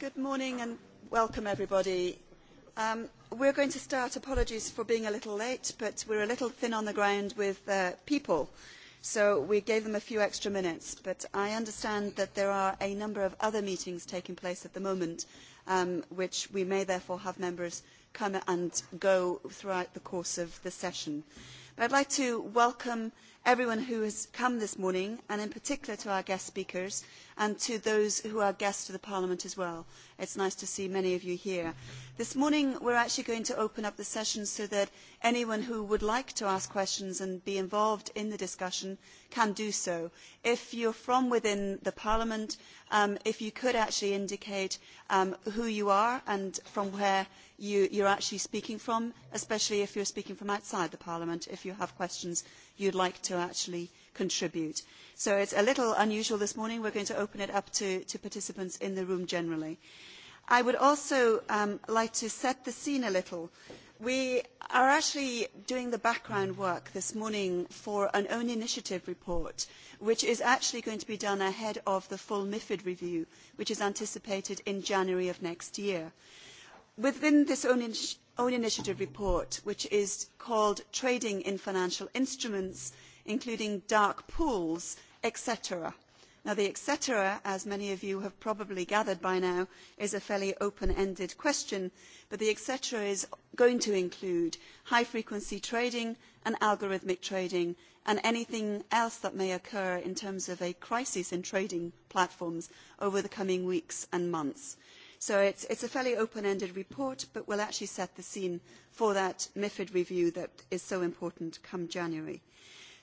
Good morning and welcome everybody. Um, we're going to start, apologies for being a little late, but we're a little thin on the ground with uh, people. So we gave them a few extra minutes, but I understand that there are a number of other meetings taking place at the moment, um, which we may therefore have members come and go throughout the course of the session. I would like to welcome everyone who has come this morning, and in particular to our guest speakers and to those who are guests of Parliament as well. It is nice to see many of you here. This morning we are actually going to open up the session so that anyone who would like to ask questions and be involved in the discussion can do so. If you are from within the Parliament, if you could actually indicate who you are and from where you, you're actually speaking from, especially if you're speaking from outside the Parliament, if you have questions you'd like to actually contribute. So it's a little unusual this morning. We're going to open it up to, to participants in the room generally. I would also like to set the scene a little. We are actually doing the background work this morning for an own initiative report, which is actually going to be done ahead of the full MIFID review, which is anticipated in January of next year. Within this own initiative report, which is called Trading in Financial Instruments, including dark pools, etc. Now, the etc., as many of you have probably gathered by now, is a fairly open-ended question, but the etc. is going to include high-frequency trading and algorithmic trading and anything else that may occur in terms of a crisis in trading platforms over the coming weeks and months. So it's, it's a fairly open-ended report, but will actually set the scene for that MIFID review that is so important come January.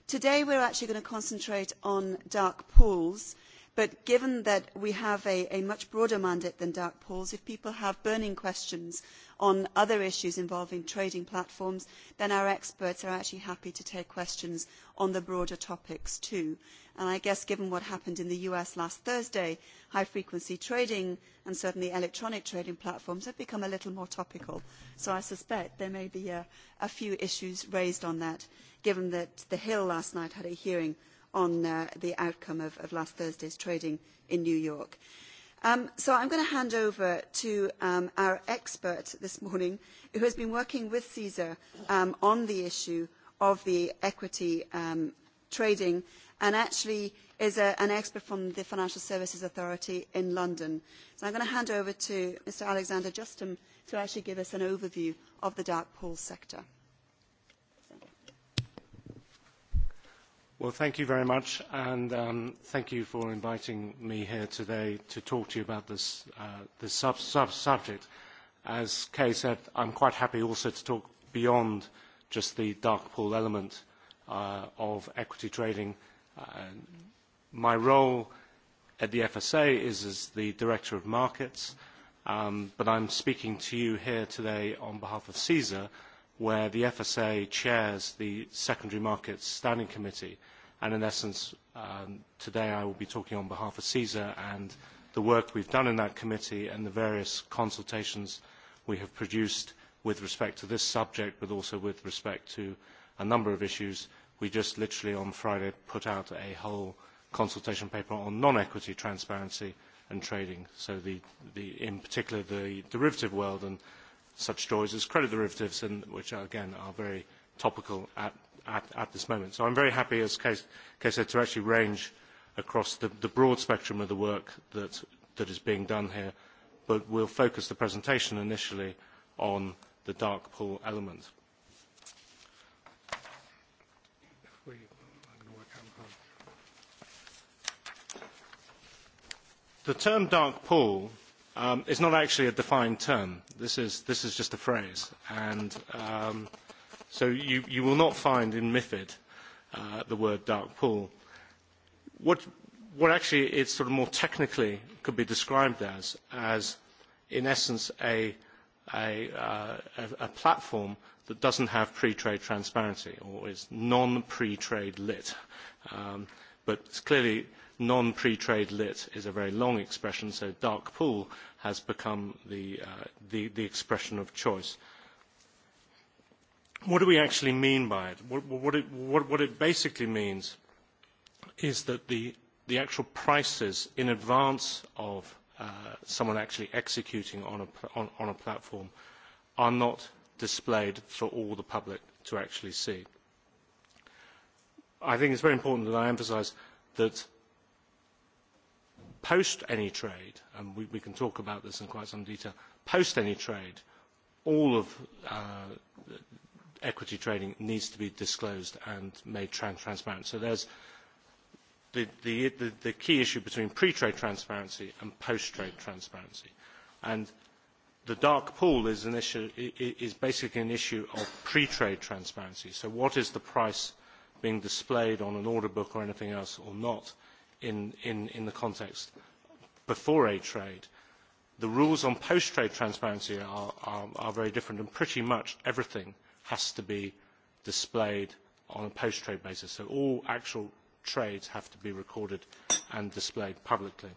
Today we're actually going to concentrate on dark pools, but given that we have a, a much broader mandate than dark pools, if people have burning questions on other issues involving trading platforms, then our experts are actually happy to take questions on the broader topics too And I guess given what happened in the US last Thursday, high frequency trading and certainly electronic trading platforms have become a little more topical. So I suspect there may be a, a few issues raised on that, given that The Hill last night had a hearing on uh, the outcome of, of last Thursday's trading in New York. Um, so I'm going to hand over to um, our expert this morning, who has been working with CSER um, on the issue of the equity um, trading and actually is a, an expert from the Financial Services Authority in London. So I'm going to hand over to Mr. Alexander Justin to actually give us an overview of the dark pool sector. Well, thank you very much, and um, thank you for inviting me here today to talk to you about this, uh, this sub, sub subject. As Kay said, I'm quite happy also to talk beyond just the dark pool element uh, of equity trading my role at the FSA is as the Director of Markets, but I'm speaking to you here today on behalf of CESA, where the FSA chairs the Secondary Markets Standing Committee. And in essence, today I will be talking on behalf of CESA and the work we've done in that committee and the various consultations we have produced with respect to this subject, but also with respect to a number of issues We just literally on Friday put out a whole consultation paper on non-equity transparency and trading, so the, the, in particular the derivative world and such joys as credit derivatives, and which are, again are very topical at, at, at this moment. So I'm very happy, as Kay said, to actually range across the, the broad spectrum of the work that, that is being done here, but we'll focus the presentation initially on the dark pool element. The term dark pool um, is not actually a defined term. This is, this is just a phrase. And um, so you, you will not find in MIFID uh, the word dark pool. What, what actually it sort of more technically could be described as, as in essence a, a, uh, a platform that doesn't have pre-trade transparency or is non-pre-trade lit. Um, but it's clearly non pre trade lit is a very long expression so dark pool has become the, expression of choice. What do we actually mean by it? What, it, what it basically means is that the, the actual prices in advance of someone actually executing on a, on, on a platform are not displayed for all the public to actually see. I think it's very important that I emphasise that post any trade, and we, we can talk about this in quite some detail, post any trade, all of uh, equity trading needs to be disclosed and made transparent. So there's the, the, the, the key issue between pre-trade transparency and post-trade transparency. And the dark pool is, an issue, is basically an issue of pre-trade transparency. So what is the price being displayed on an order book or anything else or not? in, in, in the context before aid trade. The rules on post-trade transparency are, are, are very different and pretty much everything has to be displayed on a post-trade basis. So all actual trades have to be recorded and displayed publicly.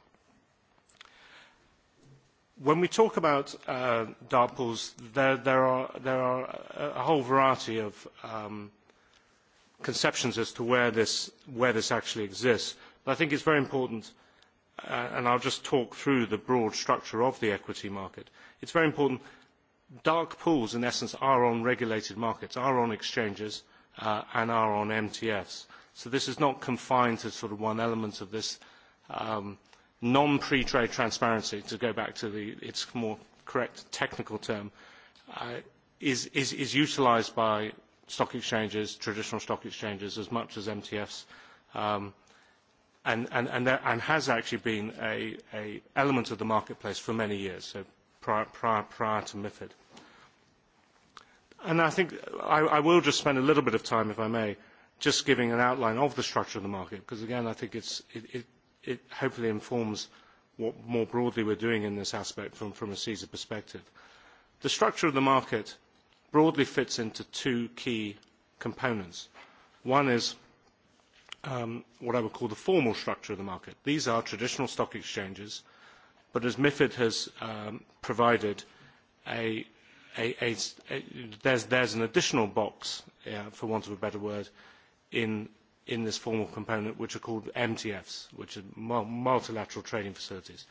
When we talk about uh, dark pools, there, there, are, there are a whole variety of um, conceptions as to where this, where this actually exists i think it is very important and i will just talk through the broad structure of the equity market it is very important that dark pools in essence are on regulated markets are on exchanges and are on mtfs so this is not confined to sort of one element of this non pre trade transparency to go back to the its more correct technical term is is utilised by stock exchanges traditional stock exchanges as much as mtfs and, and, and, there, and has actually been a, element of the marketplace for many years, so prior, prior, prior to MIFID. And I think I, I will just spend a little bit of time, if I may, just giving an outline of the structure of the market, because again, I think it's, it, it, it hopefully informs what more broadly we're doing in this aspect from, from a CESA perspective. The structure of the market broadly fits into two key components. One is what I would call the formal structure of the market. These are traditional stock exchanges, but as MIFID has provided, a, a, there's, there's an additional box, for want of a better word, in, in this formal component, which are called MTFs, which are multilateral trading facilities.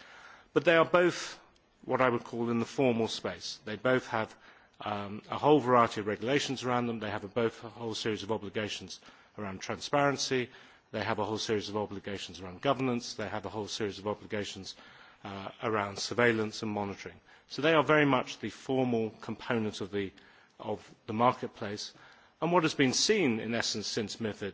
But they are both what I would call in the formal space. They both have a whole variety of regulations around them. They have a, both a whole series of obligations around transparency, they have a whole series of obligations around governance, they have a whole series of obligations around surveillance and monitoring. So they are very much the formal component of the, marketplace. And what has been seen, in essence, since MIFID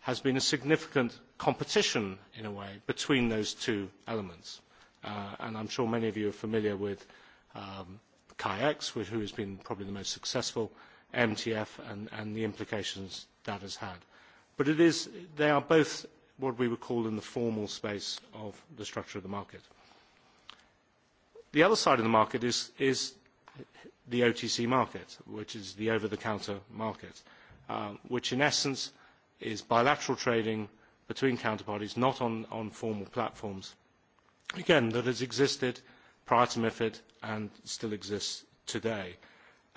has been a significant competition, in a way, between those two elements. and I am sure many of you are familiar with um, CAIX, who has been probably the most successful, MTF, and, and the implications that has had but they are both what we would call in the formal space of the structure of the market. The other side of the market is, is the OTC market, which is the over-the-counter market, which in essence is bilateral trading between counterparties, not on, on formal platforms. Again, that has existed prior to MIFID and still exists today.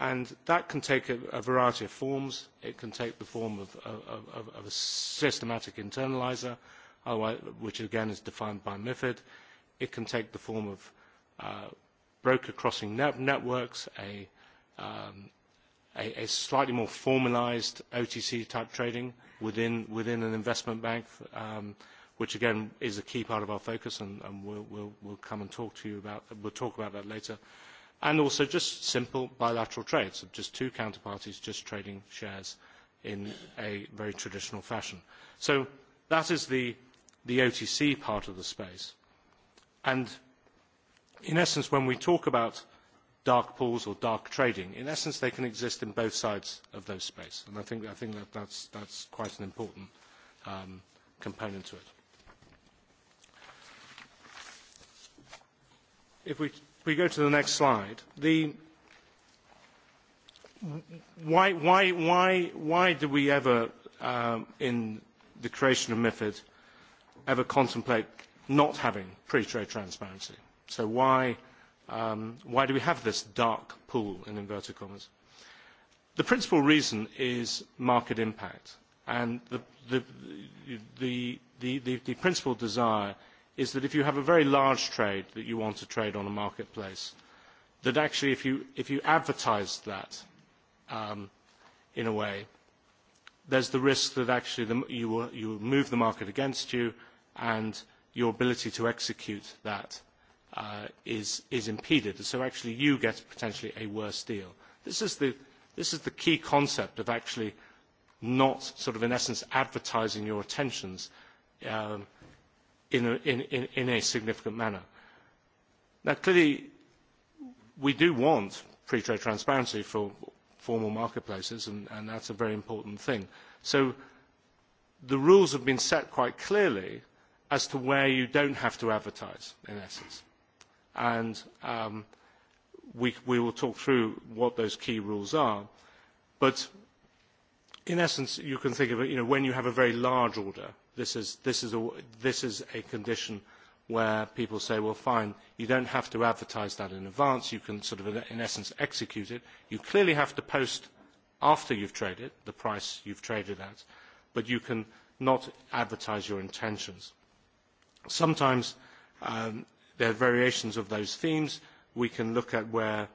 And that can take a, a variety of forms. It can take the form of, of, of a systematic internalizer, which again is defined by MIFID. It can take the form of uh, broker crossing net networks, a, um, a, a slightly more formalized OTC type trading within, within an investment bank, um, which again is a key part of our focus, and, and we'll, we'll, we'll come and talk to you about, we'll talk about that later and also just simple bilateral trade, of just two counterparties just trading shares in a very traditional fashion. So that is the, the OTC part of the space. And in essence, when we talk about dark pools or dark trading, in essence, they can exist in both sides of those space. And I think, I think that that's, that's quite an important um, component to it. If we we go to the next slide, the why, why, why, why do we ever, um, in the creation of MIFID, ever contemplate not having pre-trade transparency? So why, um, why do we have this dark pool, in inverted commas? The principal reason is market impact. And the, the, the, the, the, the principal desire is that if you have a very large trade that you want to trade on a marketplace, that actually if you, if you advertise that um, in a way, there's the risk that actually the, you, will, you will move the market against you and your ability to execute that uh, is, is impeded. So actually you get potentially a worse deal. This is the, this is the key concept of actually not sort of in essence advertising your intentions. Um, in a, in, in, a significant manner. Now, clearly, we do want pre-trade transparency for formal marketplaces, and, and that's a very important thing. So the rules have been set quite clearly as to where you don't have to advertise, in essence. And um, we, we will talk through what those key rules are. But in essence, you can think of it, you know, when you have a very large order, this is, this is, a, this is a condition where people say, well, fine, you don't have to advertise that in advance. You can sort of, in essence, execute it. You clearly have to post after you've traded the price you've traded at, but you can not advertise your intentions. Sometimes um, there are variations of those themes. We can look at where,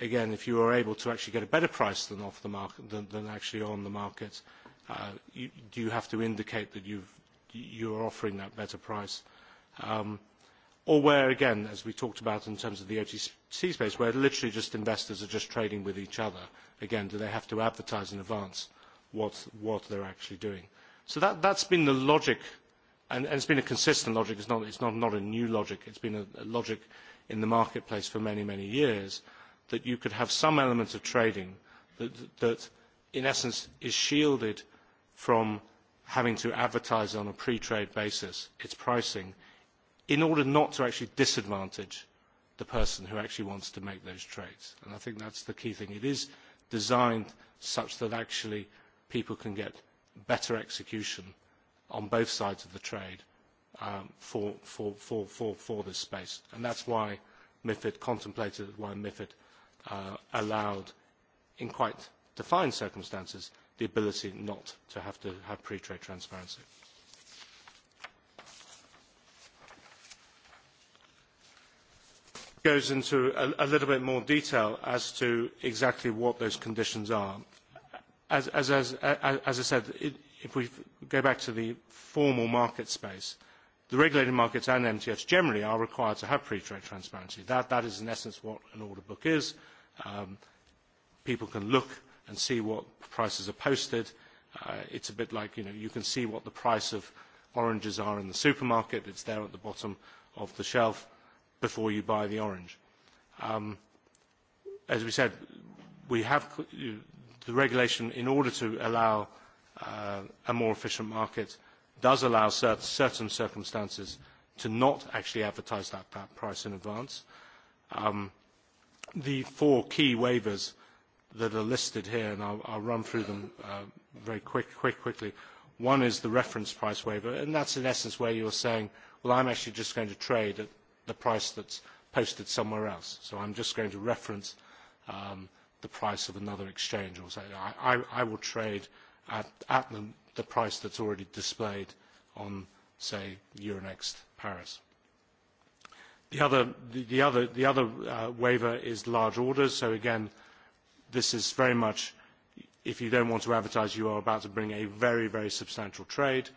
again, if you are able to actually get a better price than off the market than, than actually on the market, do you have to indicate that you've, you're offering that better price? Um, or where, again, as we talked about in terms of the OTC space, where literally just investors are just trading with each other. Again, do they have to advertise in advance what, what they're actually doing? So that, that's been the logic, and, and it's been a consistent logic. It's not, it's not, not a new logic. It's been a, a logic in the marketplace for many, many years that you could have some element of trading that, that in essence, is shielded – from having to advertise on a pre-trade basis its pricing in order not to actually disadvantage the person who actually wants to make those trades. And I think that's the key thing. It is designed such that actually people can get better execution on both sides of the trade um, for, for, for, for, for this space. And that's why MIFID contemplated, why MIFID uh, allowed, in quite defined circumstances, the ability not to have to have pre-trade transparency. goes into a, little bit more detail as to exactly what those conditions are. As, as, as, as I said, it, if we go back to the formal market space, the regulated markets and MTFs generally are required to have pre-trade transparency. That, that is in essence what an order book is. Um, people can look and see what prices are posted. Uh, it's a bit like, you know, you can see what the price of oranges are in the supermarket. It's there at the bottom of the shelf before you buy the orange. Um, as we said, we have the regulation in order to allow uh, a more efficient market does allow certain circumstances to not actually advertise that, price in advance. the four key waivers that are listed here, and I'll, I'll run through them uh, very quick, quick, quickly. One is the reference price waiver, and that's in essence where you're saying, well, I'm actually just going to trade at the price that's posted somewhere else. So I'm just going to reference um, the price of another exchange. Or say, I, I, I will trade at, at the, the price that's already displayed on, say, Euronext Paris. The other, the, the other, the other uh, waiver is large orders. So again, this is very much, if you don't want to advertise, you are about to bring a very, very substantial trade.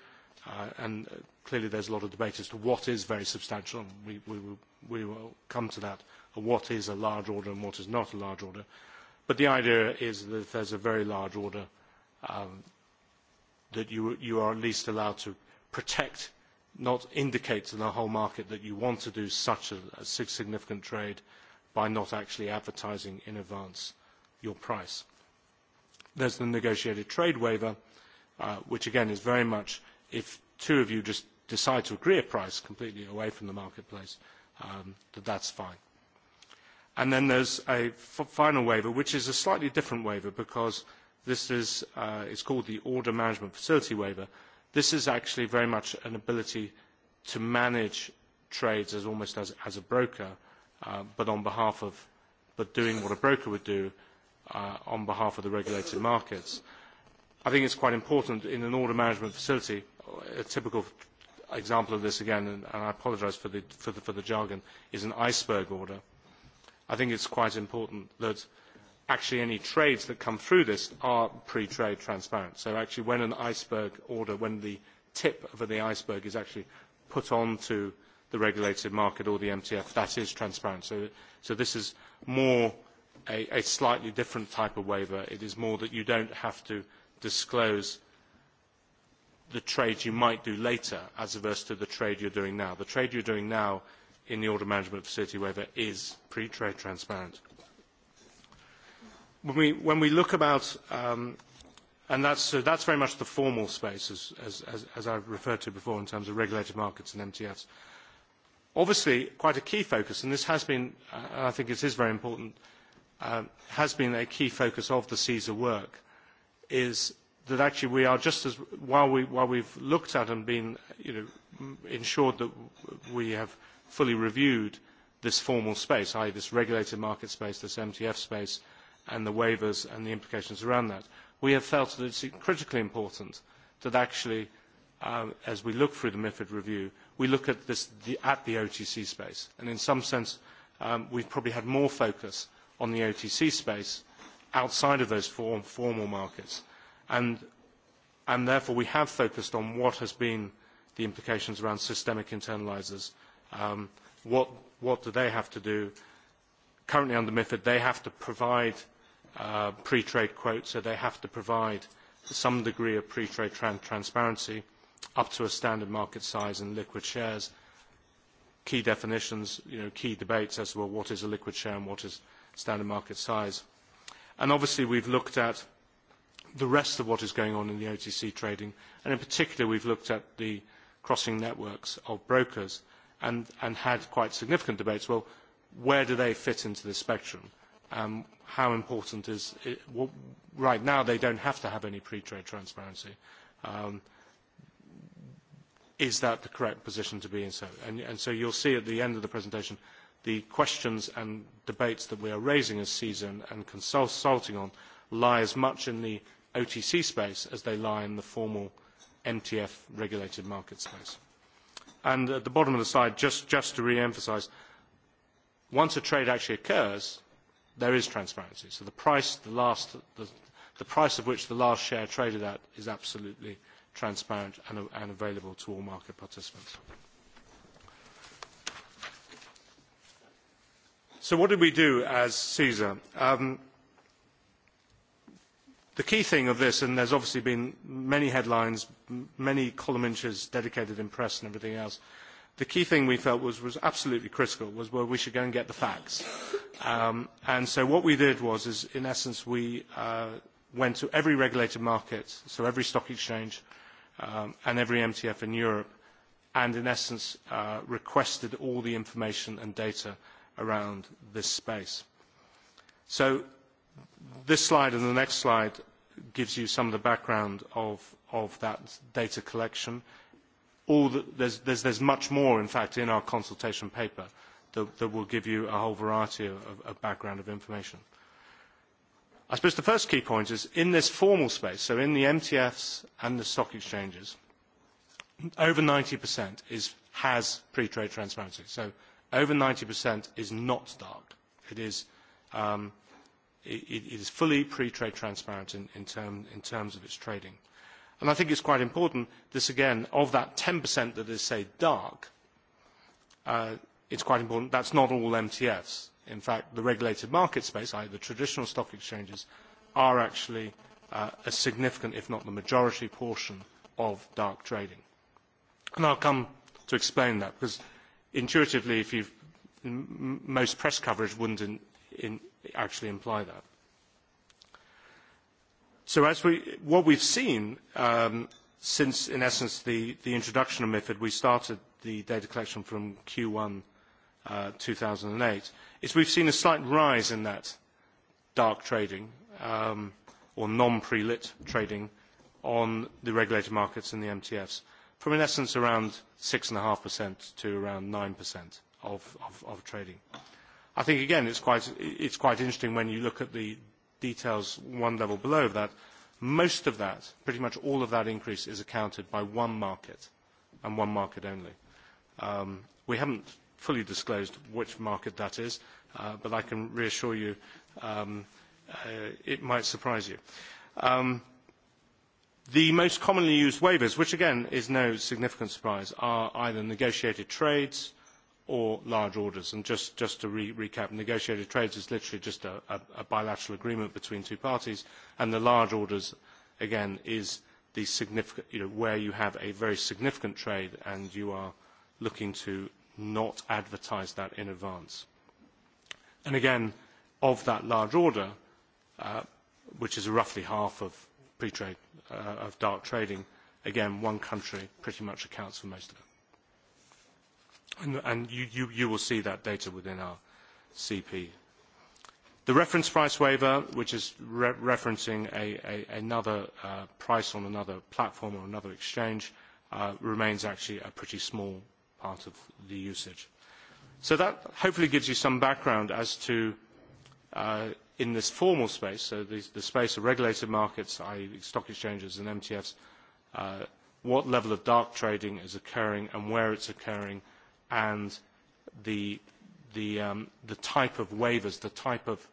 and clearly there's a lot of debate as to what is very substantial. and We, we, will, we will come to that, what is a large order and what is not a large order. But the idea is that if there's a very large order, um, that you, you are at least allowed to protect, not indicate to the whole market that you want to do such a, a significant trade by not actually advertising in advance. Uh, your price. There's the negotiated trade waiver, which again is very much if two of you just decide to agree a price completely away from the marketplace, um, that that's fine. And then there's a final waiver, which is a slightly different waiver because this is uh, it's called the order management facility waiver. This is actually very much an ability to manage trades as almost as, as a broker, uh, but on behalf of, but doing what a broker would do on behalf of the regulated markets. I think it is quite important in an order management facility, a typical example of this again, and I apologise for the jargon, is an iceberg order. I think it is quite important that actually any trades that come through this are pre-trade transparent. So actually when an iceberg order, when the tip of the iceberg is actually put onto the regulated market or the MTF, that is transparent. So, so this is more a slightly different type of waiver. It is more that you don't have to disclose the trade you might do later as opposed to the trade you're doing now. The trade you're doing now in the order management facility waiver is pre-trade transparent. When we, when we look about, um, and that's, so that's very much the formal space as, as, as, as I've referred to before in terms of regulated markets and MTFs. Obviously, quite a key focus, and this has been, uh, I think it is very important, uh, has been a key focus of the CSER work is that actually we are just as while we while we've looked at and been you know ensured that we have fully reviewed this formal space, i.e. this regulated market space, this MTF space, and the waivers and the implications around that, we have felt that it's critically important that actually, as we look through the MIFID review, we look at this at the OTC space. And in some sense, we've probably had more focus on the OTC space outside of those formal markets. And therefore, we have focused on what has been the implications around systemic internalisers. What do they have to do? Currently under MiFID, they have to provide pre-trade quotes, so they have to provide some degree of pre-trade transparency up to a standard market size in liquid shares. Key definitions, you know, key debates as to well, what is a liquid share and what is standard market size. And obviously we've looked at the rest of what is going on in the OTC trading, and in particular we've looked at the crossing networks of brokers and, had quite significant debates. Well, where do they fit into this spectrum? and how important is it? Well, right now they don't have to have any pre-trade transparency. is that the correct position to be in? So, and so you'll see at the end of the presentation the questions and debates that we are raising as CSUN and consulting on lie as much in the OTC space as they lie in the formal MTF regulated market space. And at the bottom of the slide, just, just to re-emphasize, once a trade actually occurs, there is transparency. So the price, the last, the, the price of which the last share traded at is absolutely transparent and, and available to all market participants. so what did we do as cesa? the key thing of this, and there's obviously been many headlines, many column inches dedicated in press and everything else, the key thing we felt was, was absolutely critical was where we should go and get the facts. Um, and so what we did was, is in essence, we uh, went to every regulated market, so every stock exchange um, and every MTF in Europe, and in essence uh, requested all the information and data around this space. So this slide and the next slide gives you some of the background of, of that data collection. All the, there's, there's, there's much more, in fact, in our consultation paper that, that will give you a whole variety of, of background of information. I suppose the first key point is in this formal space, so in the MTFs and the stock exchanges, over 90% is, has pre-trade transparency. So Over 90% is not dark. It is, um, it, it is fully pre-trade transparent in, in, term, in terms of its trading. And I think it's quite important, this again, of that 10% that is, say, dark, uh, it's quite important, that's not all MTFs. In fact, the regulated market space, i.e. the traditional stock exchanges, are actually uh, a significant, if not the majority portion, of dark trading. And I'll come to explain that, because intuitively, if you've most press coverage wouldn't in, in actually imply that. So as we, what we've seen um, since, in essence, the, the introduction of MIFID, we started the data collection from Q1 uh, 2008, is we've seen a slight rise in that dark trading um, or non-pre-lit trading on the regulated markets and the MTFs from in essence around 6.5% to around 9% of, of, of trading. I think again it's quite, it's quite interesting when you look at the details one level below that most of that, pretty much all of that increase is accounted by one market and one market only. Um, we haven't fully disclosed which market that is, uh, but I can reassure you um, uh, it might surprise you. Um, The most commonly used waivers, which again is no significant surprise, are either negotiated trades or large orders. And just, just to re recap, negotiated trades is literally just a, a, a bilateral agreement between two parties, and the large orders, again, is the significant, you know, where you have a very significant trade and you are looking to not advertise that in advance. And again, of that large order, uh, which is roughly half of pre-trade, uh, of dark trading, again, one country pretty much accounts for most of it. And, and you, you, you will see that data within our CP. The reference price waiver, which is re referencing a, a, another uh, price on another platform or another exchange, uh, remains actually a pretty small part of the usage. So that hopefully gives you some background as to uh, in this formal space, so the, the space of regulated markets, i.e. stock exchanges and MTFs, uh, what level of dark trading is occurring and where it's occurring, and the, the, um, the type of waivers, the type of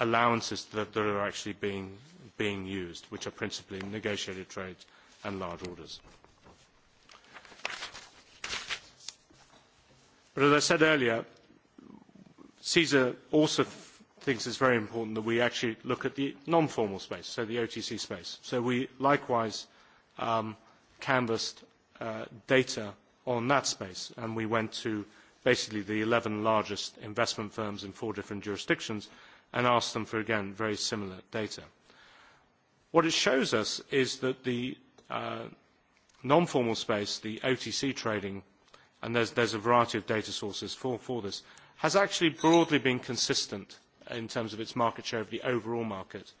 allowances that, that are actually being, being used, which are principally negotiated trades and large orders. But as I said earlier, CESA also thinks it's very important that we actually look at the non-formal space, so the OTC space. So we likewise um, canvassed uh, data on that space, and we went to basically the 11 largest investment firms in four different jurisdictions and asked them for, again, very similar data. What it shows us is that the uh, non-formal space, the OTC trading, and there's, there's a variety of data sources for, for this, has actually broadly been consistent in terms of its market share of the overall market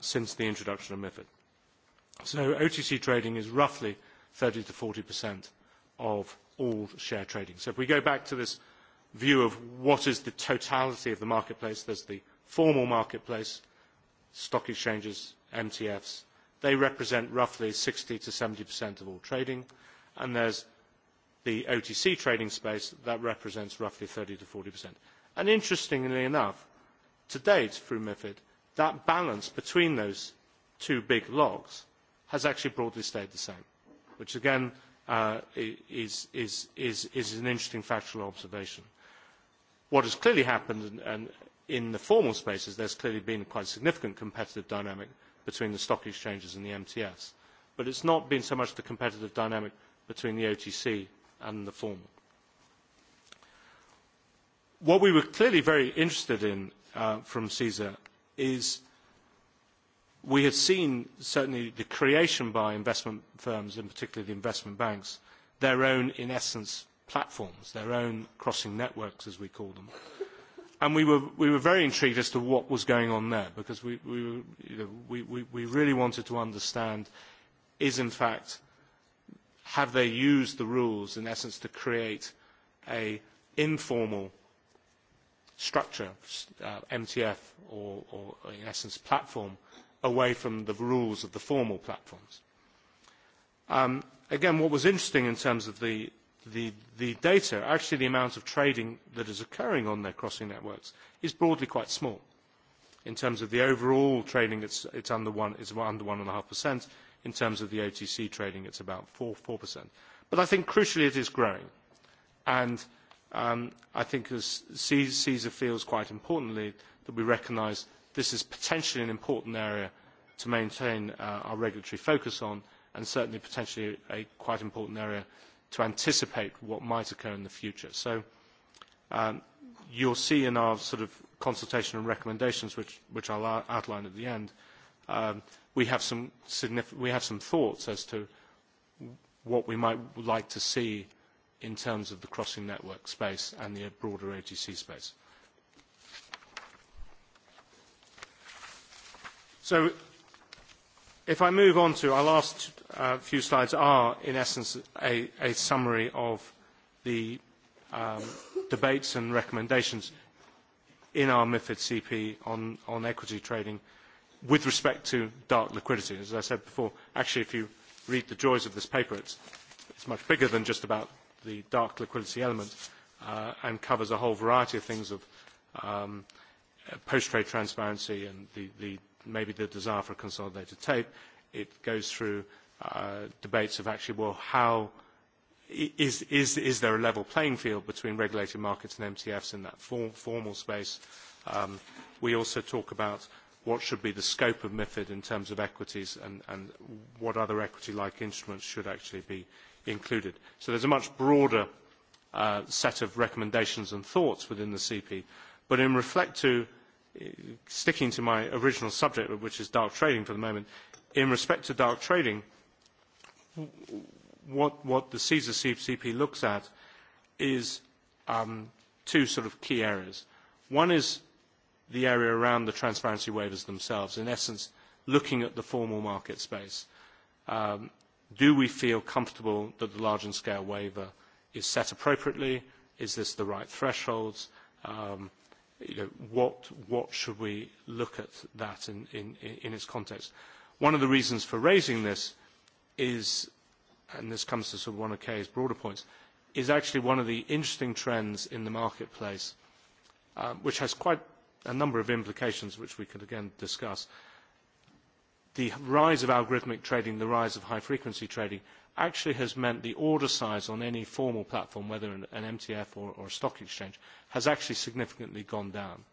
since the introduction of MiFID. So OTC trading is roughly 30 to 40% of all share trading. So if we go back to this view of what is the totality of the marketplace, there's the formal marketplace, stock exchanges, MTFs. They represent roughly 60 to 70% of all trading. And there's the OTC trading space that represents roughly 30 to 40%. And interestingly enough, to date through MIFID, that balance between those two big logs has actually broadly stayed the same, which again is, is, is, is an interesting factual observation. What has clearly happened and, in the formal spaces, there's clearly been quite a significant competitive dynamic between the stock exchanges and the MTS. But it's not been so much the competitive dynamic between the OTC and the formal. What we were clearly very interested in from CISA is we have seen certainly the creation by investment firms, and particularly the investment banks, their own, in essence, platforms, their own crossing networks, as we call them. And we were, we were very intrigued as to what was going on there, because we, we, were, you know, we, we, we really wanted to understand, is in fact, have they used the rules, in essence, to create an informal structure, MTF or, or in essence platform, away from the rules of the formal platforms. again, what was interesting in terms of the, the, the data, actually the amount of trading that is occurring on their crossing networks is broadly quite small. In terms of the overall trading, it's, it's under one, it's under one and a half percent. In terms of the OTC trading, it's about four, four percent. But I think crucially, it is growing, and um, I think as CESA feels quite importantly that we recognise this is potentially an important area to maintain uh, our regulatory focus on and certainly potentially a quite important area to anticipate what might occur in the future. So um, you'll see in our sort of consultation and recommendations, which, which I'll outline at the end, um, we, have some we have some thoughts as to what we might like to see in terms of the crossing network space and the broader OTC space. So if I move on to, our last uh, few slides are in essence a, a summary of the um, debates and recommendations in our MIFID CP on, on equity trading with respect to dark liquidity. As I said before, actually if you read the joys of this paper, it's, it's much bigger than just about the dark liquidity element uh, and covers a whole variety of things of um, post-trade transparency and the, the, maybe the desire for a consolidated tape. It goes through uh, debates of actually, well, how is, is, is there a level playing field between regulated markets and MTFs in that form, formal space? Um, we also talk about what should be the scope of MIFID in terms of equities and, and what other equity-like instruments should actually be included. So there is a much broader set of recommendations and thoughts within the CP. But in reflect to sticking to my original subject, which is dark trading for the moment, in respect to dark trading, what, what the CSER CP looks at is two sort of key areas. One is the area around the transparency waivers themselves, in essence, looking at the formal market space do we feel comfortable that the large and scale waiver is set appropriately? Is this the right thresholds? Um, you know, what, what should we look at that in, in, in its context? One of the reasons for raising this is, and this comes to sort of one of Kay's broader points, is actually one of the interesting trends in the marketplace, which has quite a number of implications which we could again discuss the rise of algorithmic trading, the rise of high-frequency trading, actually has meant the order size on any formal platform, whether an MTF or, or a stock exchange, has actually significantly gone down.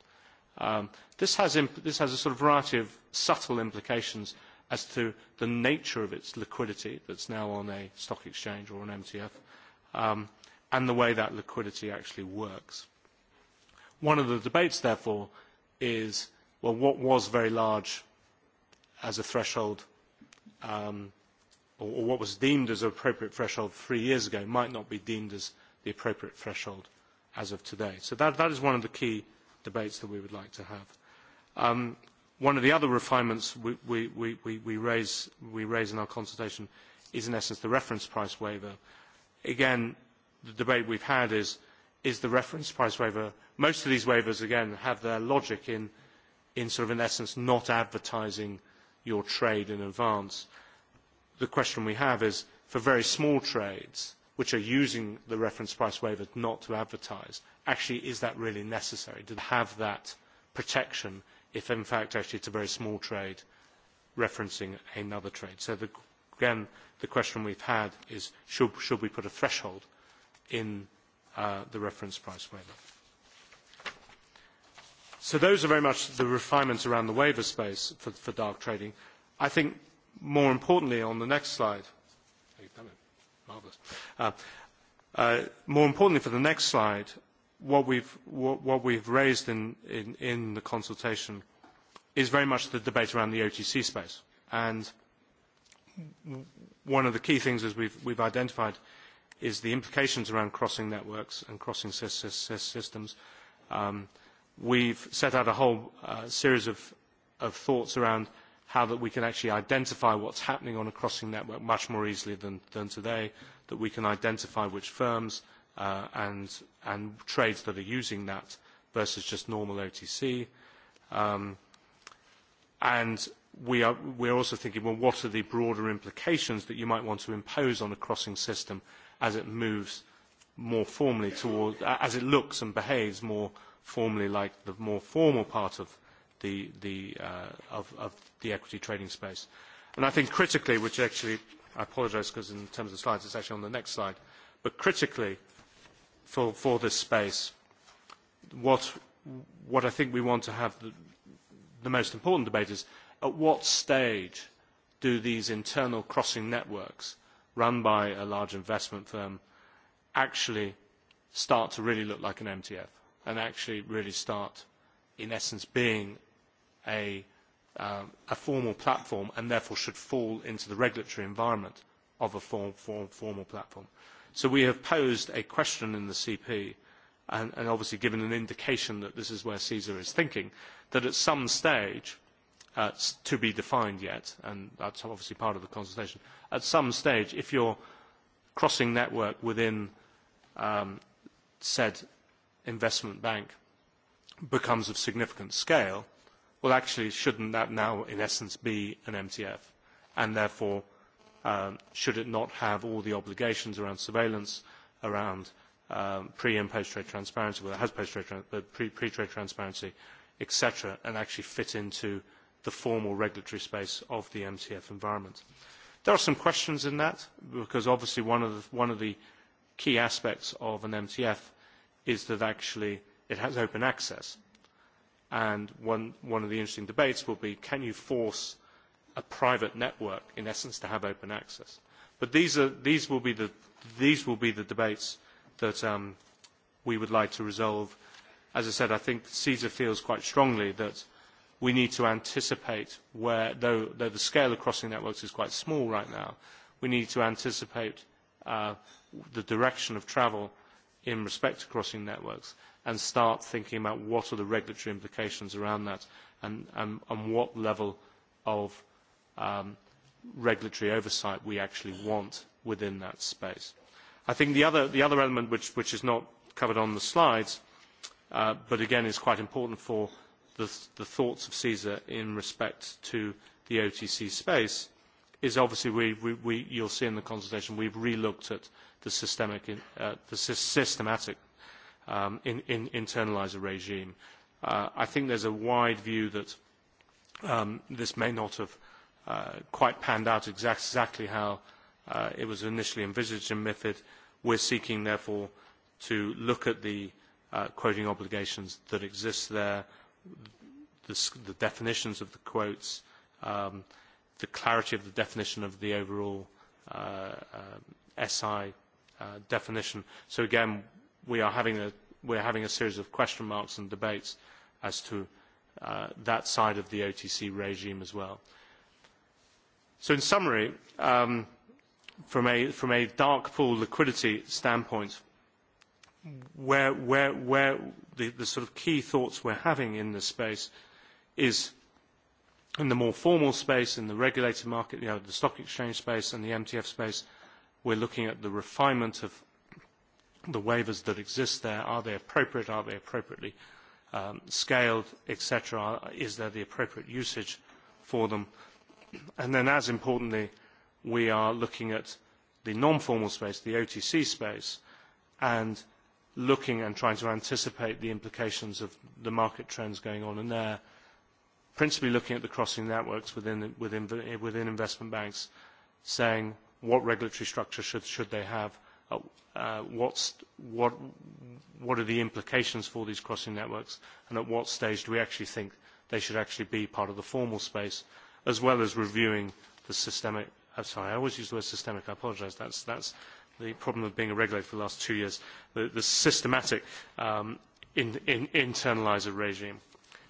Um, this, has imp- this has a sort of variety of subtle implications as to the nature of its liquidity that's now on a stock exchange or an MTF, um, and the way that liquidity actually works. One of the debates, therefore, is, well, what was very large as a threshold um, or, or what was deemed as an appropriate threshold three years ago might not be deemed as the appropriate threshold as of today. So that, that is one of the key debates that we would like to have. Um, one of the other refinements we, we, we, we, raise, we raise in our consultation is in essence the reference price waiver. Again, the debate we've had is, is the reference price waiver, most of these waivers again have their logic in, in sort of in essence not advertising uh, your trade in advance. The question we have is for very small trades, which are using the reference price waiver not to advertise, actually is that really necessary to have that protection if in fact actually it's a very small trade referencing another trade? So the, again, the question we've had is should, should we put a threshold in uh, the reference price waiver? So those are very much the refinements around the waiver space for, for dark trading. I think more importantly, on the next slide, marvelous. Uh, uh, more importantly, for the next slide, what we've, what, what we've raised in, in, in the consultation is very much the debate around the OTC space. And one of the key things as we've, we've identified is the implications around crossing networks and crossing systems. Um, uh, We have set out a whole series of, thoughts around how we can actually identify what is happening on a crossing network much more easily than, today, that we can identify which firms and, trades that are using that versus just normal OTC. and we are, also thinking, well, what are the broader implications that you might want to impose on a crossing system as it moves more formally towards as it looks and behaves more formally like the more formal part of the, the, uh, of, of the equity trading space. And I think critically, which actually, I apologise because in terms of slides, it's actually on the next slide, but critically for, for this space, what, what I think we want to have the, the most important debate is at what stage do these internal crossing networks run by a large investment firm actually start to really look like an MTF? and actually really start, in essence, being a, um, a formal platform and therefore should fall into the regulatory environment of a form, form, formal platform. So we have posed a question in the CP and, and obviously given an indication that this is where CSER is thinking, that at some stage, uh, to be defined yet, and that's obviously part of the consultation, at some stage, if you're crossing network within um, said investment bank becomes of significant scale, well, actually, shouldn't that now, in essence, be an MTF? And therefore, um, should it not have all the obligations around surveillance, around um, pre and post trade transparency, well, it has post trade, but pre trade transparency, etc., and actually fit into the formal regulatory space of the MTF environment? There are some questions in that, because obviously one of the, one of the key aspects of an MTF is that actually it has open access. And one, one of the interesting debates will be, can you force a private network, in essence, to have open access? But these, are, these, will, be the, these will be the debates that um, we would like to resolve. As I said, I think CESA feels quite strongly that we need to anticipate where, though, though the scale of crossing networks is quite small right now, we need to anticipate uh, the direction of travel in respect to crossing networks and start thinking about what are the regulatory implications around that and, and, and what level of um, regulatory oversight we actually want within that space. I think the other, the other element which, which is not covered on the slides, uh, but again is quite important for the, the thoughts of CESA in respect to the OTC space, is obviously we, we, we, you'll see in the consultation we've relooked at the, systemic, uh, the systematic um, in, in internalizer regime. Uh, I think there's a wide view that um, this may not have uh, quite panned out exact, exactly how uh, it was initially envisaged in MIFID. We're seeking, therefore, to look at the uh, quoting obligations that exist there, the, the definitions of the quotes, um, the clarity of the definition of the overall uh, uh, SI definition. So again, we are having a, are having a series of question marks and debates as to that side of the OTC regime as well. So in summary, um, from, a, from a dark pool liquidity standpoint, where, where, where the, the sort of key thoughts we're having in this space is in the more formal space, in the regulated market, you know, the stock exchange space and the MTF space, We're looking at the refinement of the waivers that exist there. Are they appropriate? Are they appropriately um, scaled, etc.? Is there the appropriate usage for them? And then, as importantly, we are looking at the non-formal space, the OTC space, and looking and trying to anticipate the implications of the market trends going on in there, principally looking at the crossing networks within, within, within investment banks, saying what regulatory structure should, should they have, uh, what's, what, what are the implications for these crossing networks, and at what stage do we actually think they should actually be part of the formal space, as well as reviewing the systemic, I'm sorry, I always use the word systemic, I apologise, that's, that's the problem of being a regulator for the last two years, the, the systematic um, in, in, internalizer regime.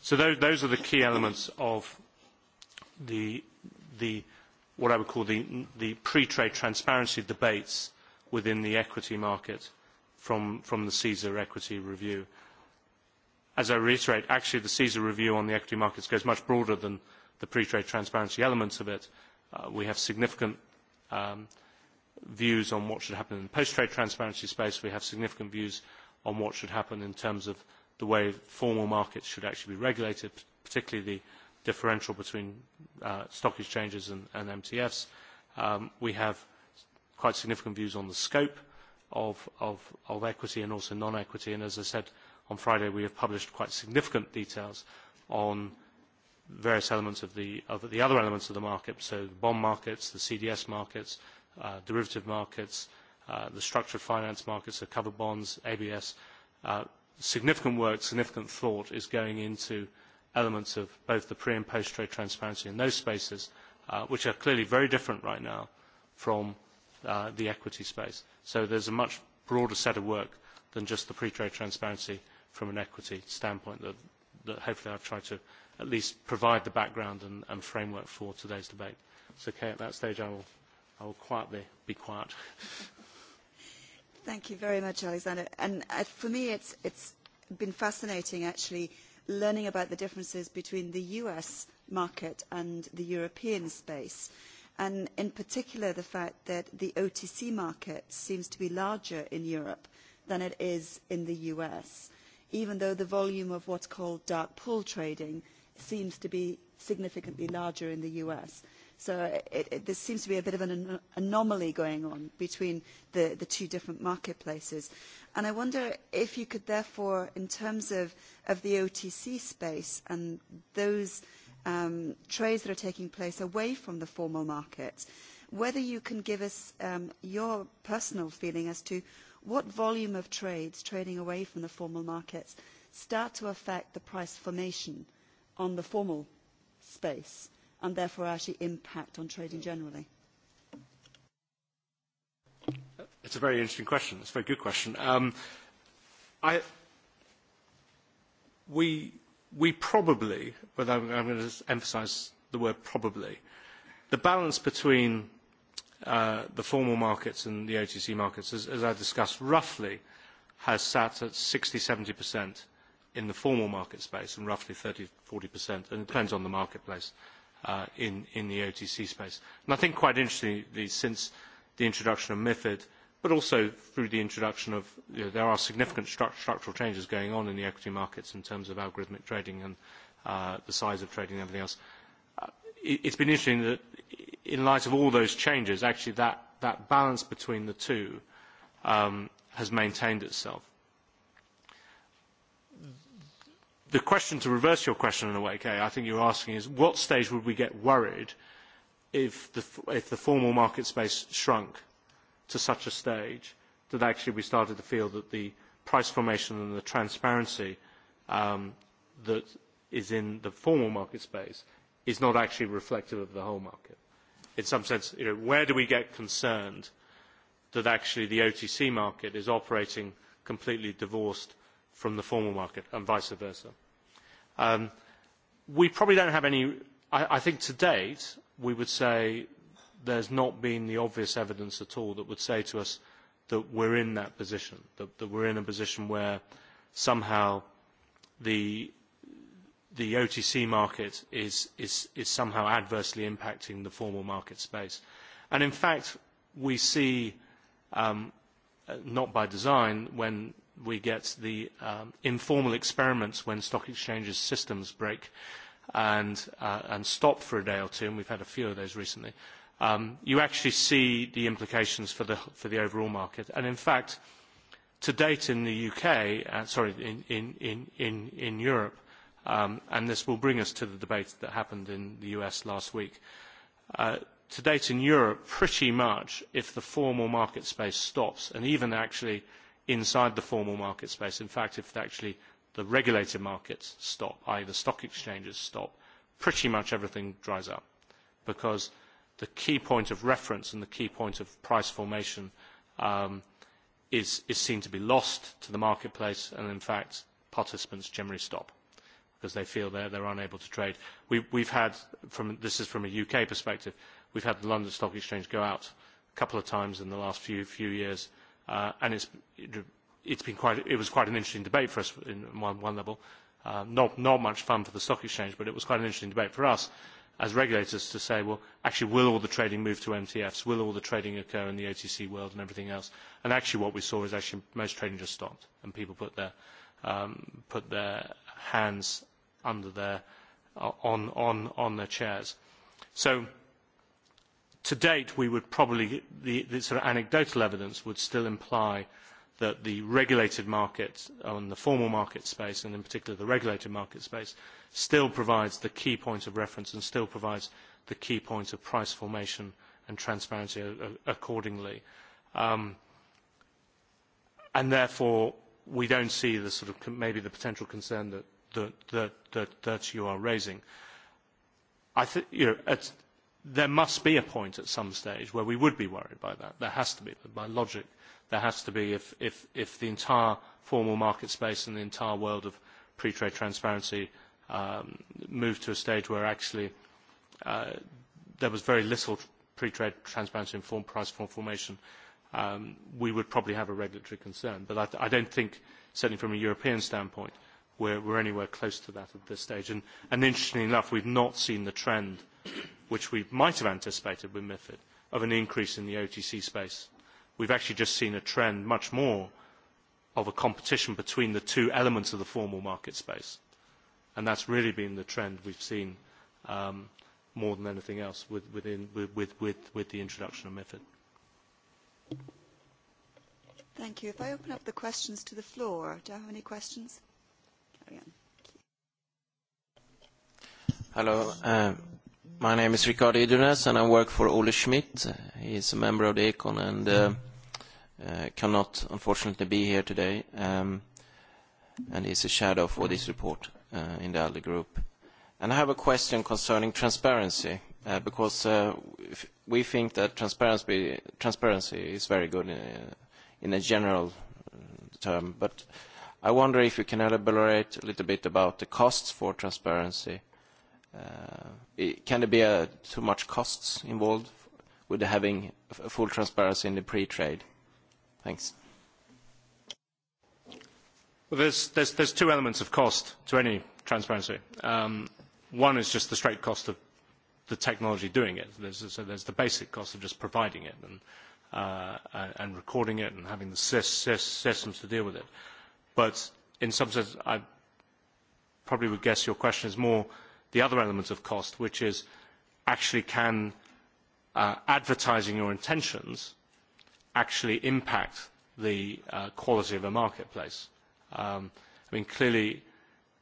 So those, those are the key elements of the, the what I would call the, the pre-trade transparency debates within the equity market from, from the CSER equity review. As I reiterate, actually the CSER review on the equity markets goes much broader than the pre-trade transparency elements of it. Uh, we have significant um, views on what should happen in the post-trade transparency space. We have significant views on what should happen in terms of the way formal markets should actually be regulated, particularly the differential between stock exchanges and MTFs. We have quite significant views on the scope of equity and also non-equity. and As I said on Friday, we have published quite significant details on various elements of the other elements of the market, so the bond markets, the CDS markets, derivative markets, the structured finance markets, the covered bonds, ABS. Significant work, significant thought is going into elements of both the pre and post trade transparency in those spaces, which are clearly very different right now from the equity space. So there is a much broader set of work than just the pre trade transparency from an equity standpoint that, that hopefully I've tried to at least provide the background and, and framework for today's debate. So, Kay, at that stage, I will, I will quietly be quiet. Thank you very much, Alexander. And uh, for me, it's, it's been fascinating, actually, learning about the differences between the US market and the European space, and in particular the fact that the OTC market seems to be larger in Europe than it is in the US, even though the volume of what's called dark pool trading seems to be significantly larger in the US. So it, it, there seems to be a bit of an anomaly going on between the, the two different marketplaces. And I wonder if you could therefore, in terms of, of the OTC space and those um, trades that are taking place away from the formal market, whether you can give us um, your personal feeling as to what volume of trades trading away from the formal markets start to affect the price formation on the formal space and therefore actually impact on trading generally? It's a very interesting question. It's a very good question. we, probably, but I'm, going to emphasize the word probably, the balance between the formal markets and the OTC markets, as, as I discussed, roughly has sat at 60-70% in the formal market space and roughly 30-40%, and it depends on the marketplace in, in the OTC space. I think quite interestingly, since the introduction of MIFID, but also through the introduction of, you know, there are significant structural changes going on in the equity markets in terms of algorithmic trading and the size of trading and everything else. it, it's been interesting that in light of all those changes, actually that, that balance between the two has maintained itself the question to reverse your question in a way, Kay, I think you're asking is what stage would we get worried if the, if the formal market space shrunk to such a stage that actually we started to feel that the price formation and the transparency um, that is in the formal market space is not actually reflective of the whole market. In some sense, you know, where do we get concerned that actually the OTC market is operating completely divorced from the formal market and vice versa? we probably don't have any. I, I think to date we would say there's not been the obvious evidence at all that would say to us that we're in that position, that, that we're in a position where somehow the the OTC market is, is, is somehow adversely impacting the formal market space. And in fact, we see, um, not by design, when we get the um, informal experiments when stock exchanges systems break and, uh, and stop for a day or two, and we've had a few of those recently, um, you actually see the implications for the, for the overall market. And in fact, to date in the UK, uh, sorry, in, in, in, in, in Europe, um, and this will bring us to the debate that happened in the US last week, uh, to date in Europe, pretty much if the formal market space stops, and even actually – inside the formal market space. In fact, if actually the regulated markets stop, i. e. the stock exchanges stop, pretty much everything dries up because the key point of reference and the key point of price formation is, is seen to be lost to the marketplace and in fact participants generally stop because they feel they're, they're unable to trade. We, we've had, from, this is from a UK perspective, we've had the London Stock Exchange go out a couple of times in the last few, few years Uh, and it's, it's been quite, it was quite an interesting debate for us in one, one level. Uh, not, not much fun for the stock exchange, but it was quite an interesting debate for us as regulators to say, well, actually, will all the trading move to MTFs? Will all the trading occur in the OTC world and everything else? And actually what we saw is actually most trading just stopped and people put their, um, put their hands under their, on, on, on their chairs. So to date, we would probably, the, the sort of anecdotal evidence would still imply that the regulated market on the formal market space and in particular the regulated market space still provides the key point of reference and still provides the key point of price formation and transparency accordingly. and therefore we don't see the sort of maybe the potential concern that, that, that, that, that you are raising. I think you know, at, there must be a point at some stage where we would be worried by that. There has to be. By logic, there has to be if, if, if the entire formal market space and the entire world of pre-trade transparency um, moved to a stage where actually uh, there was very little pre-trade transparency in price form formation, um, we would probably have a regulatory concern. But I, I don't think, certainly from a European standpoint, we're, we're anywhere close to that at this stage. And, and interestingly enough, we've not seen the trend – which we might have anticipated with MIFID, of an increase in the OTC space. We've actually just seen a trend much more of a competition between the two elements of the formal market space. And that's really been the trend we've seen um, more than anything else with, within, with, with, with the introduction of MIFID. Thank you. If I open up the questions to the floor, do I have any questions? Carry on. Hello. My name is Ricardo Idrunes, and I work for Ole Schmidt. He is a member of the ECON and uh, uh, cannot, unfortunately, be here today. Um, and is a shadow for this report uh, in the ALDE group. And I have a question concerning transparency, uh, because uh, we think that transparency, transparency is very good in, uh, in a general term, but I wonder if you can elaborate a little bit about the costs for transparency – Can there be too much costs involved with having full transparency in the pre-trade? Thanks. Well, there's two elements of cost to any transparency. One is just the straight cost of the technology doing it. There's so there's the basic cost of just providing it and and recording it and having the systems to deal with it. But in some sense, I probably would guess your question is more the other element of cost, which is actually can advertising your intentions actually impact the quality of a marketplace. I mean, clearly,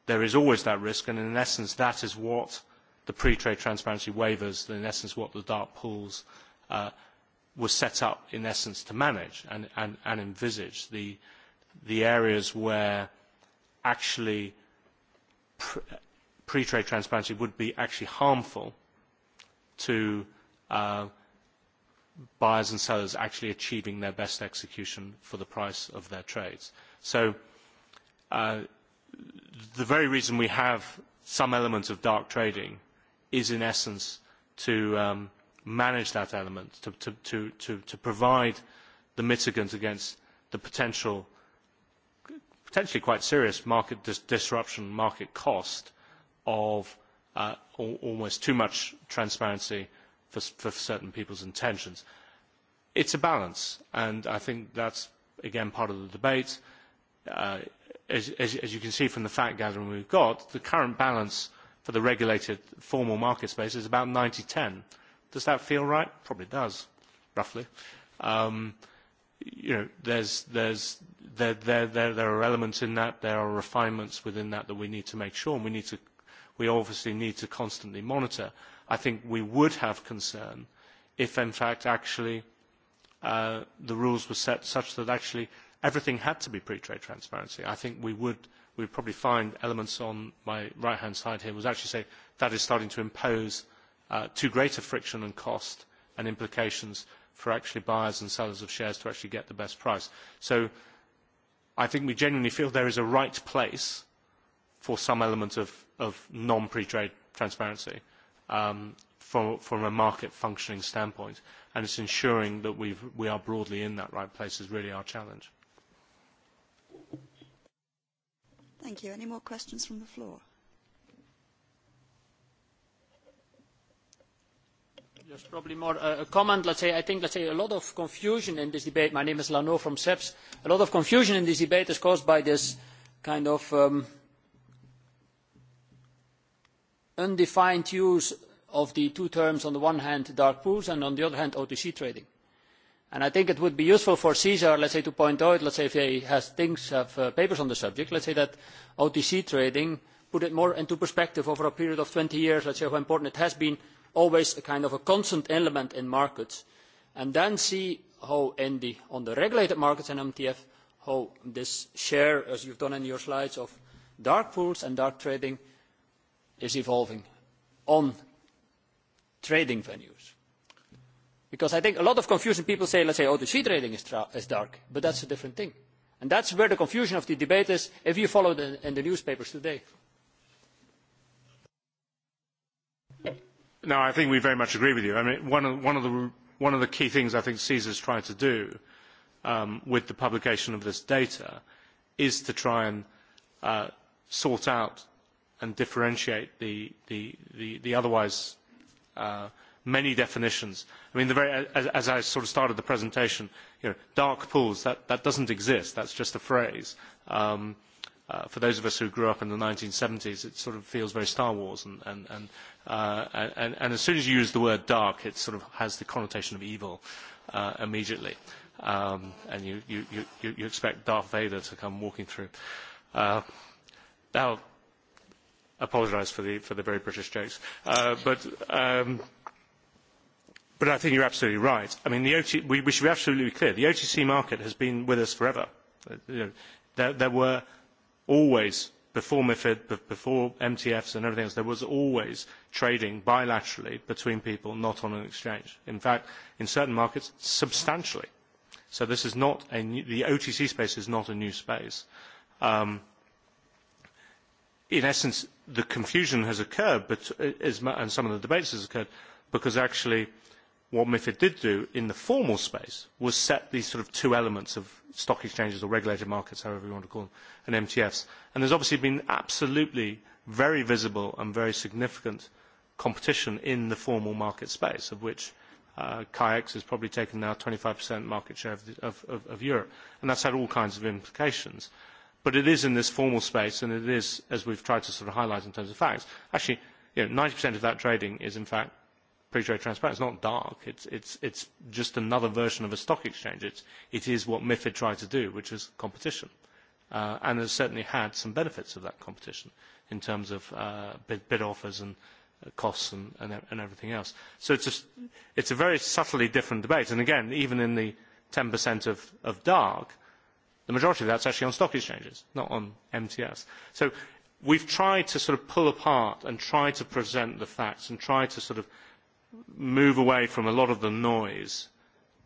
there is always that risk, and in essence, that is what the pre-trade transparency waivers, in essence, what the dark pools were set up, in essence, to manage and, and, and envisage the, the areas where actually pre-trade transparency would be actually harmful to uh, buyers and sellers actually achieving their best execution for the price of their trades. So uh, the very reason we have some element of dark trading is in essence to um, manage that element, to, to, to, to, to provide the mitigant against the potential, potentially quite serious market dis disruption, market cost of almost too much transparency for, for certain people's intentions. It's a balance, and I think that's, again, part of the debate. as, as, you can see from the fact gathering we've got, the current balance for the regulated formal market space is about ninety ten. Does that feel right? Probably does, roughly. Um, you know, there's, there's, there, there, there, there are elements in that, there are refinements within that that we need to make sure, and we need to we obviously need to constantly monitor. I think we would have concern if, in fact, actually the rules were set such that actually everything had to be pre-trade transparency. I think we would we'd probably find elements on my right-hand side here would actually say that is starting to impose too great a friction and cost and implications for actually buyers and sellers of shares to actually get the best price. So I think we genuinely feel there is a right place for some element of, of non-pre-trade transparency um, from, from a market functioning standpoint. And it's ensuring that we've, we are broadly in that right place is really our challenge. Thank you. Any more questions from the floor? Just probably more a comment. Let's say I think let's say a lot of confusion in this debate. My name is Lano from SEPS. A lot of confusion in this debate is caused by this kind of um, undefined use of the two terms on the one hand dark pools and on the other hand OTC trading. And I think it would be useful for CSER, let's say, to point out, let's say if he has things, have uh, papers on the subject, let's say that OTC trading, put it more into perspective over a period of twenty years, let's say how important it has been, always a kind of a constant element in markets. And then see how in the, on the regulated markets and MTF, how this share, as you've done in your slides, of dark pools and dark trading – is evolving on trading venues. Because I think a lot of confusion, people say, let's say, oh, the sea trading is, is dark, but that's a different thing. And that's where the confusion of the debate is, if you follow the, in the newspapers today. No, I think we very much agree with you. I mean, one of, one of, the, one of the key things I think is trying to do um, with the publication of this data is to try and uh, sort out and differentiate the, the, the, the otherwise uh, many definitions. I mean, the very, as, as I sort of started the presentation, you know, dark pools, that, that doesn't exist. That's just a phrase. Um, uh, for those of us who grew up in the 1970s, it sort of feels very Star Wars. And, and, and, uh, and, and as soon as you use the word dark, it sort of has the connotation of evil uh, immediately. Um, and you, you, you, you expect Darth Vader to come walking through. Uh, now, apologise for the for the very British jokes, uh, but. Um, but I think you're absolutely right. I mean, the OT, we, we should be absolutely clear. The OTC market has been with us forever. You know, there, there were always, before MIFID, before MTFs and everything else, there was always trading bilaterally between people not on an exchange. In fact, in certain markets, substantially. So this is not a new, the OTC space is not a new space. Um, in essence, the confusion has occurred and some of the debates has occurred because actually what MIFID did do in the formal space was set these sort of two elements of stock exchanges or regulated markets, however you want to call them, and MTFs. And there's obviously been absolutely very visible and very significant competition in the formal market space, of which uh, has probably taken now 25% market share of, the, of, of, of Europe. And that's had all kinds of implications but it is in this formal space and it is, as we've tried to sort of highlight in terms of facts, actually, you know, of that trading is in fact pre-trade transparent. It's not dark. It's, it's, it's just another version of a stock exchange. It's, it is what MIFID tried to do, which is competition. Uh, and has certainly had some benefits of that competition in terms of uh, bid, bid offers and uh, costs and, and, and everything else. So it's a, it's a very subtly different debate. And again, even in the 10% of, of dark, The majority of that is actually on stock exchanges, not on MTS. So we've tried to sort of pull apart and try to present the facts and try to sort of move away from a lot of the noise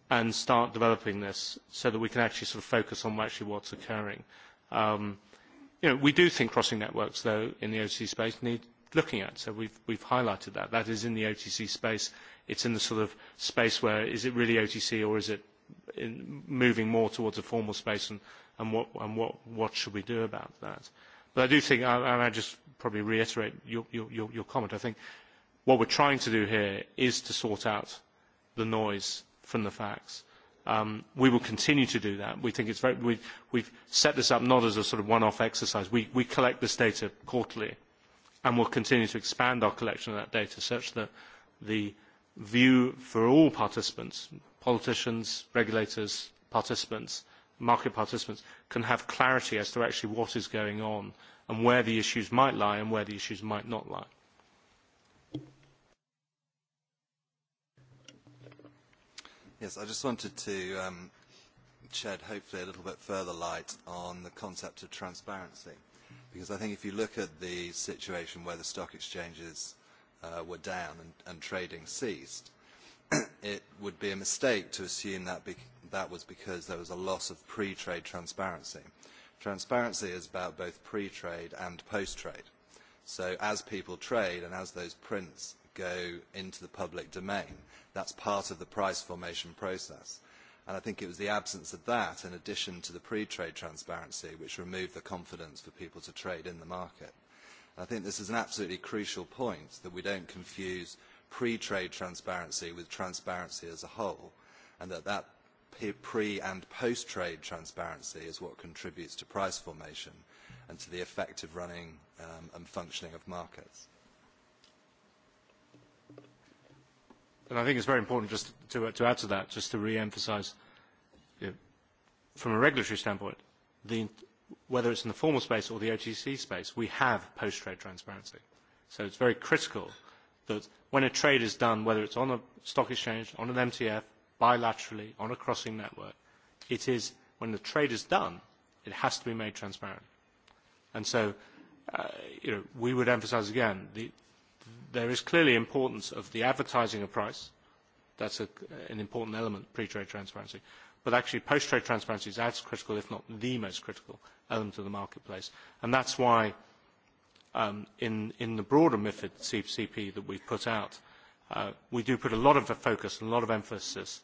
and start developing this so that we can actually sort of focus on actually what's occurring. Um, you know, we do think crossing networks, though, in the OTC space need looking at, so we've, we've highlighted that. That is in the OTC space. It's in the sort of space where is it really OTC or is it in moving more towards a formal space and, and, what, and what, what should we do about that. But I do think, and I just probably reiterate your, your, your comment, I think what we're trying to do here is to sort out the noise from the facts. Um, we will continue to do that. We think it's very, we, we've set this up not as a sort of one-off exercise. We, we collect this data quarterly and we'll continue to expand our collection of that data such that the view for all participants, politicians, regulators, participants, market participants, can have clarity as to actually what is going on and where the issues might lie and where the issues might not lie. Yes, I just wanted to um, shed hopefully a little bit further light on the concept of transparency because I think if you look at the situation where the stock exchanges were down and, trading ceased. it would be a mistake to assume that that was because there was a loss of pre-trade transparency. Transparency is about both pre-trade and post-trade. So as people trade and as those prints go into the public domain, that's part of the price formation process. And I think it was the absence of that, in addition to the pre-trade transparency, which removed the confidence for people to trade in the market. I think this is an absolutely crucial point that we don't confuse pre-trade transparency with transparency as a whole, and that that pre- and post-trade transparency is what contributes to price formation and to the effective running um, and functioning of markets. And I think it's very important just to, to add to that, just to re-emphasize, you know, from a regulatory standpoint, the whether it's in the formal space or the OTC space, we have post-trade transparency. So it's very critical that when a trade is done, whether it's on a stock exchange, on an MTF, bilaterally, on a crossing network, it is, when the trade is done, it has to be made transparent. And so, uh, you know, we would emphasize again, the, there is clearly importance of the advertising of price. That's a, an important element, pre-trade transparency But actually, post-trade transparency is as critical, if not the most critical, element of the marketplace. And that's why um, in, in the broader MIFID CCP that we've put out, uh, we do put a lot of focus and a lot of emphasis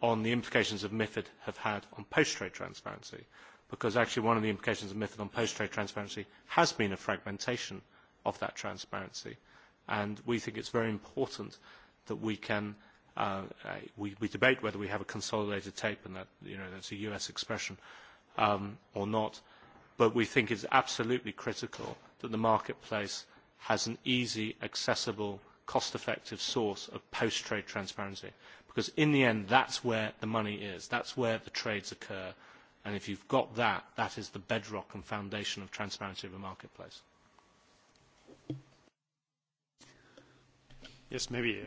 on the implications of MIFID have had on post-trade transparency, because actually one of the implications of MIFID on post-trade transparency has been a fragmentation of that transparency. And we think it's very important that we can – uh, we, we debate whether we have a consolidated tape, and that you know that's a U.S. expression um, or not. But we think it's absolutely critical that the marketplace has an easy, accessible, cost-effective source of post-trade transparency, because in the end, that's where the money is. That's where the trades occur. And if you've got that, that is the bedrock and foundation of transparency of a marketplace. Yes, maybe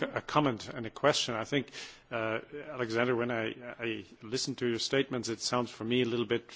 a a comment and a question. I think, Alexander, when I I listen to your statements, it sounds for me a little bit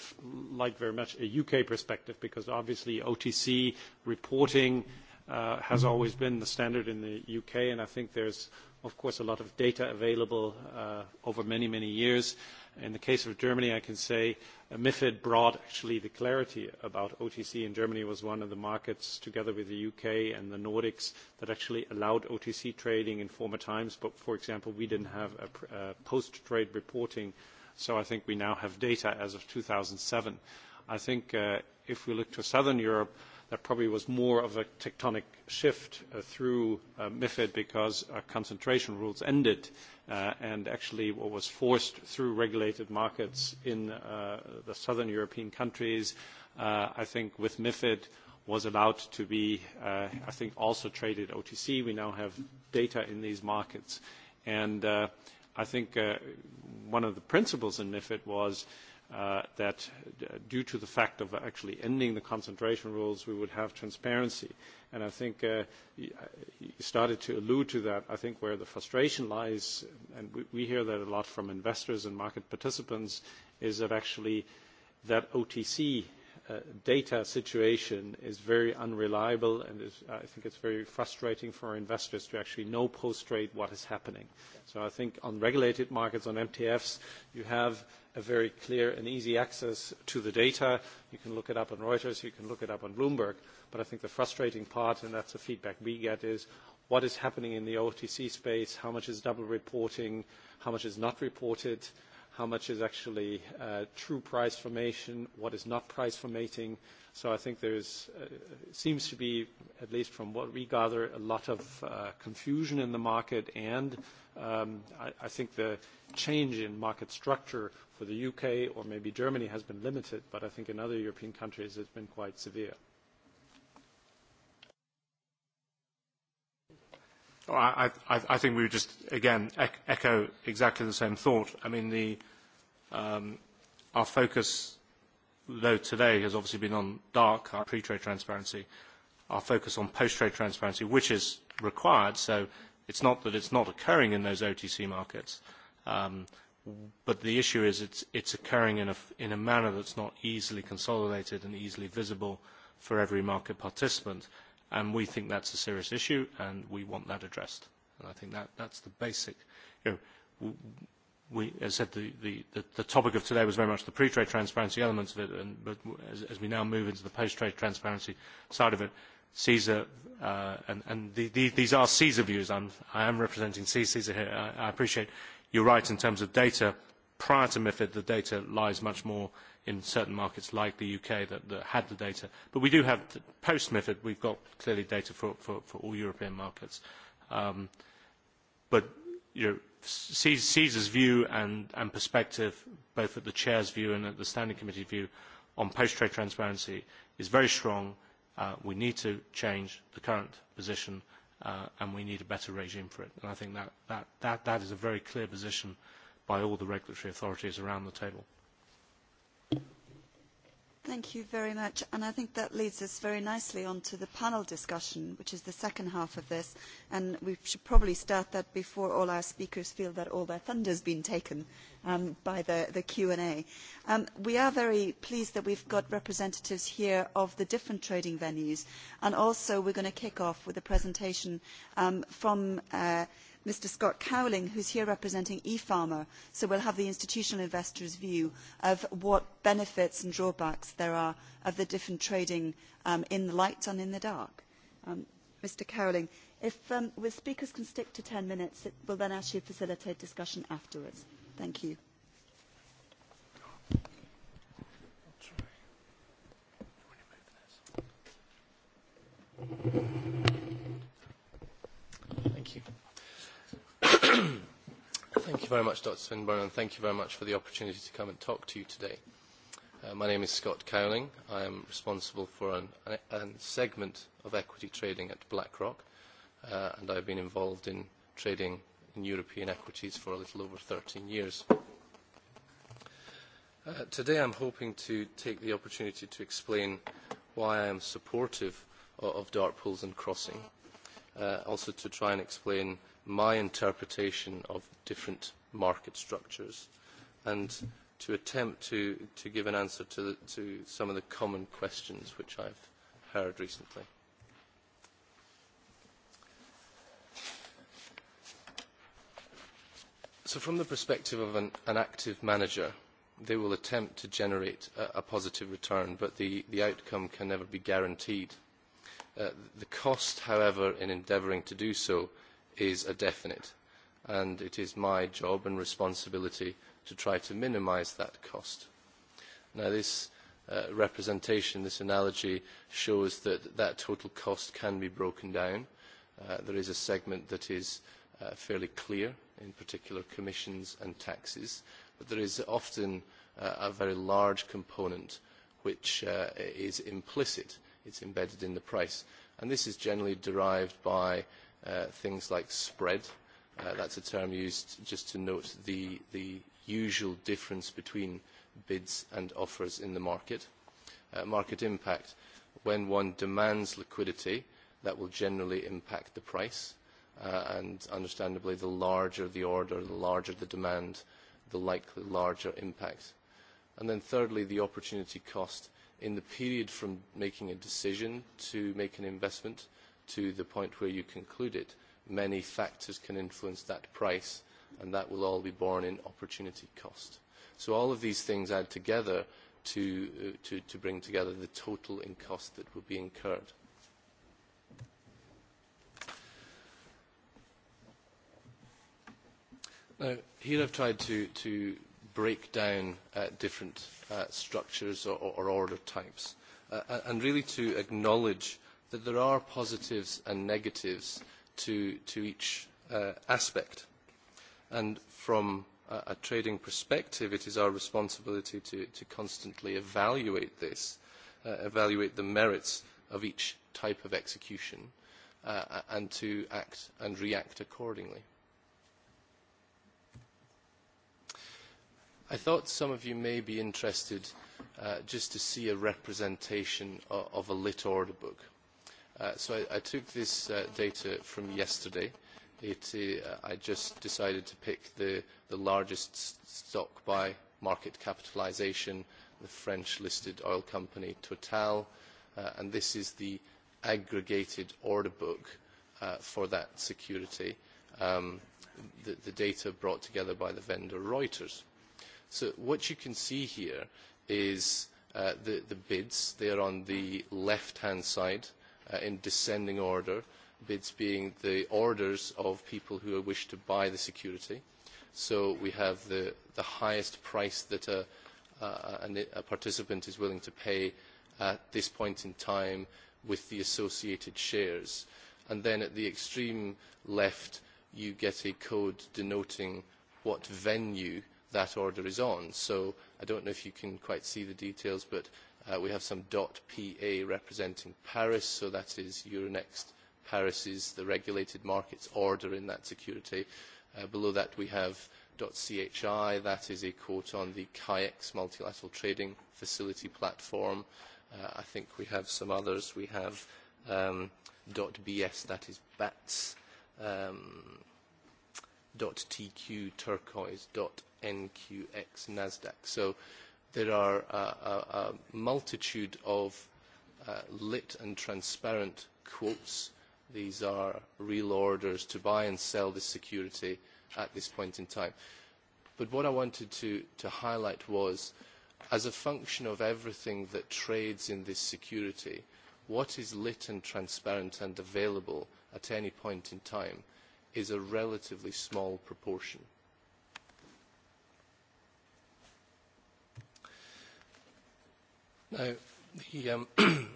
like very much a U.K. perspective, because obviously OTC reporting uh has always been the standard in the U.K., and I think there's, of course, a lot of data available uh over many, many years. In the case of Germany, I can say MiFID brought actually the clarity about OTC, and Germany was one of the markets, together with the U.K. and the Nordics, that actually allowed OTC trading in former times. But for example, we didn't have a post-trade reporting, so I think we now have data as of 2007. I think if we look to Southern Europe, that probably was more of a tectonic shift through MiFID because our concentration rules ended, and actually what was forced through regulated markets in the southern European countries, I think with MiFID was allowed to be, I think, also traded OTC. We now have data in these markets. And I think one of the principles in MiFID was uh, that due to the fact of actually ending the concentration rules, we would have transparency. And I think uh you started to allude to that. I think where the frustration lies, and we we hear that a lot from investors and market participants, is that actually that OTC uh data situation is very unreliable, and is I think it's very frustrating for our investors to actually know post-trade what is happening. So I think on regulated markets, on MTFs, you have – a very clear and easy access to the data. You can look it up on Reuters, you can look it up on Bloomberg, but I think the frustrating part, and that's the feedback we get, is what is happening in the OTC space, how much is double reporting, how much is not reported, how much is actually uh, true price formation, what is not price formating. So I think there uh, seems to be, at least from what we gather, a lot of uh, confusion in the market, and um, I, I think the change in market structure for the UK or maybe Germany has been limited, but I think in other European countries it's been quite severe. I, I, I think we would just, again, echo exactly the same thought. I mean, the, um, our focus, though today, has obviously been on dark, our pre-trade transparency, our focus on post-trade transparency, which is required. So it's not that it's not occurring in those OTC markets. Um, but the issue is it's, it's occurring in a, in a manner that's not easily consolidated and easily visible for every market participant. And we think that's a serious issue, and we want that addressed. And I think that, that's the basic. You know, we, as I said, the, the, the, the topic of today was very much the pre-trade transparency elements of it, and, but as, as we now move into the post-trade transparency side of it, CSER, uh, and, and the, the, these are CSER views. I'm, I am representing CSER here. I, I appreciate You're right in terms of data. Prior to MiFID, the data lies much more in certain markets like the UK that, that had the data. But we do have, post-MiFID, we've got clearly data for, for, for all European markets. Um, but you know, Caesar's view and, and perspective, both at the chair's view and at the standing committee view, on post-trade transparency is very strong. Uh, we need to change the current position uh, and we need a better regime for it. And I think that, that, that, that is a very clear position by all the regulatory authorities around the table. Thank you. Thank you very much. And I think that leads us very nicely on to the panel discussion, which is the second half of this. And we should probably start that before all our speakers feel that all their thunder has been taken um, by the, the Q&A. Um, we are very pleased that we've got representatives here of the different trading venues. And also we're going to kick off with a presentation um, from uh, Mr Scott Cowling, who is here representing eFarmer, so we will have the institutional investor's view of what benefits and drawbacks there are of the different trading in the light and in the dark. Mr Cowling, if um, speakers can stick to ten minutes, it will then actually facilitate discussion afterwards. Thank you. Thank you. Thank you very much, Dr. Swinburne, and thank you very much for the opportunity to come and talk to you today. Uh, my name is Scott Cowling. I am responsible for an, an segment of equity trading at BlackRock, uh, and I've been involved in trading in European equities for a little over 13 years. Uh, today I'm hoping to take the opportunity to explain why I am supportive of, of dart pools and crossing, uh, also to try and explain my interpretation of different market structures and to attempt to, to give an answer to, the, to some of the common questions which I've heard recently. So from the perspective of an, an active manager, they will attempt to generate a, a positive return, but the, the outcome can never be guaranteed. Uh, the cost, however, in endeavouring to do so is a definite. And it is my job and responsibility to try to minimise that cost. Now, this representation, this analogy, shows that that total cost can be broken down. there is a segment that is fairly clear, in particular commissions and taxes, but there is often a very large component which is implicit. It's embedded in the price. And this is generally derived by things like spread. That is a term used just to note the, usual difference between bids and offers in the market. market impact. When one demands liquidity, that will generally impact the price. and understandably, the larger the order, the larger the demand, the likely larger impact. And then thirdly, the opportunity cost. In the period from making a decision to make an investment, to the point where you conclude it, many factors can influence that price, and that will all be borne in opportunity cost. So all of these things add together to, to, to bring together the total in cost that will be incurred. Now, here I've tried to, to break down uh, different uh, structures or, or order types uh, and really to acknowledge that there are positives and negatives to, to each uh, aspect. And from a, a trading perspective, it is our responsibility to, to constantly evaluate this, uh, evaluate the merits of each type of execution, uh, and to act and react accordingly. I thought some of you may be interested uh, just to see a representation of, of a lit order book so I, I took this data from yesterday. I just decided to pick the, the largest stock by market capitalisation, the French-listed oil company Total, and this is the aggregated order book for that security, the, the data brought together by the vendor Reuters. So what you can see here is the, the bids. They are on the left-hand side in descending order, bids being the orders of people who wish to buy the security. So we have the, the highest price that a, a participant is willing to pay at this point in time with the associated shares. And then at the extreme left, you get a code denoting what venue that order is on. So I don't know if you can quite see the details, but we have some .pa representing Paris, so that is Euronext Paris is the regulated markets order in that security. below that we have .chi, that is a quote on the CAIX multilateral trading facility platform. I think we have some others. We have .bs, that is BATS, um, .tq turquoise, .nqx NASDAQ. So there are a, a, a multitude of uh, lit and transparent quotes. These are real orders to buy and sell this security at this point in time. But what I wanted to, to highlight was, as a function of everything that trades in this security, what is lit and transparent and available at any point in time is a relatively small proportion Now, he, um,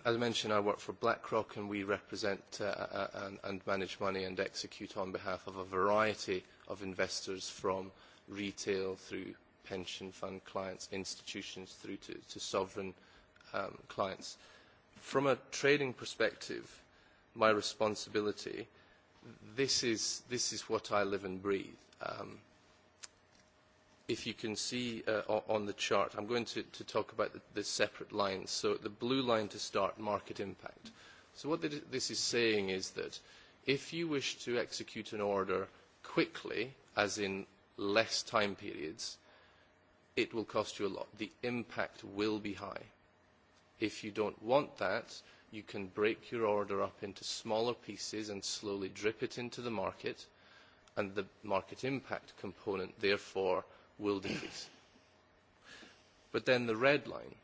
as mentioned, I work for BlackRock and we represent uh, and, and manage money and execute on behalf of a variety of investors from retail through pension fund clients, institutions through to, to sovereign um, clients. From a trading perspective, my responsibility, this is, this is what I live and breathe. Um, if you can see uh, on the chart, I'm going to, to talk about the, the separate lines. So the blue line to start, market impact. So what this is saying is that if you wish to execute an order quickly, as in less time periods, it will cost you a lot. The impact will be high. If you don't want that, you can break your order up into smaller pieces and slowly drip it into the market, and the market impact component, therefore, will decrease. But then the red line,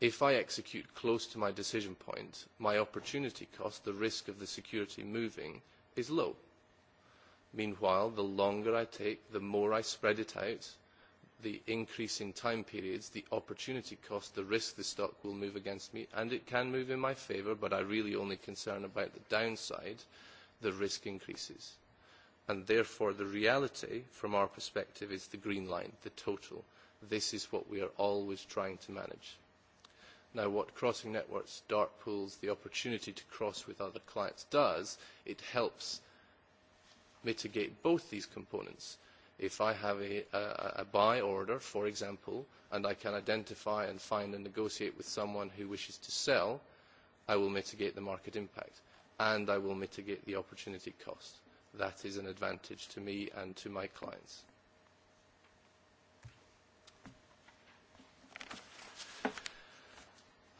if I execute close to my decision point, my opportunity cost, the risk of the security moving, is low. Meanwhile, the longer I take, the more I spread it out, the increase in time periods, the opportunity cost, the risk the stock will move against me, and it can move in my favour, but I really only concern about the downside, the risk increases and therefore the reality from our perspective is the green line, the total. This is what we are always trying to manage. Now what Crossing Networks, Dark Pools, the opportunity to cross with other clients does, it helps mitigate both these components. If I have a, a, a buy order, for example, and I can identify and find and negotiate with someone who wishes to sell, I will mitigate the market impact and I will mitigate the opportunity cost that is an advantage to me and to my clients.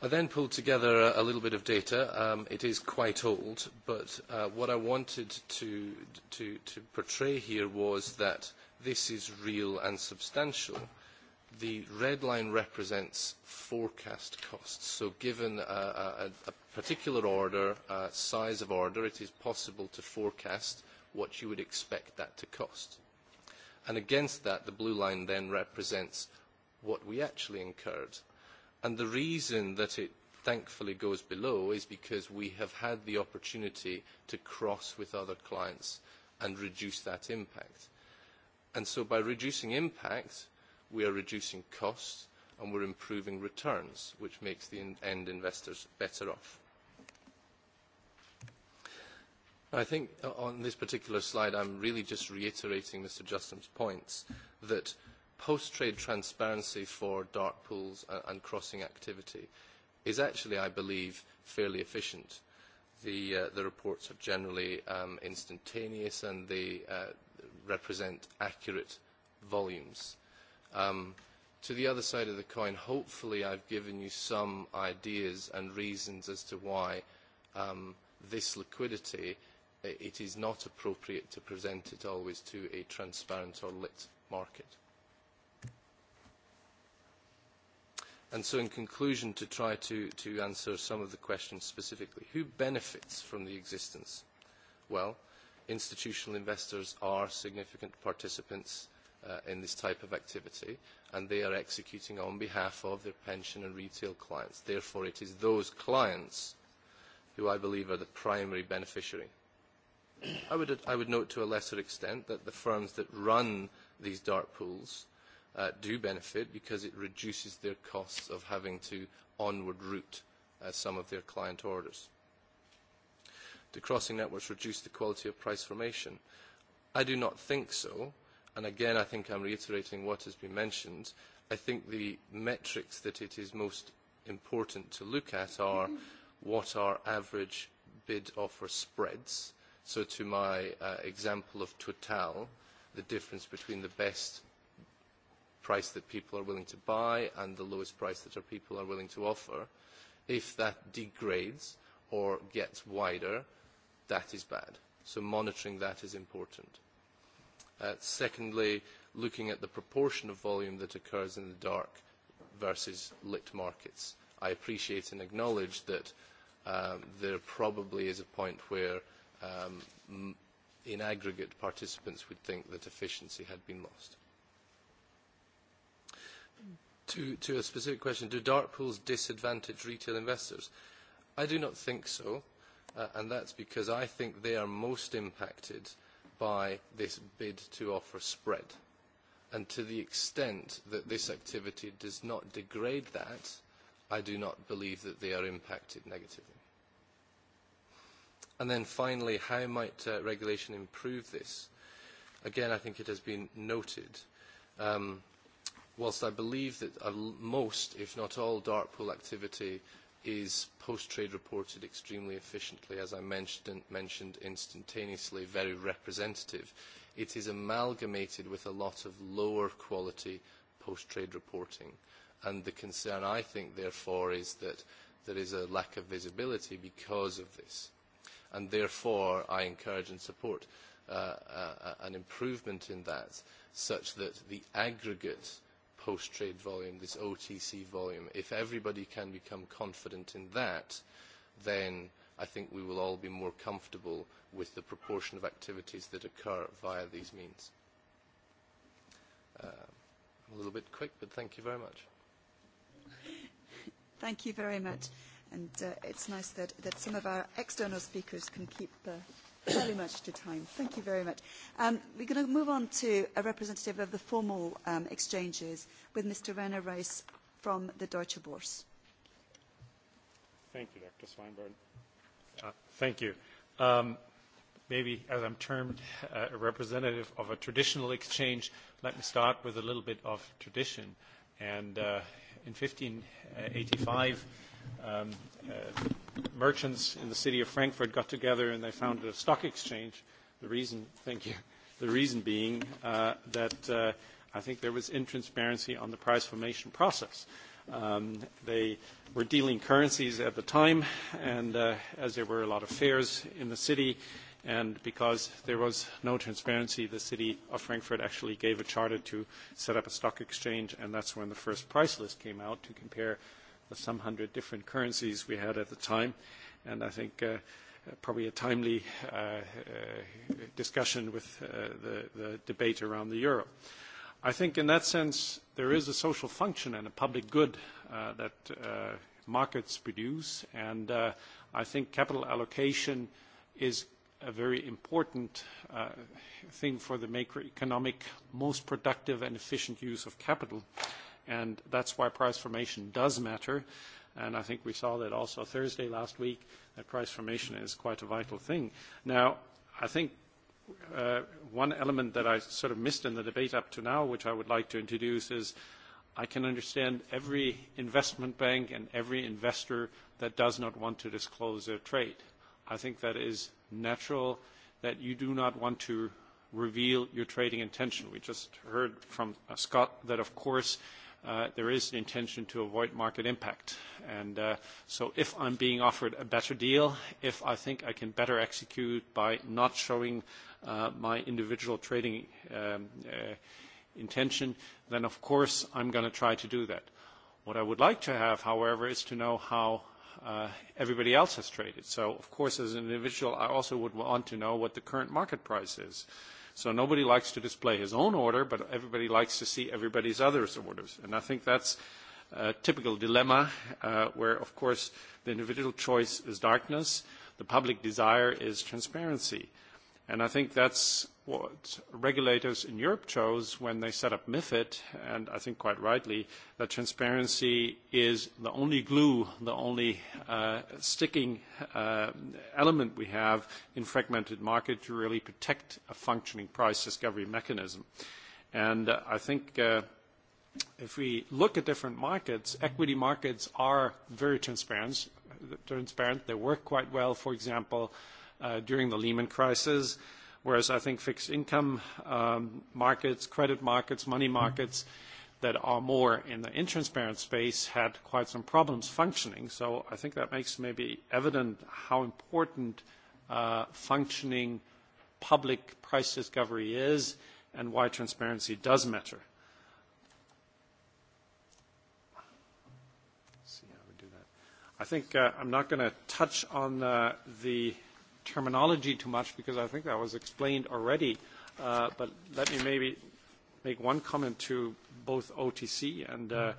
I then pulled together a little bit of data. Um, it is quite old, but uh, what I wanted to, to, to portray here was that this is real and substantial. The red line represents forecast costs. So given a, a, a particular order, uh, size of order, it is possible to forecast what you would expect that to cost. And against that, the blue line then represents what we actually incurred. And the reason that it thankfully goes below is because we have had the opportunity to cross with other clients and reduce that impact. And so by reducing impact, we are reducing costs and we're improving returns, which makes the end investors better off. I think on this particular slide, I'm really just reiterating Mr. Justin's points that post-trade transparency for dark pools and crossing activity is actually, I believe, fairly efficient. The, uh, the reports are generally um, instantaneous and they uh, represent accurate volumes. Um, to the other side of the coin, hopefully I've given you some ideas and reasons as to why um, this liquidity it is not appropriate to present it always to a transparent or lit market. And so in conclusion, to try to, to answer some of the questions specifically, who benefits from the existence? Well, institutional investors are significant participants uh, in this type of activity, and they are executing on behalf of their pension and retail clients. Therefore, it is those clients who I believe are the primary beneficiary I would, I would note to a lesser extent that the firms that run these dark pools uh, do benefit because it reduces their costs of having to onward route uh, some of their client orders. Do crossing networks reduce the quality of price formation? I do not think so. And again, I think I'm reiterating what has been mentioned. I think the metrics that it is most important to look at are what are average bid-offer spreads, So to my uh, example of Total, the difference between the best price that people are willing to buy and the lowest price that our people are willing to offer, if that degrades or gets wider, that is bad. So monitoring that is important. Uh, secondly, looking at the proportion of volume that occurs in the dark versus lit markets. I appreciate and acknowledge that um, there probably is a point where um, in aggregate participants would think that efficiency had been lost. To, to a specific question, do dark pools disadvantage retail investors? I do not think so, uh, and that's because I think they are most impacted by this bid to offer spread. And to the extent that this activity does not degrade that, I do not believe that they are impacted negatively. And then finally, how might uh, regulation improve this? Again, I think it has been noted. Um, whilst I believe that most, if not all, dark pool activity is post-trade reported extremely efficiently, as I mentioned, mentioned instantaneously, very representative. It is amalgamated with a lot of lower quality post-trade reporting. And the concern, I think, therefore, is that there is a lack of visibility because of this and therefore I encourage and support an improvement in that such that the aggregate post-trade volume, this OTC volume, if everybody can become confident in that, then I think we will all be more comfortable with the proportion of activities that occur via these means. Uh, a little bit quick, but thank you very much. Thank you very much. And uh, it's nice that, that some of our external speakers can keep uh, fairly much to time. Thank you very much. Um, we're going to move on to a representative of the formal um, exchanges with Mr. Werner Reis from the Deutsche Börse. Thank you, Dr. Swinburne. Uh, thank you. Um, maybe as I'm termed uh, a representative of a traditional exchange, let me start with a little bit of tradition. And uh, in 1585, merchants in the city of Frankfurt got together and they founded a stock exchange. The reason, thank you, the reason being uh that uh I think there was intransparency on the price formation process. Um they were dealing currencies at the time, and uh as there were a lot of fairs in the city, and because there was no transparency, the city of Frankfurt actually gave a charter to set up a stock exchange, and that's when the first price list came out to compare some hundred different currencies we had at the time. And I think uh, probably a timely uh, uh, discussion with uh, the, the debate around the euro. I think in that sense, there is a social function and a public good uh, that uh, markets produce. And uh, I think capital allocation is a very important uh, thing for the macroeconomic, most productive and efficient use of capital and that's why price formation does matter. And I think we saw that also Thursday last week, that price formation is quite a vital thing. Now, I think uh, one element that I sort of missed in the debate up to now, which I would like to introduce, is I can understand every investment bank and every investor that does not want to disclose their trade. I think that is natural that you do not want to reveal your trading intention. We just heard from Scott that, of course, there is an intention to avoid market impact. And so if I'm being offered a better deal, if I think I can better execute by not showing my individual trading intention, then of course I'm going to try to do that. What I would like to have, however, is to know how everybody else has traded. So of course as an individual I also would want to know what the current market price is. So nobody likes to display his own order, but everybody likes to see everybody's other's orders. And I think that's a typical dilemma uh, where, of course, the individual choice is darkness, the public desire is transparency. And I think that's what regulators in Europe chose when they set up MIFID, and I think quite rightly, that transparency is the only glue, the only uh, sticking uh, element we have in fragmented market to really protect a functioning price discovery mechanism. And uh, I think uh, if we look at different markets, equity markets are very transparent. transparent. They work quite well, for example, uh, during the Lehman crisis. Whereas I think fixed income markets, credit markets, money markets that are more in the intransparent space had quite some problems functioning. So I think that makes maybe evident how important functioning public price discovery is and why transparency does matter. I think I'm not going to touch on the terminology too much because I think that was explained already. But let me maybe make one comment to both OTC and uh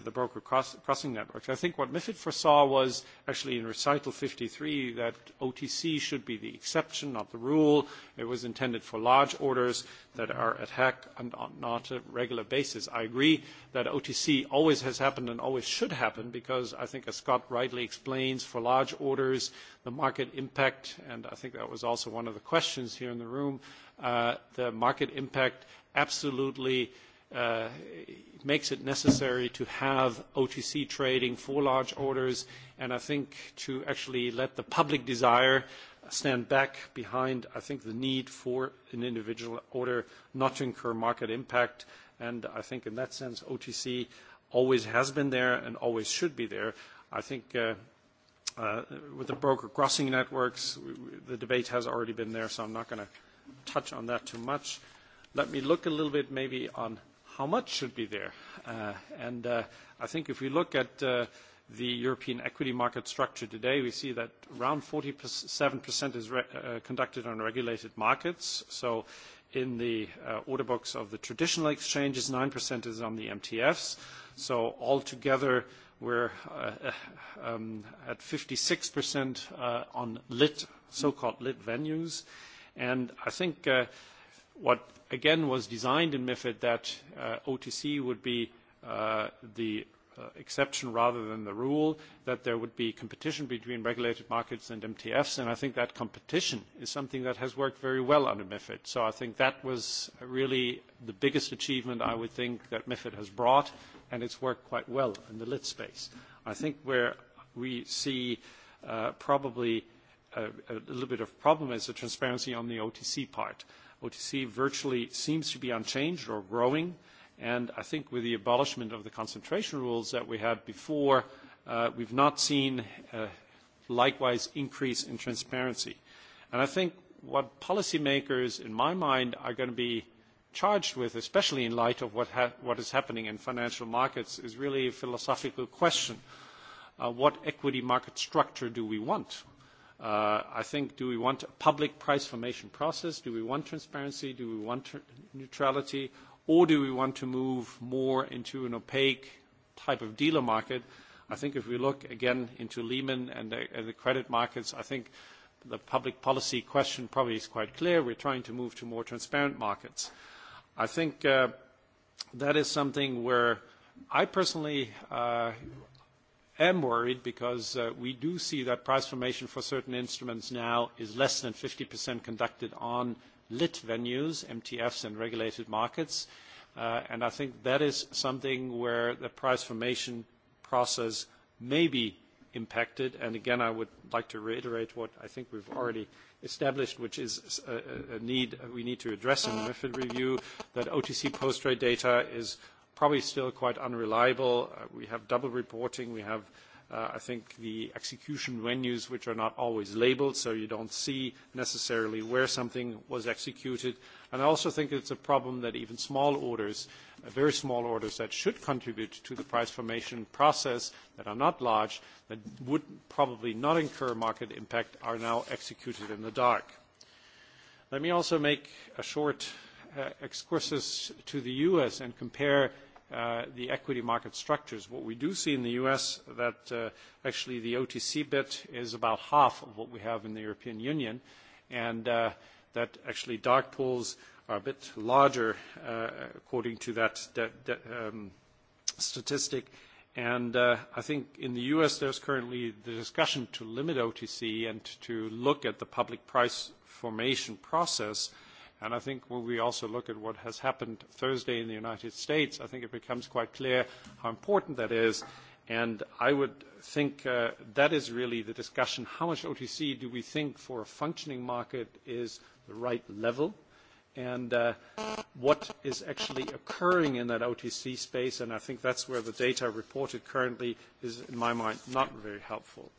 the broker cross crossing networks. I think what MIFID foresaw was actually in recital 53 that OTC should be the exception, not the rule. It was intended for large orders that are at hack and not a regular basis. I agree that OTC always has happened and always should happen because I think as Scott rightly explains, for large orders, the market impact, and I think that was also one of the questions here in the room, the market impact absolutely makes it necessary to have OTC trading for large orders, and I think to actually let the public desire stand back behind, I think, the need for an individual order not to incur market impact. and I think in that sense, OTC always has been there and always should be there. I think with the broker crossing networks, the debate has already been there, so I'm not going to touch on that too much. Let me look a little bit maybe on how much should be there? and uh I think if we look at uh the European equity market structure today, we see that around 47% is re uh conducted on regulated markets. So in the uh order books of the traditional exchanges, 9% is on the MTFs. So altogether, we're uh um at 56% on lit, so-called lit venues. And I think uh what again was designed in MiFID that OTC would be the exception rather than the rule, that there would be competition between regulated markets and MTFs, and I think that competition is something that has worked very well under MiFID. So I think that was really the biggest achievement I would think that MiFID has brought, and it's worked quite well in the lit space. I think where we see probably a little bit of problem is the transparency on the OTC part. Uh, OTC virtually seems to be unchanged or growing. And I think with the abolishment of the concentration rules that we had before, we've not seen a likewise increase in transparency. And I think what policymakers, in my mind, are going to be charged with, especially in light of what, ha- what is happening in financial markets, is really a philosophical question. what equity market structure do we want? Uh, I think, do we want a public price formation process? Do we want transparency? Do we want neutrality? Or do we want to move more into an opaque type of dealer market? I think if we look again into Lehman and the, and the credit markets, I think the public policy question probably is quite clear. We're trying to move to more transparent markets. I think uh, that is something where I personally uh, am worried because we do see that price formation for certain instruments now is less than 50% conducted on lit venues, MTFs, and regulated markets. And I think that is something where the price formation process may be impacted. And again, I would like to reiterate what I think we've already established, which is a need we need to address in the MiFID review, that OTC post-trade data is probably still quite unreliable. We have double reporting. We have, I think, the execution venues, which are not always labeled, so you don't see necessarily where something was executed. And I also think it's a problem that even small orders, very small orders that should contribute to the price formation process, that are not large, that would probably not incur market impact, are now executed in the dark. Let me also make a short excursus to the U.S. and compare the equity market structures. What we do see in the U.S. that actually the OTC bit is about half of what we have in the European Union, and that actually dark pools are a bit larger according to that statistic. And I think in the U.S. there's currently the discussion to limit OTC and to look at the public price formation process And I think when we also look at what has happened Thursday in the United States, I think it becomes quite clear how important that is. And I would think uh, that is really the discussion. How much OTC do we think for a functioning market is the right level? and what is actually occurring in that OTC space, and I think that's where the data reported currently is, in my mind, not very helpful.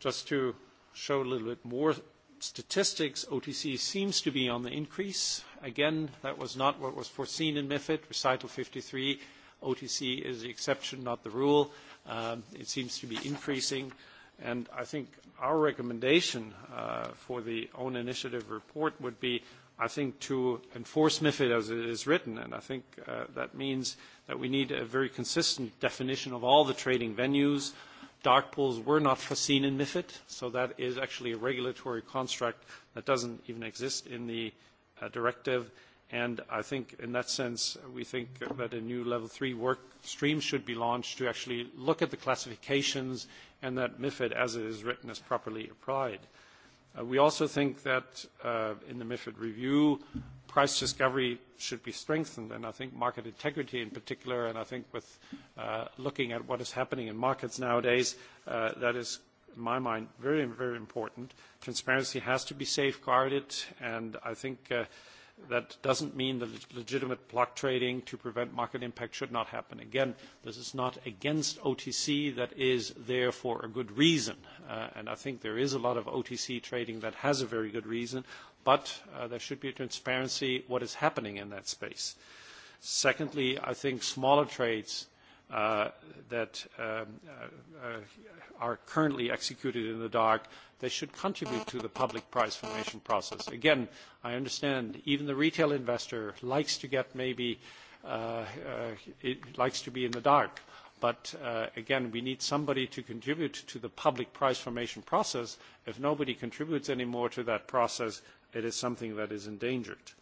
Just to show a little bit more statistics, OTC seems to be on the increase. Again, that was not what was foreseen in MiFID, recital 53. OTC is the exception, not the rule. It seems to be increasing. And I think our recommendation for the own initiative report would be, I think, to enforce MiFID as it is written. And I think that means that we need a very consistent definition of all the trading venues, Dark pools were not foreseen in MiFID, so that is actually a regulatory construct that doesn't even exist in the directive. And I think in that sense, we think that a new level three work stream should be launched to actually look at the classifications and that MiFID, as it is written, is properly applied. We also think that in the MiFID review, price discovery should be strengthened, and I think market integrity in particular, and I think with looking at what is happening in markets nowadays, that is, in my mind, very, very important. Transparency has to be safeguarded, and I think that doesn't mean that legitimate block trading to prevent market impact should not happen. Again, this is not against OTC. That is there for a good reason. and I think there is a lot of OTC trading that has a very good reason but there should be transparency what is happening in that space. Secondly, I think smaller trades that are currently executed in the dark, they should contribute to the public price formation process. Again, I understand even the retail investor likes to get maybe it likes to be in the dark. But again, we need somebody to contribute to the public price formation process. If nobody contributes anymore to that process, it is something that is endangered.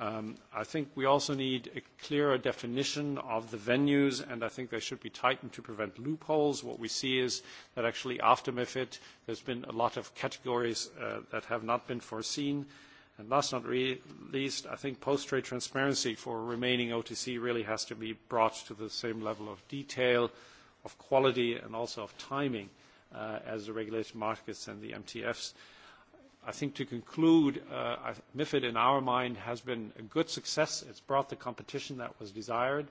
I think we also need a clearer definition of the venues, and I think they should be tightened to prevent loopholes. What we see is that actually after MiFID, there's been a lot of categories that have not been foreseen. And last not not least, I think post-trade transparency for remaining OTC really has to be brought to the same level of detail, of quality, and also of timing as the regulated markets and the MTFs. I think to conclude, MIFID in our mind has been a good success. It's brought the competition that was desired.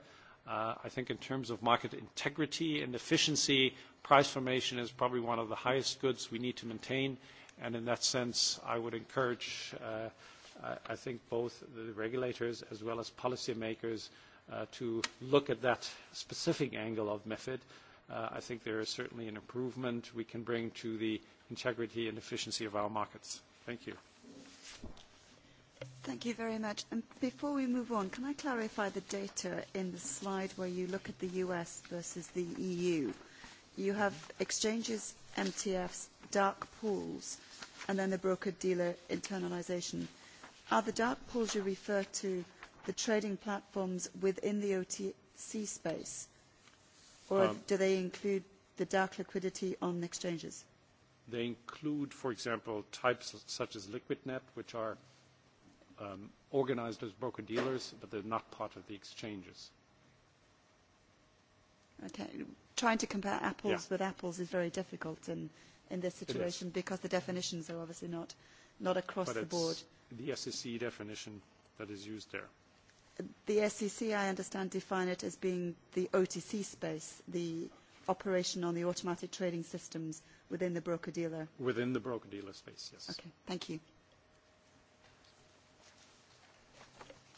I think in terms of market integrity and efficiency, price formation is probably one of the highest goods we need to maintain. And in that sense, I would encourage, I think, both the regulators as well as policymakers to look at that specific angle of MIFID. I think there is certainly an improvement we can bring to the integrity and efficiency of our markets. Thank you. Thank you very much. before we move on, can I clarify the data in the slide where you look at the US versus the EU? You have exchanges, MTFs, dark pools, and then the broker-dealer internalization. Are the dark pools you refer to the trading platforms within the OTC space, or do they include the dark liquidity on exchanges? They include, for example, types such as LiquidNet, which are um, organized as broker-dealers, but they're not part of the exchanges. Okay. Trying to compare apples yeah. with apples is very difficult in, in this situation because the definitions are obviously not, not across but the board. The SEC definition that is used there. The SEC, I understand, define it as being the OTC space, the operation on the automatic trading systems within the broker-dealer? Within the broker-dealer space, yes. Okay, thank you.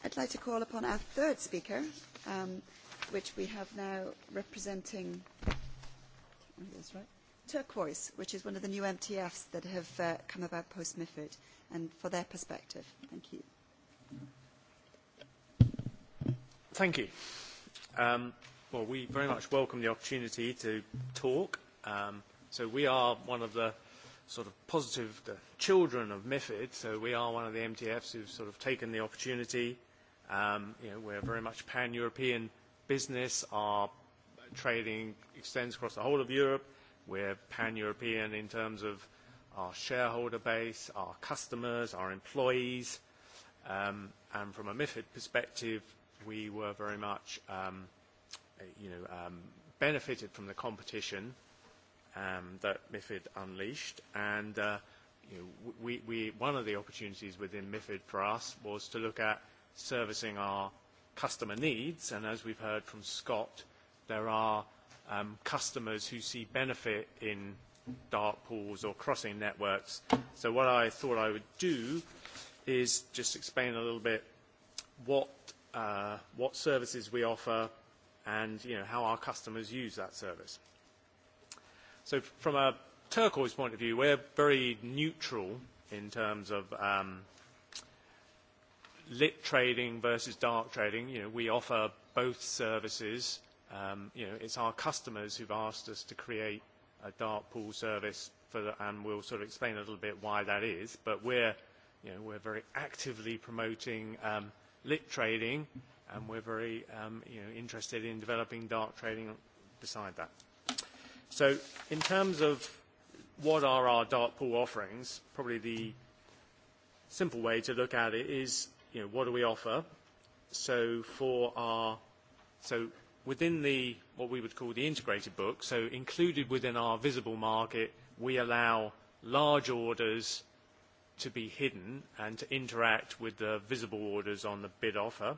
I'd like to call upon our third speaker, um, which we have now representing that's right, Turquoise, which is one of the new MTFs that have uh, come about post-MIFID, and for their perspective. Thank you. Thank you. Um, well, we very much welcome the opportunity to talk. Um, So we are one of the sort of positive the children of MIFID, so we are one of the MTFs who've sort of taken the opportunity. Um, you know, we're very much pan-European business. Our trading extends across the whole of Europe. We're pan-European in terms of our shareholder base, our customers, our employees. Um, and from a MIFID perspective, we were very much um, you know, um, benefited from the competition um, that MIFID unleashed. And uh, you know, we, we, one of the opportunities within MIFID for us was to look at servicing our customer needs. And as we've heard from Scott, there are um, customers who see benefit in dark pools or crossing networks. So what I thought I would do is just explain a little bit what, uh, what services we offer and you know, how our customers use that service. So from a turquoise point of view, we're very neutral in terms of um, lit trading versus dark trading. You know, we offer both services. Um, you know, it's our customers who've asked us to create a dark pool service for the, and we'll sort of explain a little bit why that is. But we're, you know, we're very actively promoting um, lit trading, and we're very, um, you know, interested in developing dark trading beside that. So in terms of what are our dark pool offerings, probably the simple way to look at it is, you know, what do we offer? So for our... So within the, what we would call the integrated book, so included within our visible market, we allow large orders to be hidden and to interact with the visible orders on the bid offer.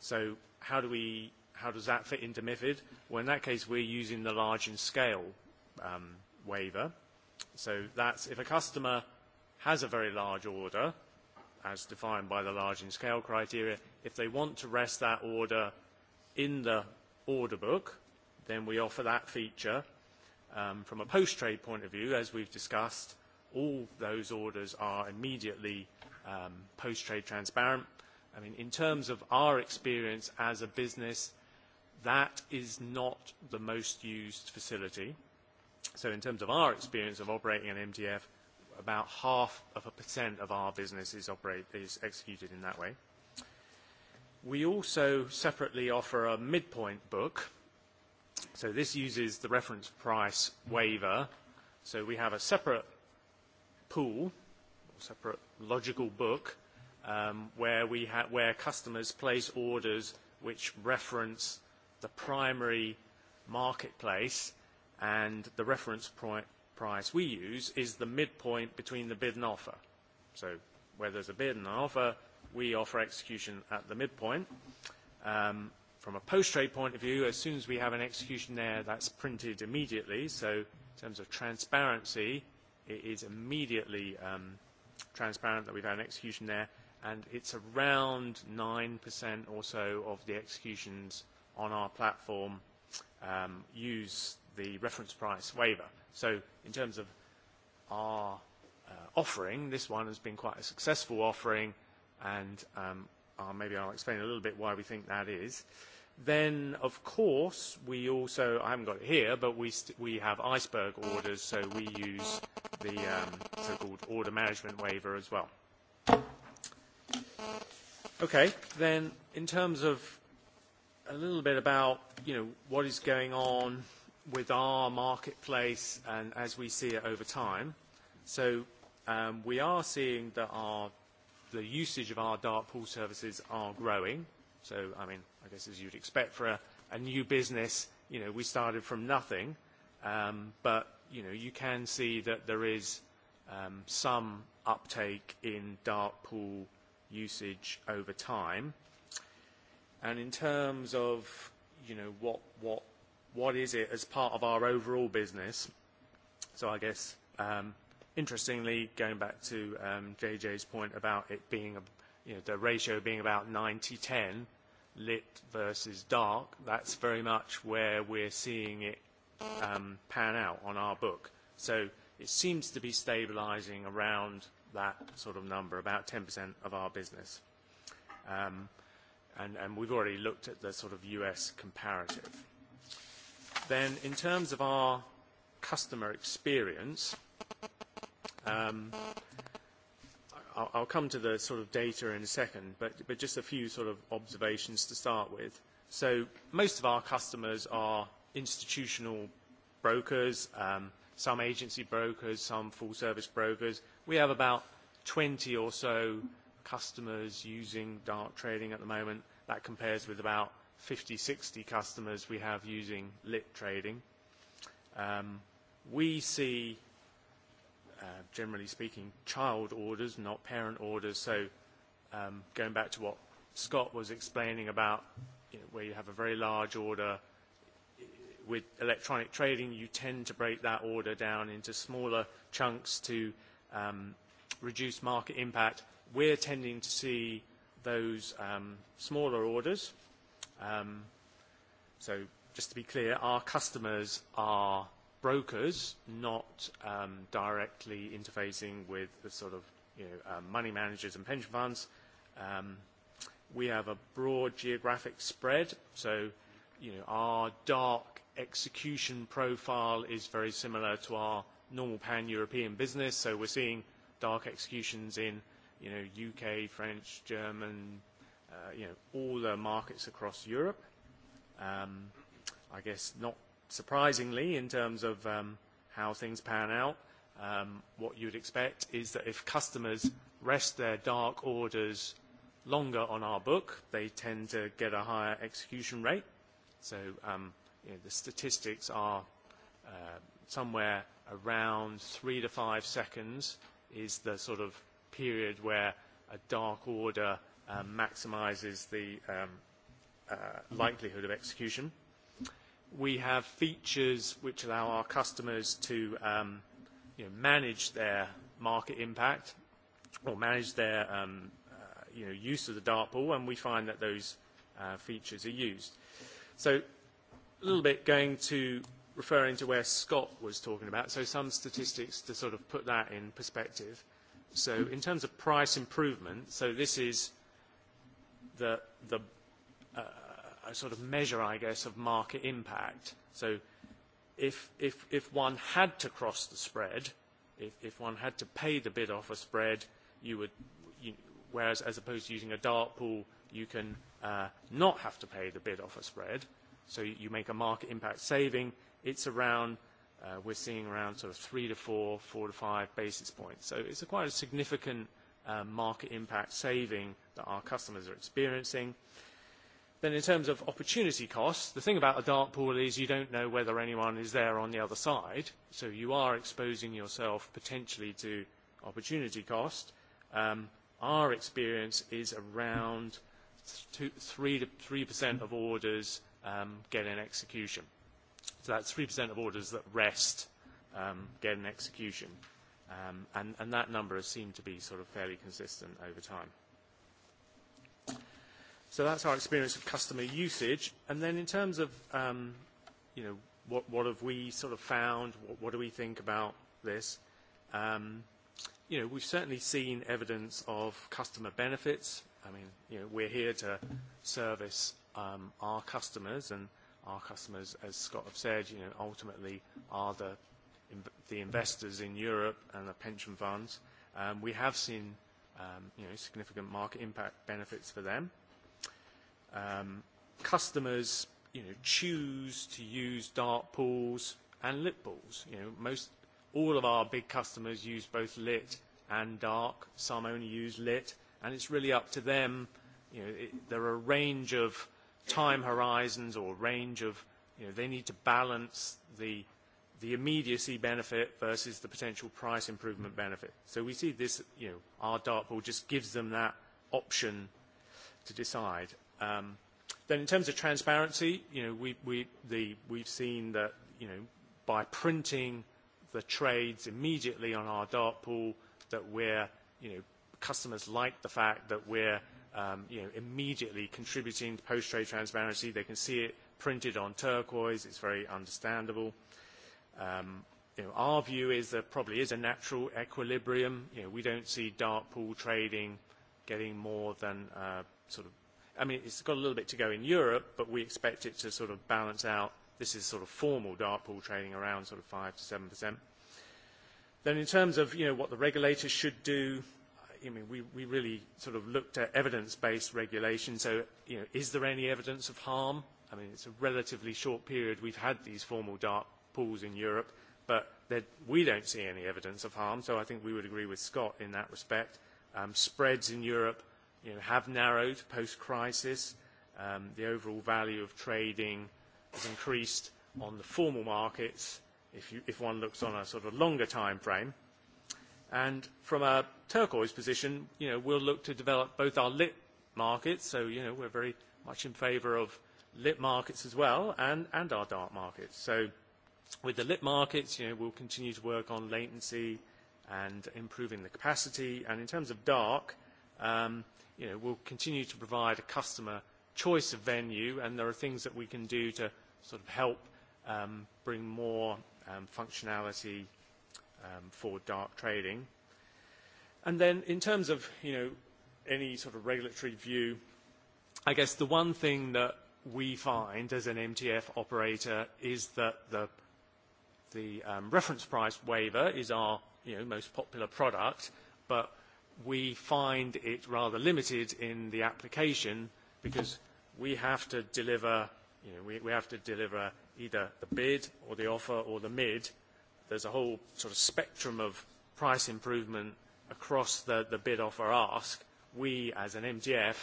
So how do we how does that fit into MIFID? Well, in that case, we're using the large in scale um, waiver. So that's if a customer has a very large order, as defined by the large in scale criteria, if they want to rest that order in the order book, then we offer that feature. Um, from a post-trade point of view, as we've discussed, all those orders are immediately um, post-trade transparent. I mean, in terms of our experience as a business, That is not the most used facility. So in terms of our experience of operating an MTF, about half of a percent of our business is, operate, is executed in that way. We also separately offer a midpoint book. So this uses the reference price waiver. So we have a separate pool, or separate logical book, um, where, we ha- where customers place orders which reference the primary marketplace and the reference price we use is the midpoint between the bid and offer. So where there's a bid and an offer, we offer execution at the midpoint. Um, from a post-trade point of view, as soon as we have an execution there, that's printed immediately. So in terms of transparency, it is immediately um, transparent that we've had an execution there. And it's around 9% or so of the executions on our platform um, use the reference price waiver. So in terms of our uh, offering, this one has been quite a successful offering, and um, uh, maybe I'll explain a little bit why we think that is. Then, of course, we also, I haven't got it here, but we, st- we have iceberg orders, so we use the um, so-called order management waiver as well. Okay, then in terms of a little bit about you know what is going on with our marketplace and as we see it over time. So we are seeing that our the usage of our dark pool services are growing. So I mean, I guess as you'd expect for a, new business, you know, we started from nothing, but you know, you can see that there is some uptake in dark pool usage over time. And in terms of, you know, what, what, what is it as part of our overall business? So I guess, um, interestingly, going back to um, JJ's point about it being, a, you know, the ratio being about 90-10, lit versus dark, that's very much where we're seeing it um, pan out on our book. So it seems to be stabilizing around that sort of number, about 10% of our business. Um, and, and we've already looked at the sort of US comparative. Then in terms of our customer experience, um, I'll, I'll come to the sort of data in a second, but, but just a few sort of observations to start with. So most of our customers are institutional brokers, some agency brokers, some full service brokers. We have about 20 or so customers using dark trading at the moment. That compares with about 50, 60 customers we have using lit trading. we see, generally speaking, child orders, not parent orders. So going back to what Scott was explaining about you know, where you have a very large order with electronic trading, you tend to break that order down into smaller chunks to reduce market impact we're tending to see those um, smaller orders. Um, so just to be clear, our customers are brokers, not um, directly interfacing with the sort of you know, um, money managers and pension funds. Um, we have a broad geographic spread, so you know, our dark execution profile is very similar to our normal pan-European business, so we're seeing dark executions in you know, UK, French, German, uh, you know, all the markets across Europe. Um, I guess not surprisingly, in terms of um, how things pan out, um, what you'd expect is that if customers rest their dark orders longer on our book, they tend to get a higher execution rate. So um, you know, the statistics are uh, somewhere around three to five seconds is the sort of period where a dark order um, maximises the um, uh, likelihood of execution. We have features which allow our customers to um, you know, manage their market impact or manage their um, uh, you know, use of the dart pool, and we find that those uh, features are used. So a little bit going to referring to where Scott was talking about, so some statistics to sort of put that in perspective. So in terms of price improvement, so this is the, the uh, a sort of measure, I guess, of market impact. So if, if, if one had to cross the spread, if, if one had to pay the bid offer spread, you would, you, whereas as opposed to using a dart pool, you can uh, not have to pay the bid offer spread. So you make a market impact saving. It's around we're seeing around sort of three to four, four to five basis points. So it's a quite a significant uh, market impact saving that our customers are experiencing. Then in terms of opportunity costs, the thing about a dark pool is you don't know whether anyone is there on the other side, so you are exposing yourself potentially to opportunity cost. Um, our experience is around two, 3% of orders um, get an execution. So that's 3% of orders that rest um, get an execution. Um, and, and that number has seemed to be sort of fairly consistent over time. So that's our experience of customer usage. And then in terms of, um, you know, what, what have we sort of found? What, what do we think about this? Um, you know, we've certainly seen evidence of customer benefits. I mean, you know, we're here to service um, our customers and – our customers, as Scott have said, you know, ultimately are the, the investors in Europe and the pension funds. Um, we have seen um, you know, significant market impact benefits for them. Um, customers you know, choose to use dart pools and lit pools. You know, most, all of our big customers use both lit and dark. Some only use lit, and it's really up to them. You know, it, there are a range of time horizons or range of, you know, they need to balance the, the immediacy benefit versus the potential price improvement benefit. So we see this, you know, our dartboard just gives them that option to decide. Um, then in terms of transparency, you know, we, we, the, we've seen that, you know, by printing the trades immediately on our dart pool that we're, you know, customers like the fact that we're – um, you know, immediately contributing to post-trade transparency. They can see it printed on turquoise. It's very understandable. Um, you know, our view is there probably is a natural equilibrium. You know, we don't see dark pool trading getting more than uh, sort of. I mean, it's got a little bit to go in Europe, but we expect it to sort of balance out. This is sort of formal dark pool trading around sort of five to seven percent. Then, in terms of you know what the regulators should do, I mean, we, we really sort of looked at evidence-based regulation. So, you know, is there any evidence of harm? I mean, it's a relatively short period we've had these formal dark pools in Europe, but we don't see any evidence of harm. So I think we would agree with Scott in that respect. Um, spreads in Europe you know, have narrowed post-crisis. Um, the overall value of trading has increased on the formal markets if, you, if one looks on a sort of longer time frame And from a turquoise position, you know, we'll look to develop both our lit markets, so, you know, we're very much in favor of lit markets as well, and, and our dark markets. So with the lit markets, you know, we'll continue to work on latency and improving the capacity. And in terms of dark, um, you know, we'll continue to provide a customer choice of venue, and there are things that we can do to sort of help um, bring more um, functionality um, for dark trading. And then in terms of, you know, any sort of regulatory view, I guess the one thing that we find as an MTF operator is that the, the um, reference price waiver is our you know, most popular product, but we find it rather limited in the application because we have to deliver, you know, we, we have to deliver either the bid or the offer or the mid there's a whole sort of spectrum of price improvement across the, the bid offer ask. We, as an MGF,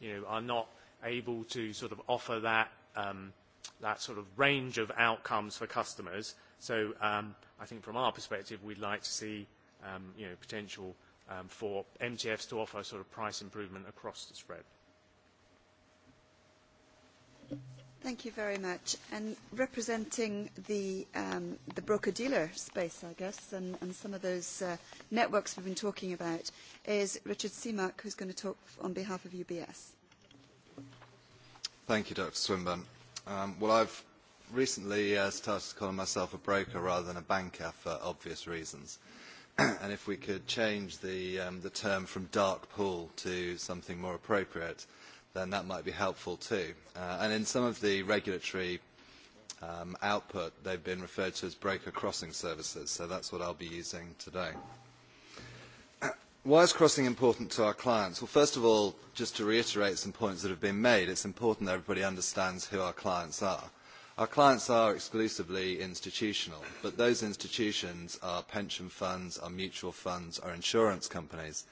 you know, are not able to sort of offer that, um, that sort of range of outcomes for customers. So um, I think from our perspective, we'd like to see um, you know, potential um, for MTFs to offer sort of price improvement across the spread. Thank you very much. And representing the, um, the broker-dealer space, I guess, and, and some of those uh, networks we've been talking about, is Richard Seamark, who's going to talk on behalf of UBS. Thank you, Dr. Swinburne. Um, well, I've recently uh, started calling myself a broker rather than a banker for obvious reasons. and if we could change the, um, the term from dark pool to something more appropriate – then that might be helpful too. and in some of the regulatory output, they've been referred to as broker crossing services, so that's what I'll be using today. Why is crossing important to our clients? Well, first of all, just to reiterate some points that have been made, it's important that everybody understands who our clients are. Our clients are exclusively institutional, but those institutions are pension funds, are mutual funds, are insurance companies,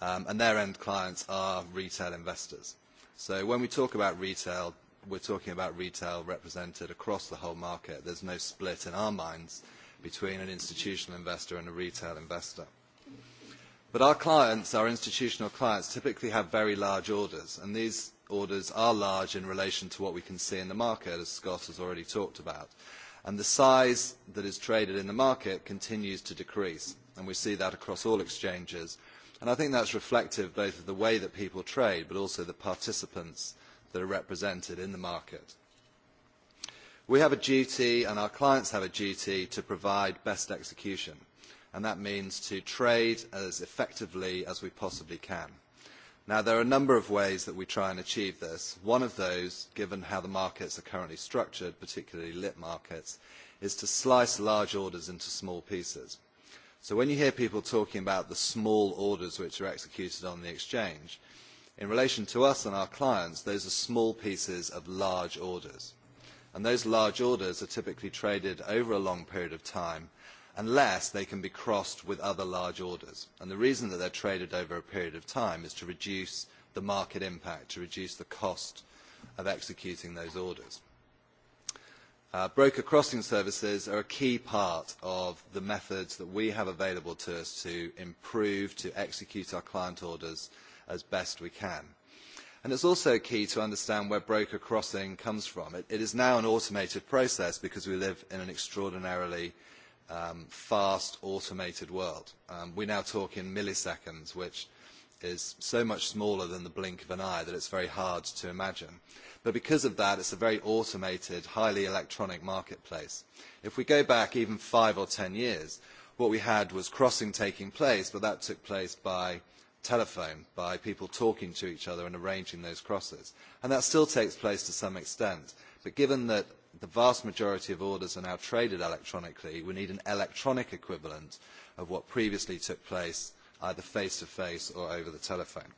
and their end clients are retail investors. So when we talk about retail, we're talking about retail represented across the whole market. There's no split in our minds between an institutional investor and a retail investor. But our clients, our institutional clients, typically have very large orders, and these orders are large in relation to what we can see in the market, as Scott has already talked about. And the size that is traded in the market continues to decrease, and we see that across all exchanges, And I think that is reflective both of the way that people trade, but also the participants that are represented in the market. We have a duty, and our clients have a duty, to provide best execution. And that means to trade as effectively as we possibly can. Now, there are a number of ways that we try and achieve this. One of those, given how the markets are currently structured, particularly lit markets, is to slice large orders into small pieces So when you hear people talking about the small orders which are executed on the exchange, in relation to us and our clients, those are small pieces of large orders. And those large orders are typically traded over a long period of time unless they can be crossed with other large orders. And the reason that they are traded over a period of time is to reduce the market impact, to reduce the cost of executing those orders broker crossing services are a key part of the methods that we have available to us to improve, to execute our client orders as best we can. And is also key to understand where broker crossing comes from. It, is now an automated process because we live in an extraordinarily fast automated world. we now talk in milliseconds, which is so much smaller than the blink of an eye that it's very hard to imagine. But because of that, it's a very automated, highly electronic marketplace. If we go back even five or ten years, what we had was crossing taking place, but that took place by telephone, by people talking to each other and arranging those crosses. And that still takes place to some extent. But given that the vast majority of orders are now traded electronically, we need an electronic equivalent of what previously took place either face-to-face or over the telephone.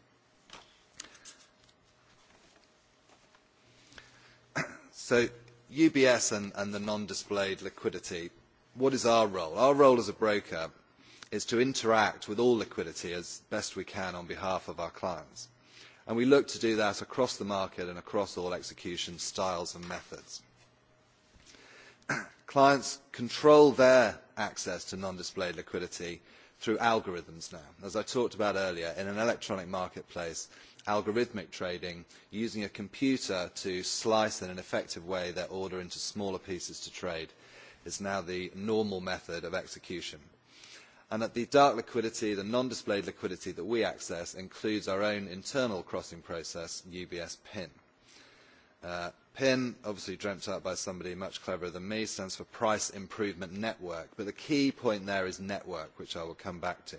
So UBS and the non-displayed liquidity, what is our role? Our role as a broker is to interact with all liquidity as best we can on behalf of our clients. and We look to do that across the market and across all execution styles and methods. Clients control their access to non-displayed liquidity through algorithms now. As I talked about earlier, in an electronic marketplace, algorithmic trading, using a computer to slice in an effective way their order into smaller pieces to trade, is now the normal method of execution. And that the dark liquidity, the non-displayed liquidity that we access includes our own internal crossing process, UBS PIN PIN, obviously dreamt up by somebody much cleverer than me, stands for Price Improvement Network. But the key point there is network, which I will come back to.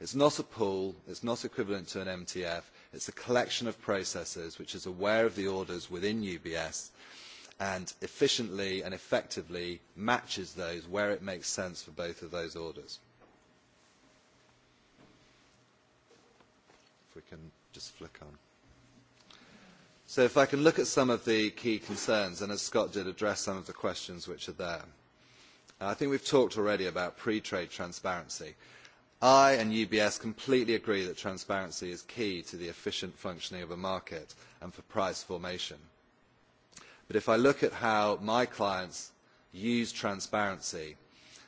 It's not a pool, it's not equivalent to an MTF, it's a collection of processes which is aware of the orders within UBS and efficiently and effectively matches those where it makes sense for both of those orders. If we can just flick on. So if I can look at some of the key concerns, and as Scott did, address some of the questions which are there. I think we have talked already about pre-trade transparency. I and UBS completely agree that transparency is key to the efficient functioning of a market and for price formation. But if I look at how my clients use transparency,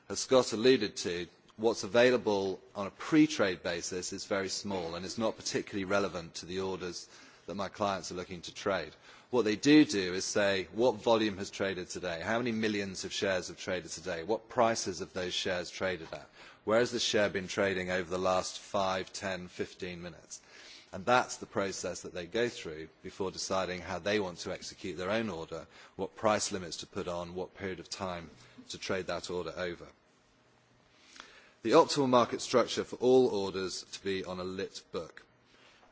as Scott alluded to, what is available on a pre-trade basis is very small and is not particularly relevant to the orders that my clients are looking to trade. What they do do is say, what volume has traded today? How many millions of shares have traded today? What prices have those shares traded at? Where has the share been trading over the last five, ten, fifteen minutes? And that's the process that they go through before deciding how they want to execute their own order, what price limits to put on, what period of time to trade that order over. The optimal market structure for all orders to be on a lit book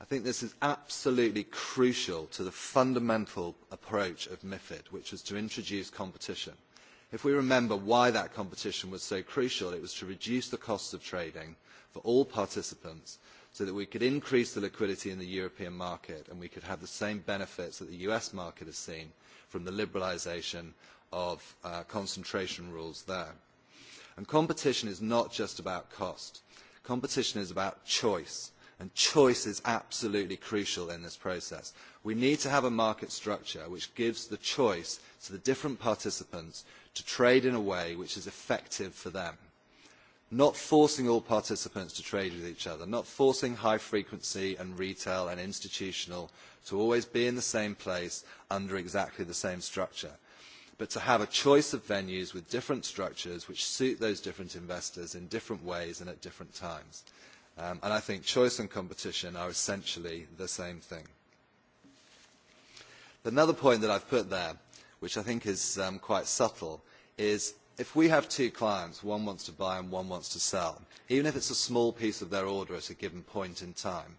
I think this is absolutely crucial to the fundamental approach of MIFID, which was to introduce competition. If we remember why that competition was so crucial, it was to reduce the cost of trading for all participants so that we could increase the liquidity in the European market and we could have the same benefits that the US market has seen from the liberalisation of concentration rules there. And competition is not just about cost. Competition is about choice And choice is absolutely crucial in this process. We need to have a market structure which gives the choice to the different participants to trade in a way which is effective for them. Not forcing all participants to trade with each other, not forcing high frequency and retail and institutional to always be in the same place under exactly the same structure but to have a choice of venues with different structures which suit those different investors in different ways and at different times and I think choice and competition are essentially the same thing. Another point that I've put there, which I think is quite subtle, is if we have two clients, one wants to buy and one wants to sell, even if it's a small piece of their order at a given point in time,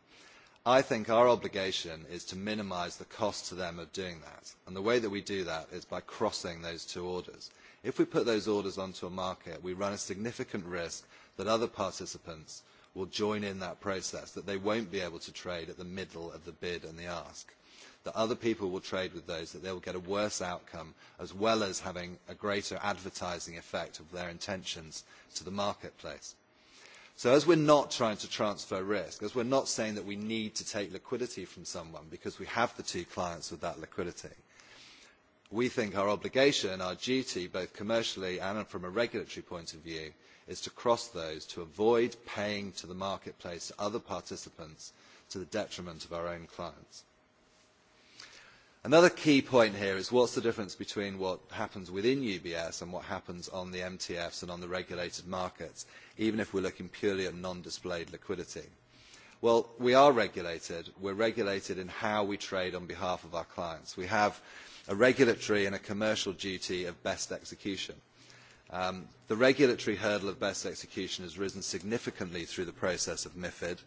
I think our obligation is to minimise the cost to them of doing that. And the way that we do that is by crossing those two orders. If we put those orders onto a market, we run a significant risk that other participants will join in that process, that they won't be able to trade at the middle of the bid and the ask, that other people will trade with those, that they will get a worse outcome, as well as having a greater advertising effect of their intentions to the marketplace. So as we're not trying to transfer risk, as we're not saying that we need to take liquidity from someone because we have the two clients with that liquidity, we think our obligation, our duty, both commercially and from a regulatory point of view, is to cross those to avoid paying to the marketplace to other participants to the detriment of our own clients. Another key point here is what is the difference between what happens within UBS and what happens on the MTFs and on the regulated markets, even if we are looking purely at non-displayed liquidity. Well, we are regulated. We are regulated in how we trade on behalf of our clients. We have a regulatory and a commercial duty of best execution the regulatory hurdle of best execution has risen significantly through the process of MIFID.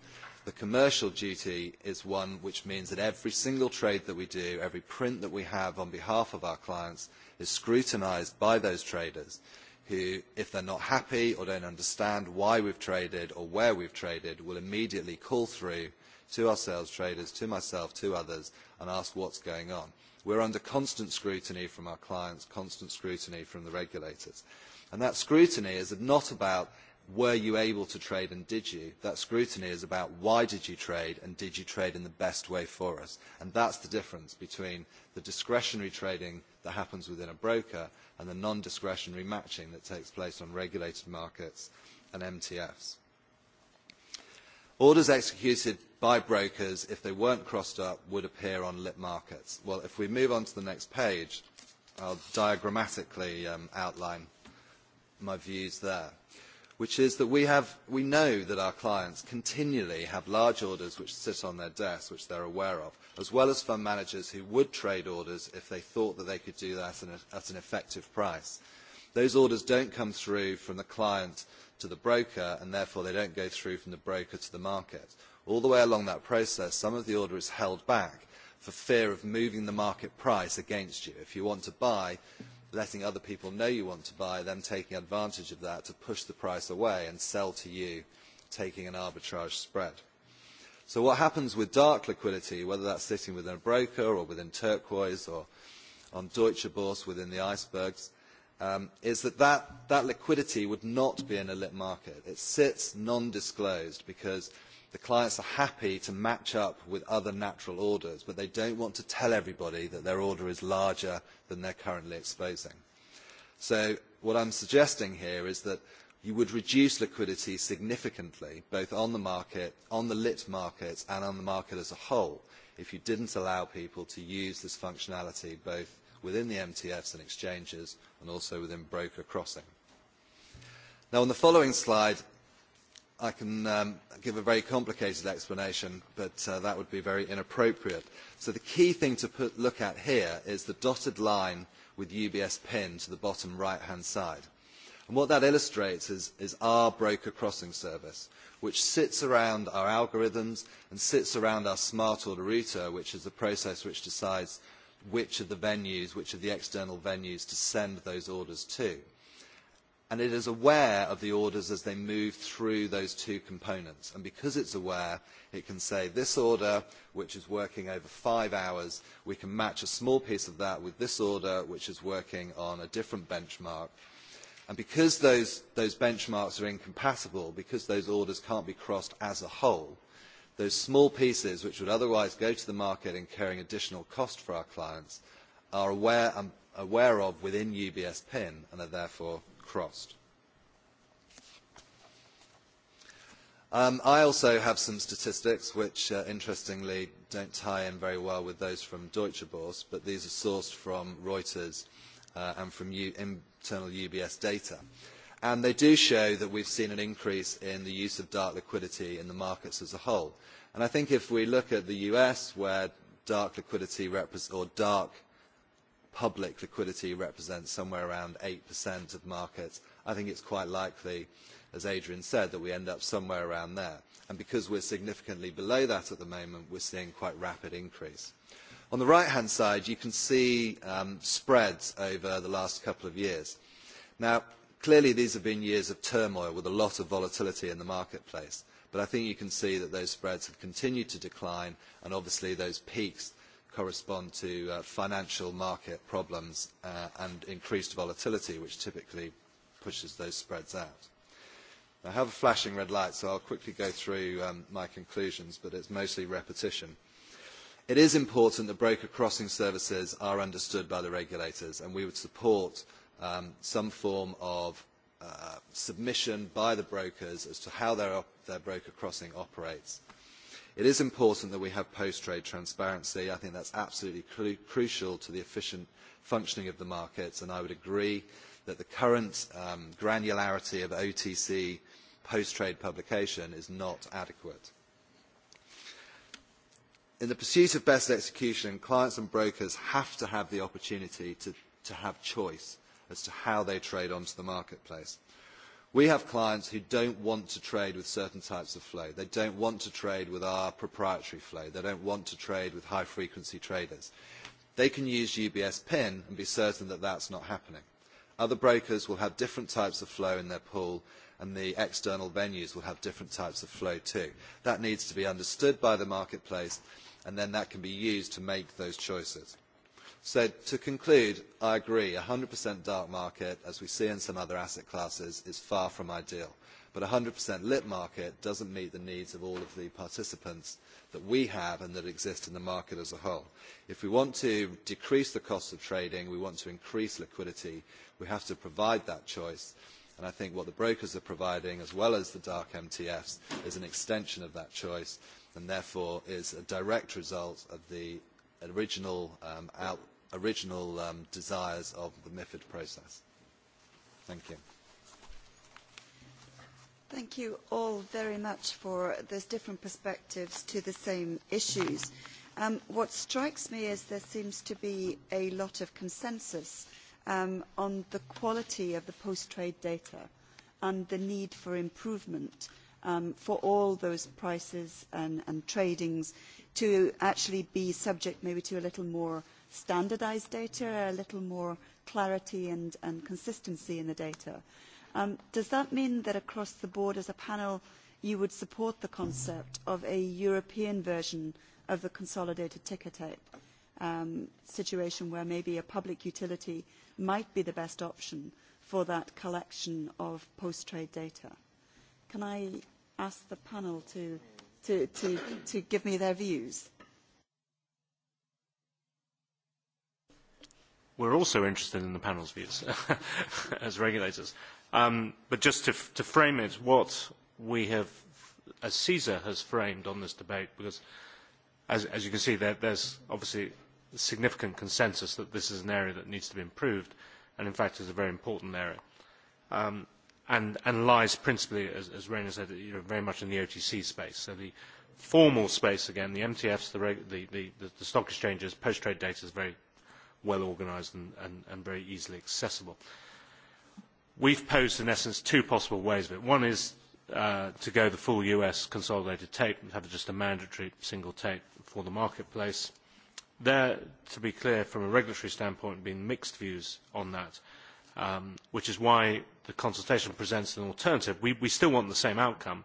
The commercial duty is one which means that every single trade that we do, every print that we have on behalf of our clients is scrutinised by those traders who, if they are not happy or do not understand why we have traded or where we have traded, will immediately call through to our sales traders, to myself, to others, and ask what is going on. We are under constant scrutiny from our clients, constant scrutiny from the regulators. And that scrutiny is not about were you able to trade and did you? That scrutiny is about why did you trade and did you trade in the best way for us? And that is the difference between the discretionary trading that happens within a broker and the non-discretionary matching that takes place on regulated markets and MTFs. Orders executed by brokers, if they weren't crossed up, would appear on lit markets. Well, if we move on to the next page, I will diagrammatically outline my views there, which is that we, have, we know that our clients continually have large orders which sit on their desks, which they are aware of, as well as fund managers who would trade orders if they thought that they could do that at an effective price. Those orders do not come through from the client to the broker, and therefore they do not go through from the broker to the market. All the way along that process, some of the order is held back for fear of moving the market price against you. If you want to buy letting other people know you want to buy, them taking advantage of that to push the price away and sell to you, taking an arbitrage spread. So what happens with dark liquidity, whether that's sitting within a broker or within Turquoise or on Deutsche Börse within the icebergs, is that, that that liquidity would not be in a lit market. It sits non-disclosed because the clients are happy to match up with other natural orders, but they don't want to tell everybody that their order is larger than they're currently exposing. So what I'm suggesting here is that you would reduce liquidity significantly, both on the market, on the lit markets, and on the market as a whole, if you didn't allow people to use this functionality both within the MTFs and exchanges and also within broker crossing. Now, on the following slide, I can give a very complicated explanation, but that would be very inappropriate. So the key thing to look at here is the dotted line with UBS PIN to the bottom right-hand side. And what that illustrates is, is our broker crossing service, which sits around our algorithms and sits around our smart order router, which is the process which decides which of the venues, which of the external venues to send those orders to and it is aware of the orders as they move through those two components. And because it is aware, it can say, this order, which is working over five hours, we can match a small piece of that with this order, which is working on a different benchmark. And because those, those benchmarks are incompatible, because those orders cannot be crossed as a whole, those small pieces, which would otherwise go to the market incurring additional cost for our clients, are aware, um, aware of within UBS PIN and are therefore crossed. I also have some statistics which, interestingly, do not tie in very well with those from Deutsche Börse, but these are sourced from Reuters and from internal UBS data. And they do show that we have seen an increase in the use of dark liquidity in the markets as a whole. I think if we look at the US, where dark liquidity or dark public liquidity represents somewhere around 8% of markets. I think it's quite likely, as Adrian said, that we end up somewhere around there. And because we're significantly below that at the moment, we're seeing quite rapid increase. On the right-hand side, you can see spreads over the last couple of years. Now, clearly, these have been years of turmoil with a lot of volatility in the marketplace. But I think you can see that those spreads have continued to decline, and obviously those peaks correspond to financial market problems and increased volatility, which typically pushes those spreads out. I have a flashing red light, so I will quickly go through my conclusions, but it is mostly repetition. It is important that broker crossing services are understood by the regulators, and we would support some form of submission by the brokers as to how their, broker crossing operates It is important that we have post-trade transparency. I think that is absolutely crucial to the efficient functioning of the markets, and I would agree that the current granularity of OTC post-trade publication is not adequate. In the pursuit of best execution, clients and brokers have to have the opportunity to, have choice as to how they trade onto the marketplace. We have clients who don't want to trade with certain types of flow. They don't want to trade with our proprietary flow. They don't want to trade with high-frequency traders. They can use UBS PIN and be certain that that's not happening. Other brokers will have different types of flow in their pool, and the external venues will have different types of flow too. That needs to be understood by the marketplace, and then that can be used to make those choices said to conclude i agree one hundred dark market as we see in some other asset classes is far from ideal but one hundred lit market does not meet the needs of all of the participants that we have and that exist in the market as a whole. if we want to decrease the cost of trading we want to increase liquidity we have to provide that choice and i think what the brokers are providing as well as the dark mtfs is an extension of that choice and therefore is a direct result of the original original um, desires of the MIFID process. Thank you. Thank you all very much for those different perspectives to the same issues. Um, what strikes me is there seems to be a lot of consensus um, on the quality of the post-trade data and the need for improvement um, for all those prices and, and tradings to actually be subject maybe to a little more standardised data, a little more clarity and, and consistency in the data. Um, does that mean that across the board as a panel you would support the concept of a European version of the consolidated ticker tape um, situation where maybe a public utility might be the best option for that collection of post-trade data? Can I ask the panel to, to, to, to give me their views? we're also interested in the panel's views as regulators. Um, but just to, to frame it, what we have, as CISA has framed on this debate, because as, as you can see, there, there's obviously significant consensus that this is an area that needs to be improved, and in fact is a very important area. Um, and, and lies principally, as, as Rainer said, you know, very much in the OTC space. So the formal space, again, the MTFs, the, reg, the, the, the stock exchanges, post-trade data is very well organised and, and, and very easily accessible. We have posed, in essence, two possible ways of it. One is uh, to go the full US consolidated tape and have just a mandatory single tape for the marketplace. There, to be clear, from a regulatory standpoint, have been mixed views on that, um, which is why the consultation presents an alternative. We, we still want the same outcome,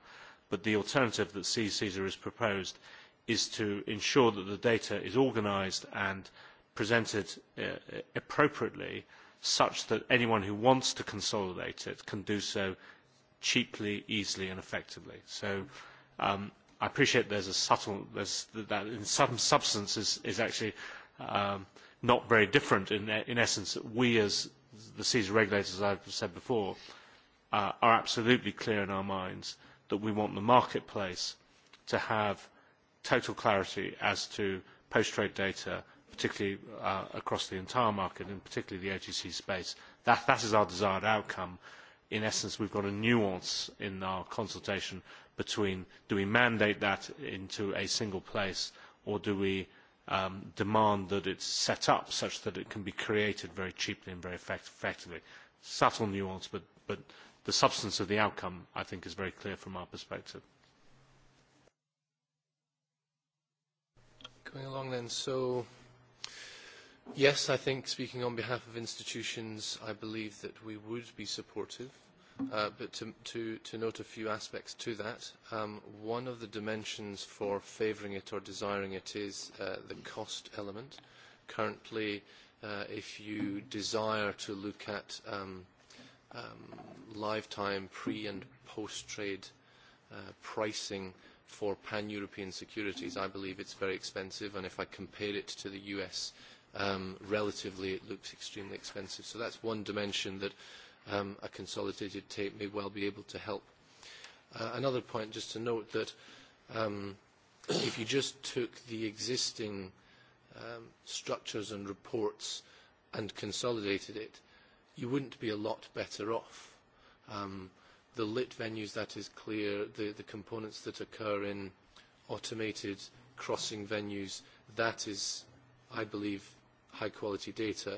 but the alternative that CESAR has proposed is to ensure that the data is organised and uh, presented appropriately such that anyone who wants to consolidate it can do so cheaply, easily and effectively. So um, I appreciate there's a subtle, there's, that in some substance is, is actually um, not very different in, in essence that we as the CESA regulators, as I've said before, uh, are absolutely clear in our minds that we want the marketplace to have total clarity as to post-trade data particularly across the entire market and particularly the OTC space. That is our desired outcome. In essence, we've got a nuance in our consultation between do we mandate that into a single place or do we demand that it is set up such that it can be created very cheaply and very effectively. Subtle nuance, but, but the substance of the outcome, I think, is very clear from our perspective. Going along then, so Yes, I think speaking on behalf of institutions, I believe that we would be supportive. Uh, but to, to, to note a few aspects to that, um, one of the dimensions for favouring it or desiring it is uh, the cost element. Currently, uh, if you desire to look at um, um, lifetime pre and post-trade uh, pricing for pan-European securities, I believe it's very expensive. And if I compare it to the US um, relatively it looks extremely expensive. So that's one dimension that um, a consolidated tape may well be able to help. Uh, another point just to note that um, if you just took the existing um, structures and reports and consolidated it, you wouldn't be a lot better off. Um, the lit venues, that is clear, the, the components that occur in automated crossing venues, that is, I believe, high quality data.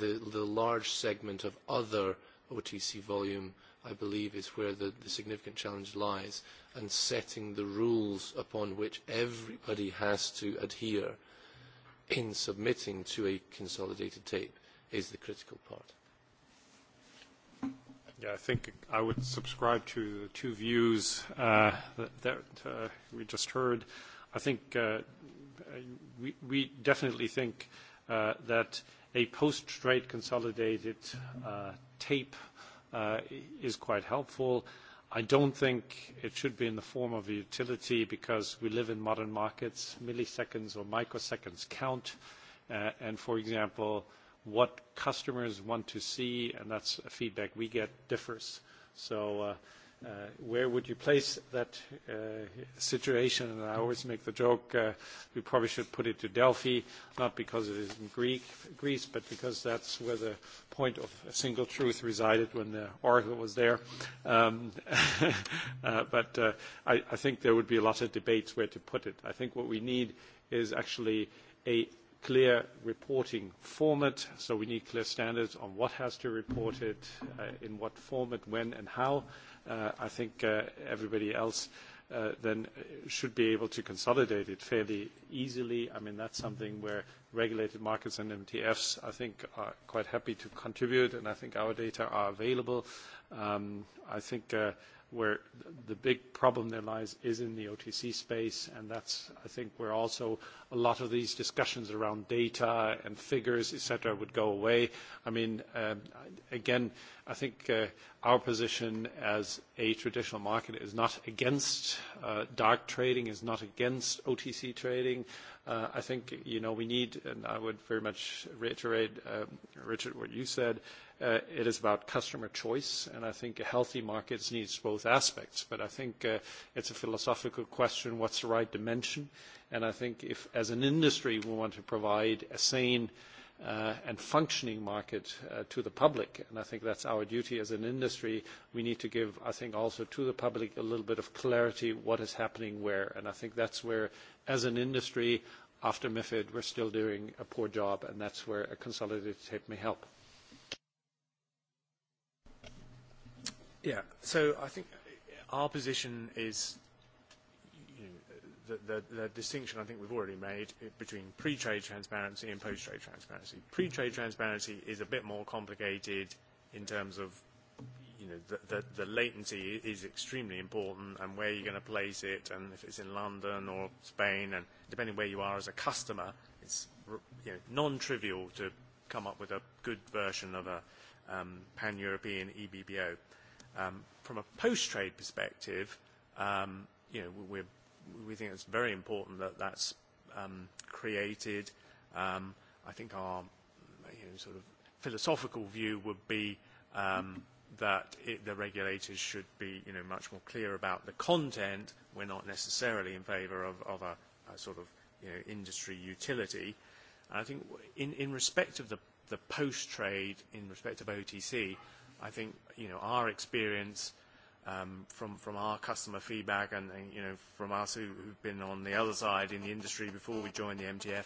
The, the large segment of other OTC volume, I believe, is where the, significant challenge lies, and setting the rules upon which everybody has to adhere in submitting to a consolidated tape is the critical part. Yeah, I think I would subscribe to the two views that, we just heard. I think we, definitely think that a post-trade consolidated tape is quite helpful. I don't think it should be in the form of a utility because we live in modern markets. Milliseconds or microseconds count. and For example, what customers want to see, and that's a feedback we get, differs. So where would you place that situation? And I always make the joke, we probably should put it to Delphi, not because it is in Greek, Greece, but because that's where the point of a single truth resided when the oracle was there. But I think there would be a lot of debates where to put it. I think what we need is actually a clear reporting format, so we need clear standards on what has to be reported, in what format, when, and how I think everybody else then should be able to consolidate it fairly easily. I mean, that's something where regulated markets and MTFs, I think, are quite happy to contribute, and I think our data are available. I think where the big problem there lies is in the OTC space, and that's, I think, where also a lot of these discussions around data and figures, et cetera, would go away. I mean, again, I think our position as a traditional market is not against dark trading is not against OTC trading. I think you know we need, and I would very much reiterate, Richard, what you said. It is about customer choice, and I think a healthy market needs both aspects. But I think it's a philosophical question, what's the right dimension? And I think if, as an industry, we want to provide a sane and functioning market to the public. And I think that's our duty as an industry. We need to give, I think, also to the public a little bit of clarity what is happening where. And I think that's where, as an industry, after MiFID, we're still doing a poor job, and that's where a consolidated tape may help. Yeah. So I think our position is the, the distinction I think we've already made between pre-trade transparency and post-trade transparency. Pre-trade transparency is a bit more complicated in terms of you know, the, the, the latency is extremely important and where you're going to place it and if it's in London or Spain and depending where you are as a customer, it's you know, non-trivial to come up with a good version of a um, pan-European EBBO. Um, from a post-trade perspective, um, you know, we're we think it's very important that that's um, created. Um, I think our you know, sort of philosophical view would be um, that it, the regulators should be you know, much more clear about the content. We're not necessarily in favour of, of a, a sort of you know, industry utility. And I think in, in respect of the, the post-trade, in respect of OTC, I think you know, our experience – um, from from our customer feedback and, you know from us who, who've been on the other side in the industry before we joined the MTF.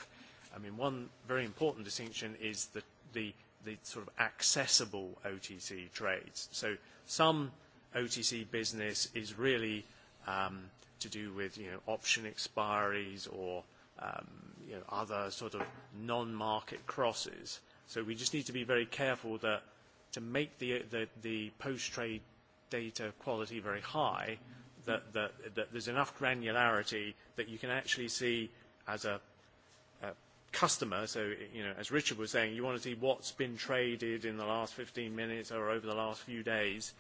I mean, one very important distinction is the the, the sort of accessible OTC trades. So some OTC business is really um, to do with you know option expiries or um, you know other sort of non-market crosses. So we just need to be very careful that to make the the, the post-trade data quality very high, that, that, that there's enough granularity that you can actually see as a, a customer, so you know, as Richard was saying, you want to see what's been traded in the last 15 minutes or over the last few days.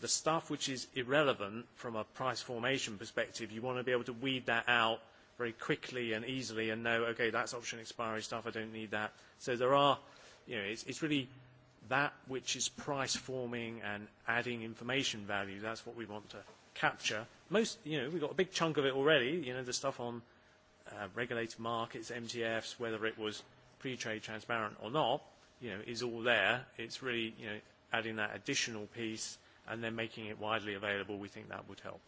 The stuff which is irrelevant from a price formation perspective, you want to be able to weed that out very quickly and easily and know, okay, that's option expiry stuff, I don't need that. So there are, you know, it's, it's really that which is price forming and adding information value, that's what we want to capture. Most, you know, we've got a big chunk of it already, you know, the stuff on uh, regulated markets, MTFs, whether it was pre-trade transparent or not, you know, is all there. It's really, you know, adding that additional piece and then making it widely available, we think that would help.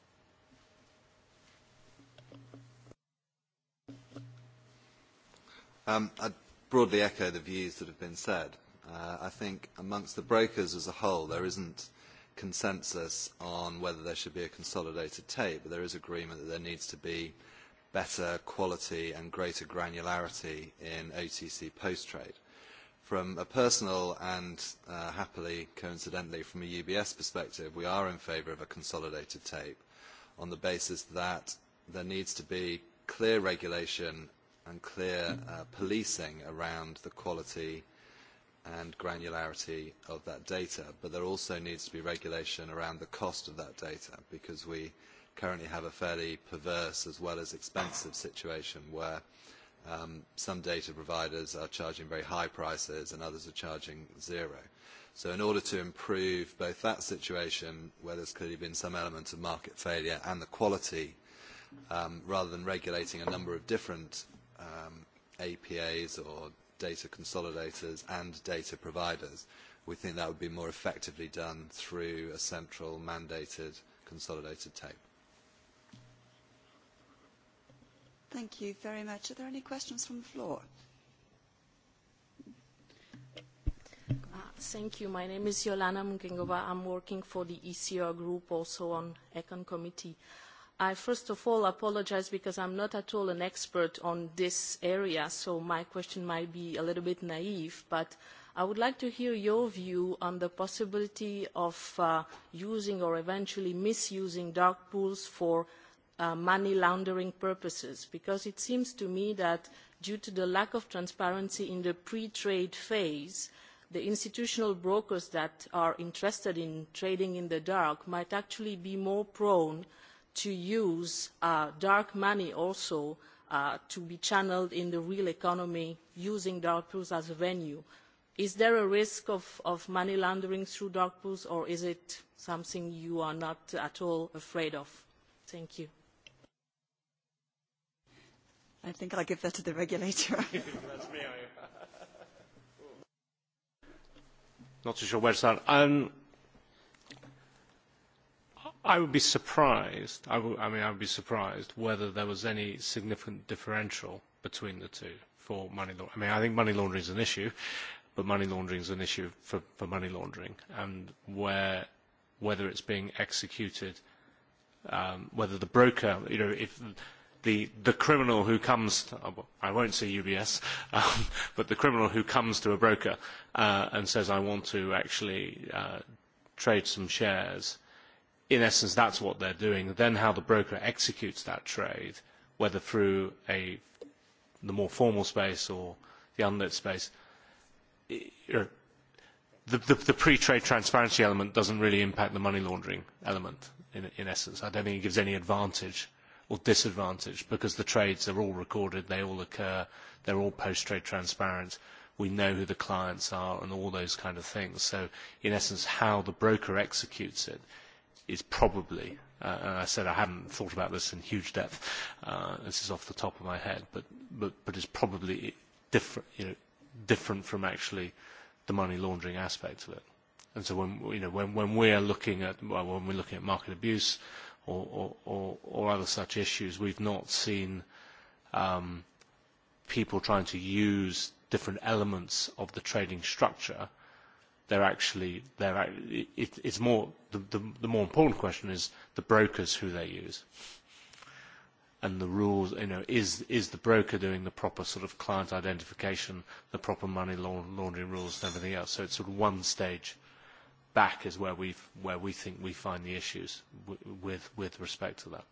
Um, I broadly echo the views that have been said. Uh, I think amongst the brokers as a whole, there isn't consensus on whether there should be a consolidated tape, but there is agreement that there needs to be better quality and greater granularity in OTC post-trade. From a personal and uh, happily, coincidentally, from a UBS perspective, we are in favour of a consolidated tape on the basis that there needs to be clear regulation and clear uh, policing around the quality and granularity of that data, but there also needs to be regulation around the cost of that data because we currently have a fairly perverse as well as expensive situation where some data providers are charging very high prices and others are charging zero. So in order to improve both that situation, where there's clearly been some element of market failure, and the quality, rather than regulating a number of different APAs or data consolidators and data providers. We think that would be more effectively done through a central mandated consolidated tape. Thank you very much. Are there any questions from the floor? Thank you. My name is Yolana Mungengova. I'm working for the ECR group also on Econ Committee. I first of all apologise because I'm not at all an expert on this area, so my question might be a little bit naive, but I would like to hear your view on the possibility of using or eventually misusing dark pools for money laundering purposes, because it seems to me that due to the lack of transparency in the pre-trade phase, the institutional brokers that are interested in trading in the dark might actually be more prone to use dark money also to be channelled in the real economy using dark pools as a venue. Is there a risk of, money laundering through dark pools or is it something you are not at all afraid of? Thank you. I think I'll give that to the regulator. not too sure where to start. Um, I would be surprised. I, would, I mean, I would be surprised whether there was any significant differential between the two for money laundering. I mean, I think money laundering is an issue, but money laundering is an issue for, for money laundering, and where whether it's being executed, um, whether the broker, you know, if the the criminal who comes, to, I won't say UBS, um, but the criminal who comes to a broker uh, and says, "I want to actually uh, trade some shares." in essence, that is what they are doing. Then how the broker executes that trade, whether through a, the more formal space or the unlit space, the, the, the pre-trade transparency element doesn't really impact the money laundering element, in, in essence. I don't think it gives any advantage or disadvantage because the trades are all recorded, they all occur, they're all post-trade transparent we know who the clients are and all those kind of things. So in essence, how the broker executes it is probably, uh, and I said I haven't thought about this in huge depth, uh, this is off the top of my head, but, but, but it's probably different, you know, different from actually the money laundering aspect of it. And so when, you know, when, when we are looking at, well, when we're looking at market abuse or, or, or, or other such issues, we've not seen um, people trying to use different elements of the trading structure – they're actually they're it, it's more the, the, the more important question is the brokers who they use and the rules you know is is the broker doing the proper sort of client identification the proper money laundering rules and everything else so it's sort of one stage back is where we where we think we find the issues w with with respect to that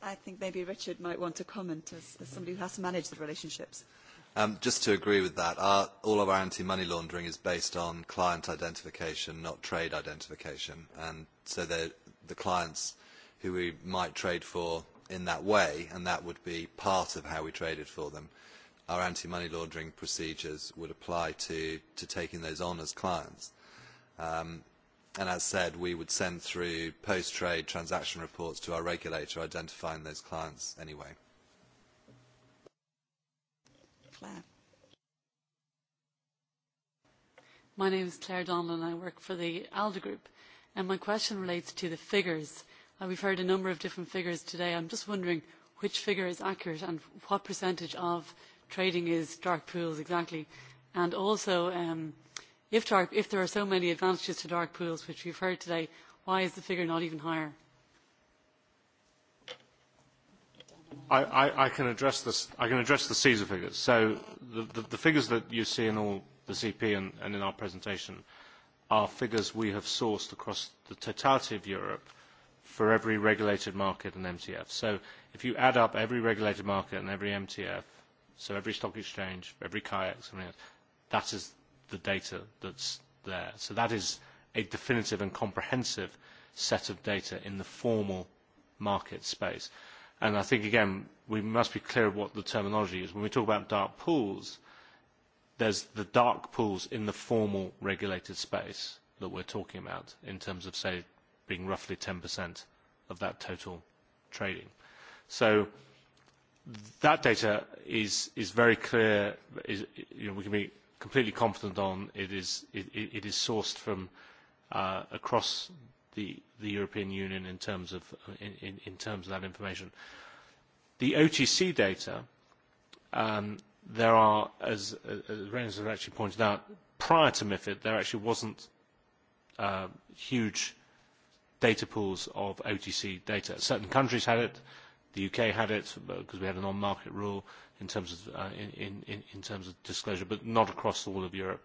I think maybe Richard might want to comment as, as somebody who has to manage the relationships just to agree with that, our, all of our anti-money laundering is based on client identification, not trade identification. And so the, the clients who we might trade for in that way, and that would be part of how we traded for them, our anti-money laundering procedures would apply to, to taking those on as clients. Um, and as said, we would send through post-trade transaction reports to our regulator identifying those clients anyway. Claire. My name is Claire and I work for the ALDE Group, and my question relates to the figures. We've heard a number of different figures today. I'm just wondering which figure is accurate and what percentage of trading is dark pools exactly. And also, um, if, dark, if there are so many advantages to dark pools, which we've heard today, why is the figure not even higher? I, I can address this. I can address the CESA figures. So the, the, figures that you see in all the CP and, in our presentation are figures we have sourced across the totality of Europe for every regulated market and MTF. So if you add up every regulated market and every MTF, so every stock exchange, every kayak, something else, that is the data that's there. So that is a definitive and comprehensive set of data in the formal market space. And I think, again, we must be clear what the terminology is. When we talk about dark pools, there's the dark pools in the formal regulated space that we're talking about in terms of, say, being roughly 10% of that total trading. So that data is, is very clear. Is, you know, we can be completely confident on it is, it, it is sourced from uh, across the, the European Union in terms of, in, in terms of that information. The OTC data, um, there are, as, as Reynolds has actually pointed out, prior to MIFID, there actually wasn't uh, huge data pools of OTC data. Certain countries had it, the UK had it because we had an on-market rule in terms of uh, in, in, in terms of disclosure, but not across all of Europe.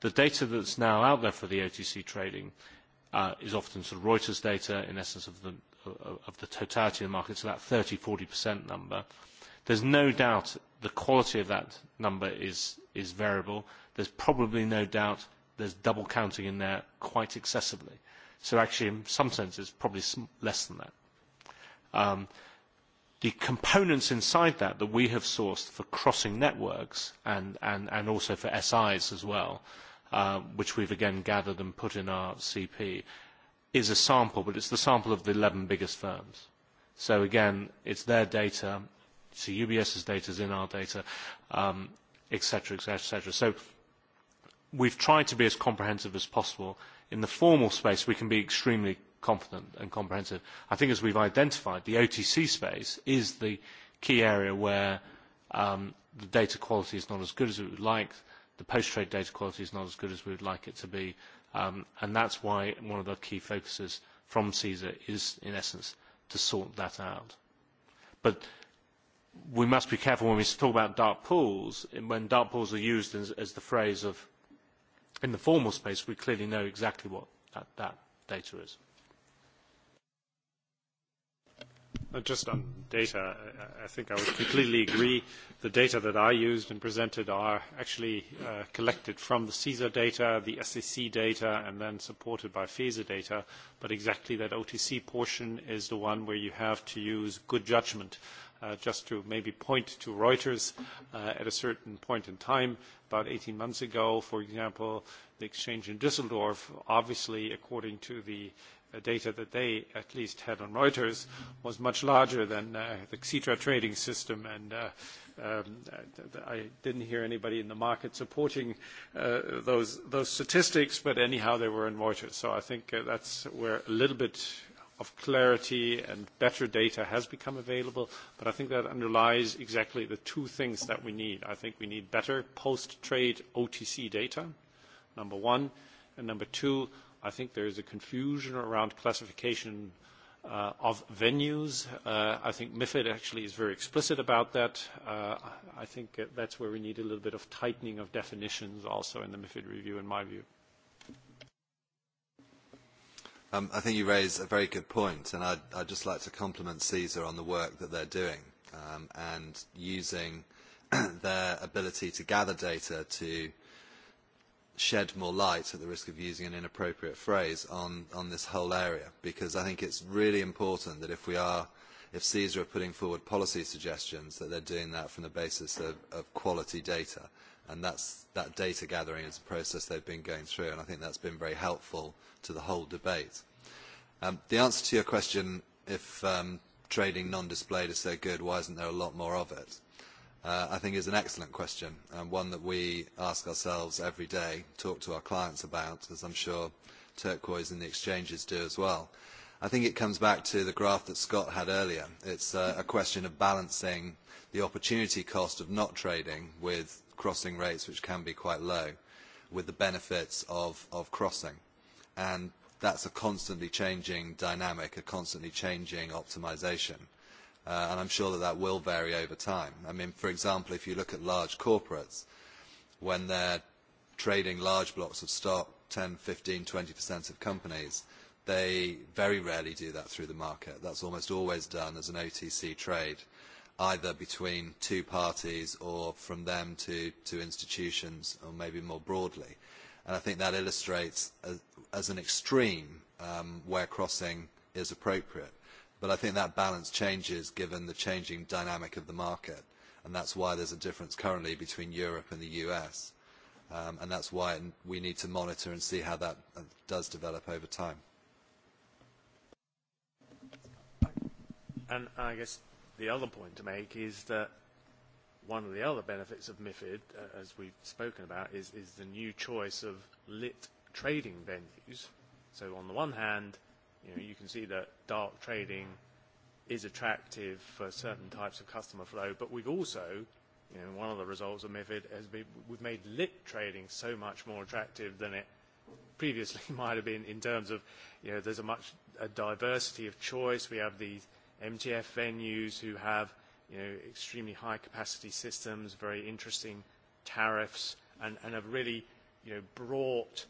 The data that's now out there for the OTC trading is often sort of Reuters data, in essence, of the, of the totality of the market, so that 30, 40% number. There's no doubt the quality of that number is, is variable. There's probably no doubt there's double counting in there quite excessively. So actually, in some senses, probably less than that. Um, the components inside that that we have sourced for crossing networks and, and, and also for SIs as well which we've again gathered and put in our CP, is a sample, but it's the sample of the 11 biggest firms. So again, it's their data, so UBS's data is in our data, um, et cetera, et cetera, et cetera. So we've tried to be as comprehensive as possible. In the formal space, we can be extremely confident and comprehensive. I think as we've identified, the OTC space is the key area where um, the data quality is not as good as we would like the post-trade data quality is not as good as we would like it to be. Um, and that's why one of the key focuses from CESA is, in essence, to sort that out. But we must be careful when we talk about dark pools. When dark pools are used as, as the phrase of, in the formal space, we clearly know exactly what that, that data is. Just on data, I think I would completely agree. The data that I used and presented are actually collected from the CISA data, the SEC data, and then supported by FISA data. But exactly that OTC portion is the one where you have to use good judgment just to maybe point to Reuters at a certain point in time, about 18 months ago, for example, the exchange in Düsseldorf, obviously, according to the data that they at least had on Reuters was much larger than the Xetra trading system. And I didn't hear anybody in the market supporting those statistics, but anyhow, they were in Reuters. So I think that's where a little bit of clarity and better data has become available. But I think that underlies exactly the two things that we need. I think we need better post-trade OTC data, number one. And number two, I think there is a confusion around classification uh, of venues. Uh, I think MIFID actually is very explicit about that. Uh, I think that's where we need a little bit of tightening of definitions also in the MIFID review, in my view. Um, I think you raise a very good point, and I'd, I'd just like to compliment CSER on the work that they're doing um, and using their ability to gather data to shed more light, at the risk of using an inappropriate phrase, on, on this whole area, because I think it's really important that if we are, if CSER are putting forward policy suggestions, that they're doing that from the basis of, of quality data. And that's, that data gathering is a process they've been going through, and I think that's been very helpful to the whole debate. Um, the answer to your question, if um, trading non-displayed is so good, why isn't there a lot more of it? I think is an excellent question and one that we ask ourselves every day, talk to our clients about, as I am sure Turquoise and the exchanges do as well. I think it comes back to the graph that Scott had earlier. It's uh, a question of balancing the opportunity cost of not trading with crossing rates, which can be quite low, with the benefits of, of crossing. And that's a constantly changing dynamic, a constantly changing optimization and I'm sure that that will vary over time. I mean, for example, if you look at large corporates, when they're trading large blocks of stock, 10, 15, 20% of companies, they very rarely do that through the market. That's almost always done as an OTC trade, either between two parties or from them to, to institutions or maybe more broadly. And I think that illustrates as, as an extreme um, where crossing is appropriate But I think that balance changes given the changing dynamic of the market. And that's why there's a difference currently between Europe and the US. Um, and that's why we need to monitor and see how that does develop over time. And I guess the other point to make is that one of the other benefits of MIFID, uh, as we've spoken about, is, is the new choice of lit trading venues. So on the one hand, You know, you can see that dark trading is attractive for certain types of customer flow, but we've also, you know, one of the results of MiFID has been we've made lit trading so much more attractive than it previously might have been in terms of, you know, there's a much a diversity of choice. We have these MTF venues who have, you know, extremely high capacity systems, very interesting tariffs, and, and have really, you know, brought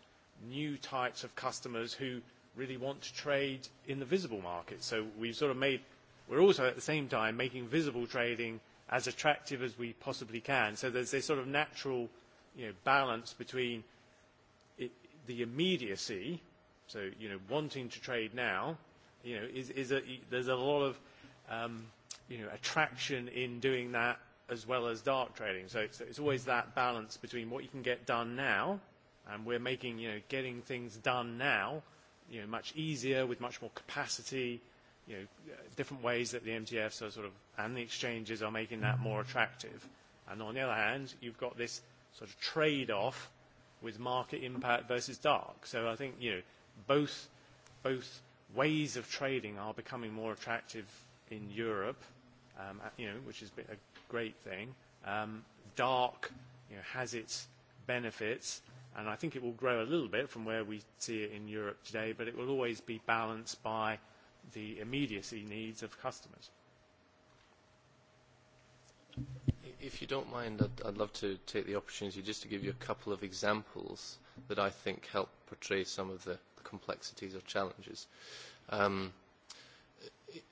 new types of customers who really want to trade in the visible market. So we've sort of made, we're also at the same time making visible trading as attractive as we possibly can. So there's this sort of natural you know, balance between it, the immediacy, so you know, wanting to trade now, you know, is, is a, there's a lot of um, you know, attraction in doing that as well as dark trading. So it's, it's always that balance between what you can get done now, and we're making, you know, getting things done now you know, much easier with much more capacity, you know, different ways that the MTFs are sort of, and the exchanges are making that more attractive. And on the other hand, you've got this sort of trade-off with market impact versus dark. So I think, you know, both, both ways of trading are becoming more attractive in Europe, um, you know, which is a great thing. Um, dark, you know, has its benefits, and I think it will grow a little bit from where we see it in Europe today, but it will always be balanced by the immediacy needs of customers. If you don't mind, I'd, I'd love to take the opportunity just to give you a couple of examples that I think help portray some of the complexities or challenges.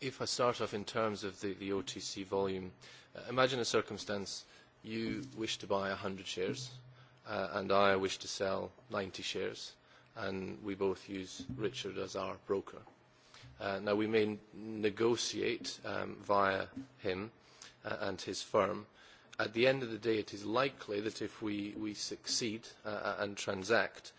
if I start off in terms of the, the OTC volume, uh, imagine a circumstance you wish to buy 100 shares uh, and I wish to sell 90 shares, and we both use Richard as our broker. Uh, now, we may negotiate um, via him uh, and his firm. At the end of the day, it is likely that if we, we succeed uh, and transact,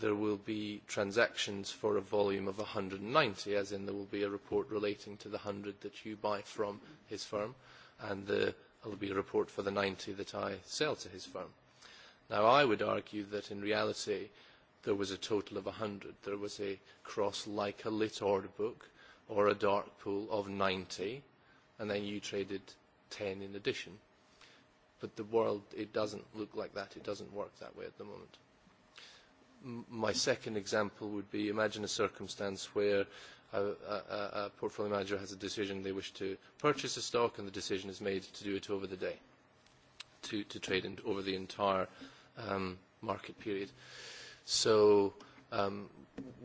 there will be transactions for a volume of 190, as in there will be a report relating to the 100 that you buy from his firm, and the, there will be a report for the 90 that I sell to his firm Now, I would argue that in reality there was a total of 100. There was a cross like a lit order book or a dark pool of 90, and then you traded 10 in addition. But the world, it doesn't look like that. It doesn't work that way at the moment. My second example would be imagine a circumstance where a, a, a portfolio manager has a decision they wish to purchase a stock and the decision is made to do it over the day, to, to trade in, over the entire um, market period. So um,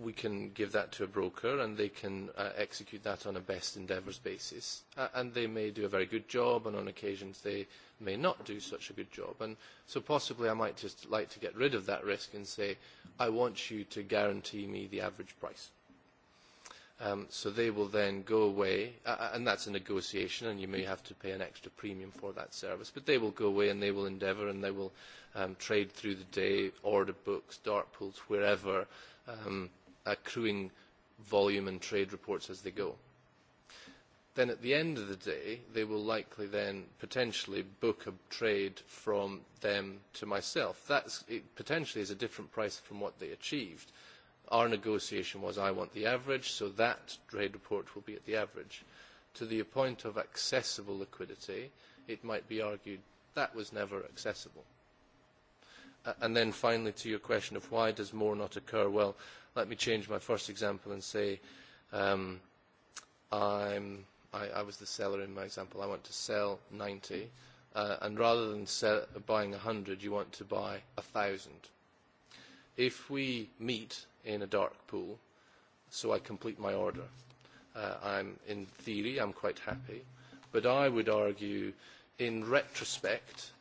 we can give that to a broker and they can uh, execute that on a best endeavours basis. Uh, and they may do a very good job and on occasions they may not do such a good job. And so possibly I might just like to get rid of that risk and say, I want you to guarantee me the average price so they will then go away, uh, and that's a negotiation, and you may have to pay an extra premium for that service, but they will go away and they will endeavour and they will um, trade through the day, order books, dart pools, wherever, um, accruing volume and trade reports as they go. Then at the end of the day, they will likely then potentially book a trade from them to myself. That potentially is a different price from what they achieved Our negotiation was I want the average, so that trade report will be at the average. To the point of accessible liquidity, it might be argued that was never accessible. and then finally to your question of why does more not occur, well, let me change my first example and say um, I'm, I, I was the seller in my example. I want to sell 90, uh, and rather than sell, buying 100, you want to buy 1,000. If we meet in a dark pool, so I complete my order. Uh, I'm, in theory, I'm quite happy, but I would argue, in retrospect,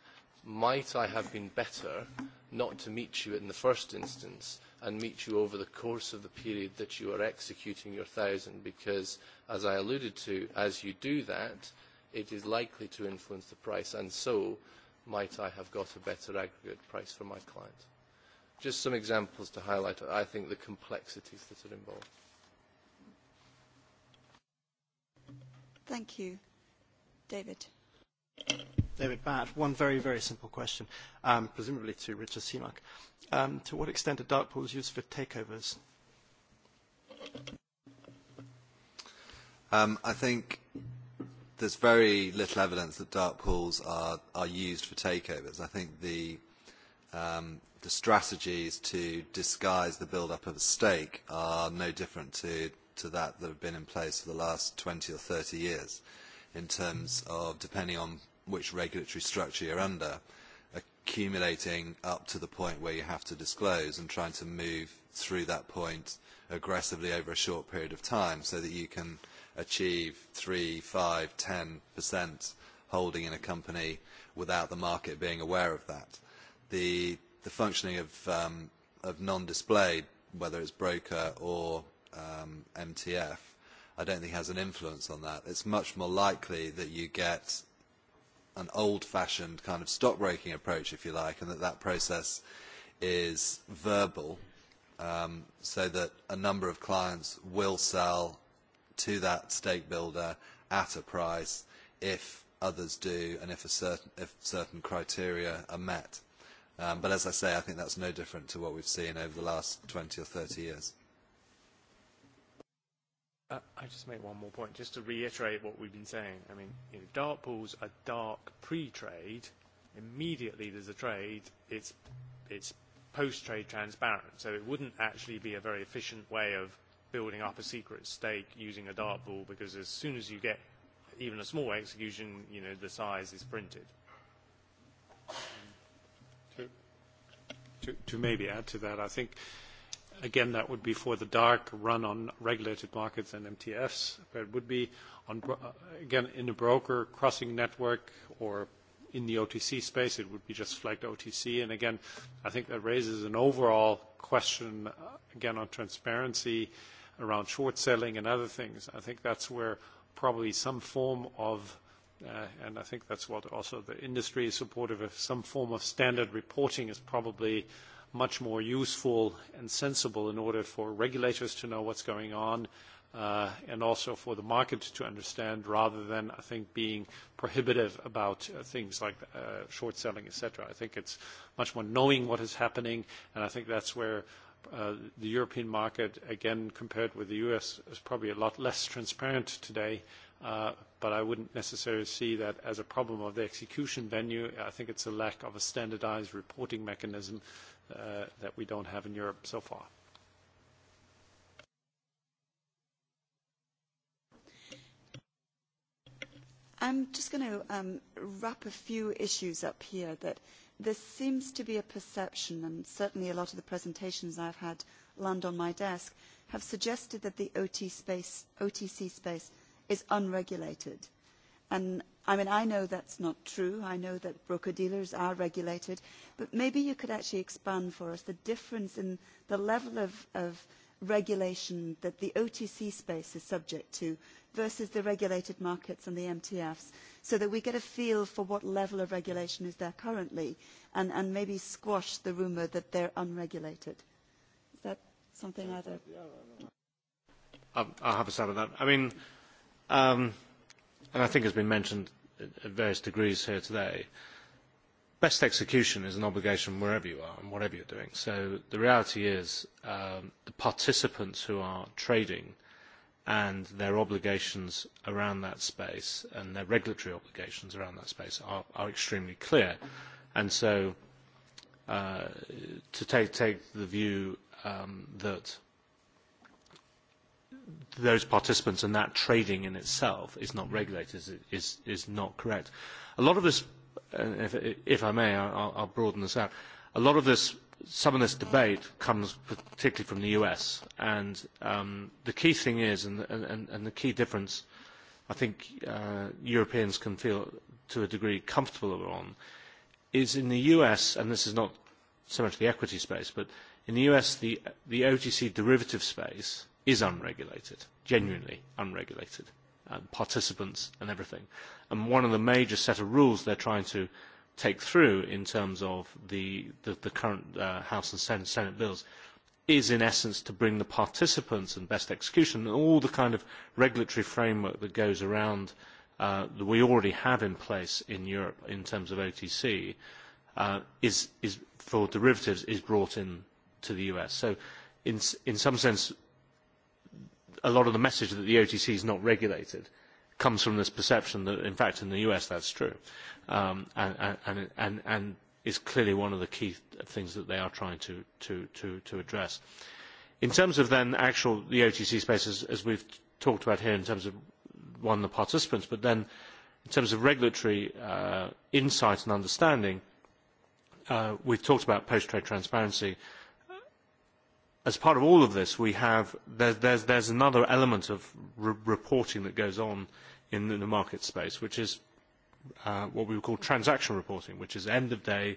might I have been better not to meet you in the first instance and meet you over the course of the period that you are executing your thousand because, as I alluded to, as you do that, it is likely to influence the price and so might I have got a better aggregate price for my client. Just some examples to highlight, I think, the complexities that are involved. Thank you. David. David Batt, one very, very simple question, um, presumably to Richard Seamark. Um, to what extent are dark pools used for takeovers? Um, I think there's very little evidence that dark pools are, are used for takeovers. I think the um, the strategies to disguise the build-up of a stake are no different to, to that that have been in place for the last 20 or 30 years in terms of, depending on which regulatory structure you're under, accumulating up to the point where you have to disclose and trying to move through that point aggressively over a short period of time so that you can achieve 3, 5, 10% holding in a company without the market being aware of that the, the functioning of, um, of non-display, whether it's broker or um, MTF, I don't think has an influence on that. It's much more likely that you get an old-fashioned kind of stockbroking approach, if you like, and that that process is verbal, um, so that a number of clients will sell to that stake builder at a price if others do and if, a certain, if certain criteria are met. Um, but as I say, I think that's no different to what we've seen over the last 20 or 30 years. Uh, I just make one more point, just to reiterate what we've been saying. I mean, you know, dark pools are dark pre-trade. Immediately there's a trade, it's, it's post-trade transparent. So it wouldn't actually be a very efficient way of building up a secret stake using a dark pool because as soon as you get even a small execution, you know, the size is printed. to, to maybe add to that, I think, again, that would be for the dark run on regulated markets and MTFs, but it would be, on, again, in a broker crossing network or in the OTC space, it would be just flagged OTC. And again, I think that raises an overall question, again, on transparency around short selling and other things. I think that's where probably some form of – and I think that's what also the industry is supportive of. Some form of standard reporting is probably much more useful and sensible in order for regulators to know what's going on, and also for the market to understand rather than, I think, being prohibitive about uh things like uh short selling, etc. I think it's much more knowing what is happening, and I think that's where uh the European market, again, compared with the U.S., is probably a lot less transparent today but I wouldn't necessarily see that as a problem of the execution venue. I think it's a lack of a standardized reporting mechanism that we don't have in Europe so far. I'm just going to um, wrap a few issues up here that there seems to be a perception, and certainly a lot of the presentations I've had land on my desk, have suggested that the OT space, OTC space is unregulated. And I mean, I know that's not true. I know that broker-dealers are regulated. But maybe you could actually expand for us the difference in the level of, of regulation that the OTC space is subject to versus the regulated markets and the MTFs, so that we get a feel for what level of regulation is there currently and, and maybe squash the rumour that they are unregulated. Is that something either? I'll have a stab at that. I mean, and I think has been mentioned at various degrees here today, best execution is an obligation wherever you are and whatever you are doing. So the reality is the participants who are trading and their obligations around that space and their regulatory obligations around that space are, are extremely clear. And so to take, take the view that those participants and that trading in itself is not regulated is, is not correct. A lot of this, if, if I may, I'll, I'll broaden this out. A lot of this, some of this debate comes particularly from the US, and um, the key thing is, and, and, and the key difference I think uh, Europeans can feel to a degree comfortable on, is in the US, and this is not so much the equity space, but in the US, the, the OTC derivative space is unregulated, genuinely unregulated, and participants and everything. And one of the major set of rules they're trying to take through in terms of the, the, the current uh, House and Senate, Senate bills is in essence to bring the participants and best execution and all the kind of regulatory framework that goes around uh, that we already have in place in Europe in terms of OTC uh, is, is for derivatives is brought in to the US. So in, in some sense a lot of the message that the OTC is not regulated comes from this perception that, in fact, in the US that's true, um, and, and, and, and is clearly one of the key things that they are trying to, to, to, to address. In terms of then actual the OTC space, as, as we've talked about here, in terms of one the participants, but then in terms of regulatory uh, insight and understanding, uh, we've talked about post-trade transparency, uh, as part of all of this, we have there's, another element of reporting that goes on in the, market space, which is uh, what we would call transaction reporting, which is end of day